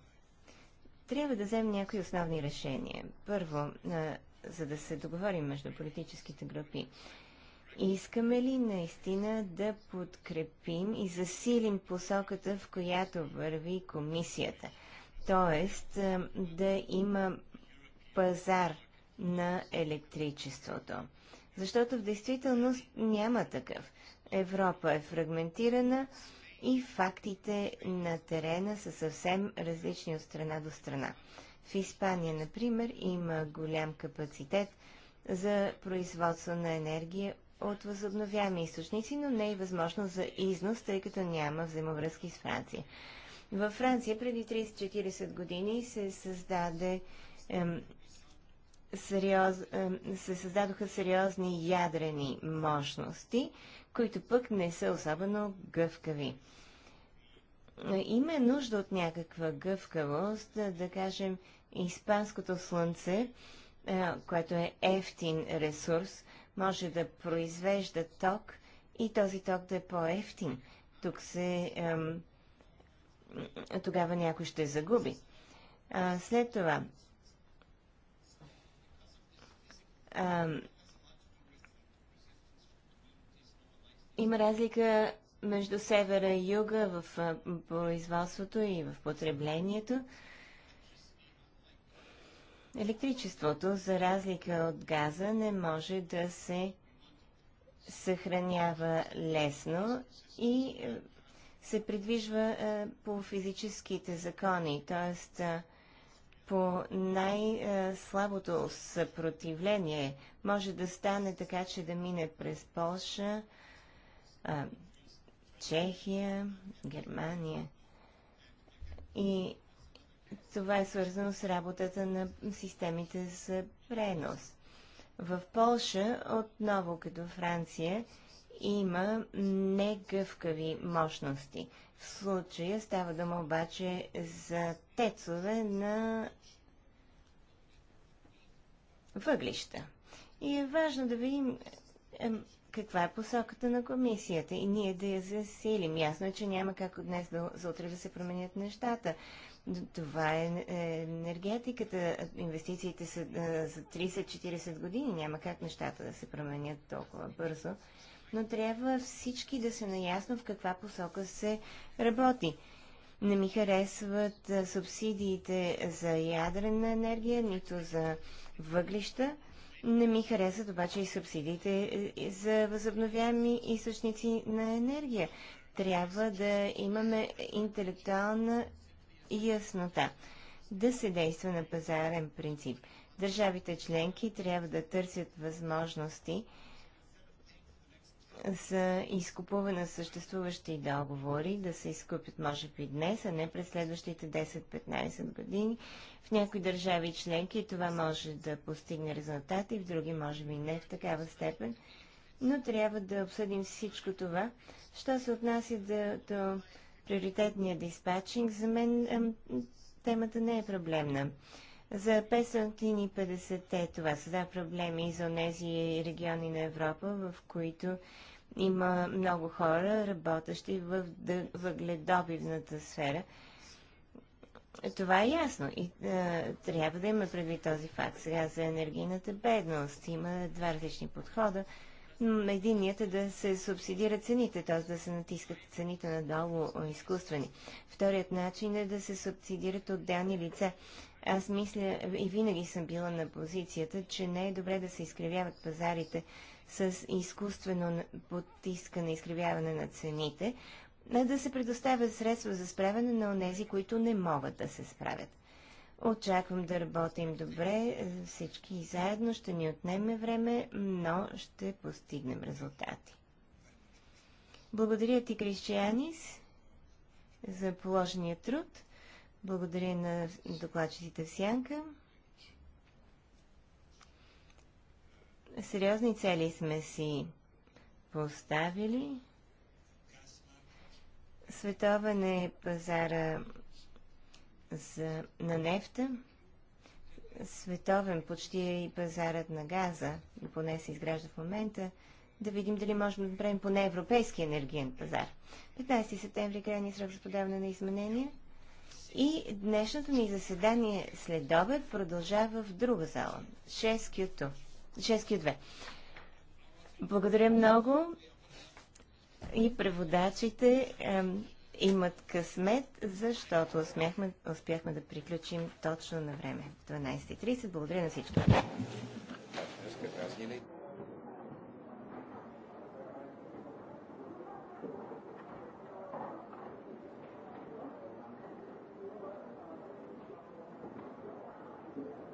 Speaker 5: Трябва да вземем някои основни решения. Първо, за да се договорим между политическите групи, искаме ли наистина да подкрепим и засилим посоката, в която върви комисията? Тоест, да има пазар на електричеството. Защото в действителност няма такъв. Европа е фрагментирана и фактите на терена са съвсем различни от страна до страна. В Испания, например, има голям капацитет за производство на енергия от възобновяеми източници, но не е възможно за износ, тъй като няма взаимовръзки с Франция. Във Франция преди 30-40 години се създаде сериоз, се създадоха сериозни ядрени мощности, които пък не са особено гъвкави. Има нужда от някаква гъвкавост, да, кажем, испанското слънце, е, което е ефтин ресурс, може да произвежда ток и този ток да е по-ефтин. Тук се... тогава някой ще загуби. след това, има разлика между севера и юга в производството и в потреблението. Електричеството, за разлика от газа, не може да се съхранява лесно и се придвижва по физическите закони, т.е по най-слабото съпротивление. Може да стане така, че да мине през Полша, Чехия, Германия. И това е свързано с работата на системите за пренос. В Полша, отново като Франция, има негъвкави мощности. В случая става дума обаче за тецове на въглища. И е важно да видим каква е посоката на комисията и ние да я засилим. Ясно е, че няма как от днес до, утре да се променят нещата. Това е, е енергетиката. Инвестициите са е, за 30-40 години. Няма как нещата да се променят толкова бързо но трябва всички да са наясно в каква посока се работи. Не ми харесват субсидиите за ядрена енергия, нито за въглища. Не ми харесват обаче и субсидиите е, е, за възобновяеми източници на енергия. Трябва да имаме интелектуална яснота. Да се действа на пазарен принцип. Държавите членки трябва да търсят възможности за изкупуване на съществуващи договори, да се изкупят може би днес, а не през следващите 10-15 години. В някои държави членки това може да постигне резултати, в други може би не в такава степен. Но трябва да обсъдим всичко това. Що се отнася до, до приоритетния диспачинг. за мен темата не е проблемна. За 550-те това създава проблеми и за тези региони на Европа, в които има много хора, работещи в въгледобивната сфера. Това е ясно и а, трябва да има предвид този факт. Сега за енергийната бедност има два различни подхода. Единият е да се субсидират цените, т.е. да се натискат цените надолу изкуствени. Вторият начин е да се субсидират отделни лица. Аз мисля и винаги съм била на позицията, че не е добре да се изкривяват пазарите с изкуствено потискане, изкривяване на цените, а да се предоставят средства за справяне на онези, които не могат да се справят. Очаквам да работим добре, всички заедно ще ни отнеме време, но ще постигнем резултати. Благодаря ти, Крисчианис, за положения труд. Благодаря на докладчиците в Сянка. Сериозни цели сме си поставили. Световен е пазара за, на нефта. Световен почти е и пазарът на газа, поне се изгражда в момента. Да видим дали можем да направим поне европейски енергиен пазар. 15 септември е крайния срок за подаване на изменения. И днешното ни заседание след обед продължава в друга зала. 6Q2. 6Q2. Благодаря много. И преводачите е, имат късмет, защото успяхме, успяхме да приключим точно на време. 12.30. Благодаря на всички.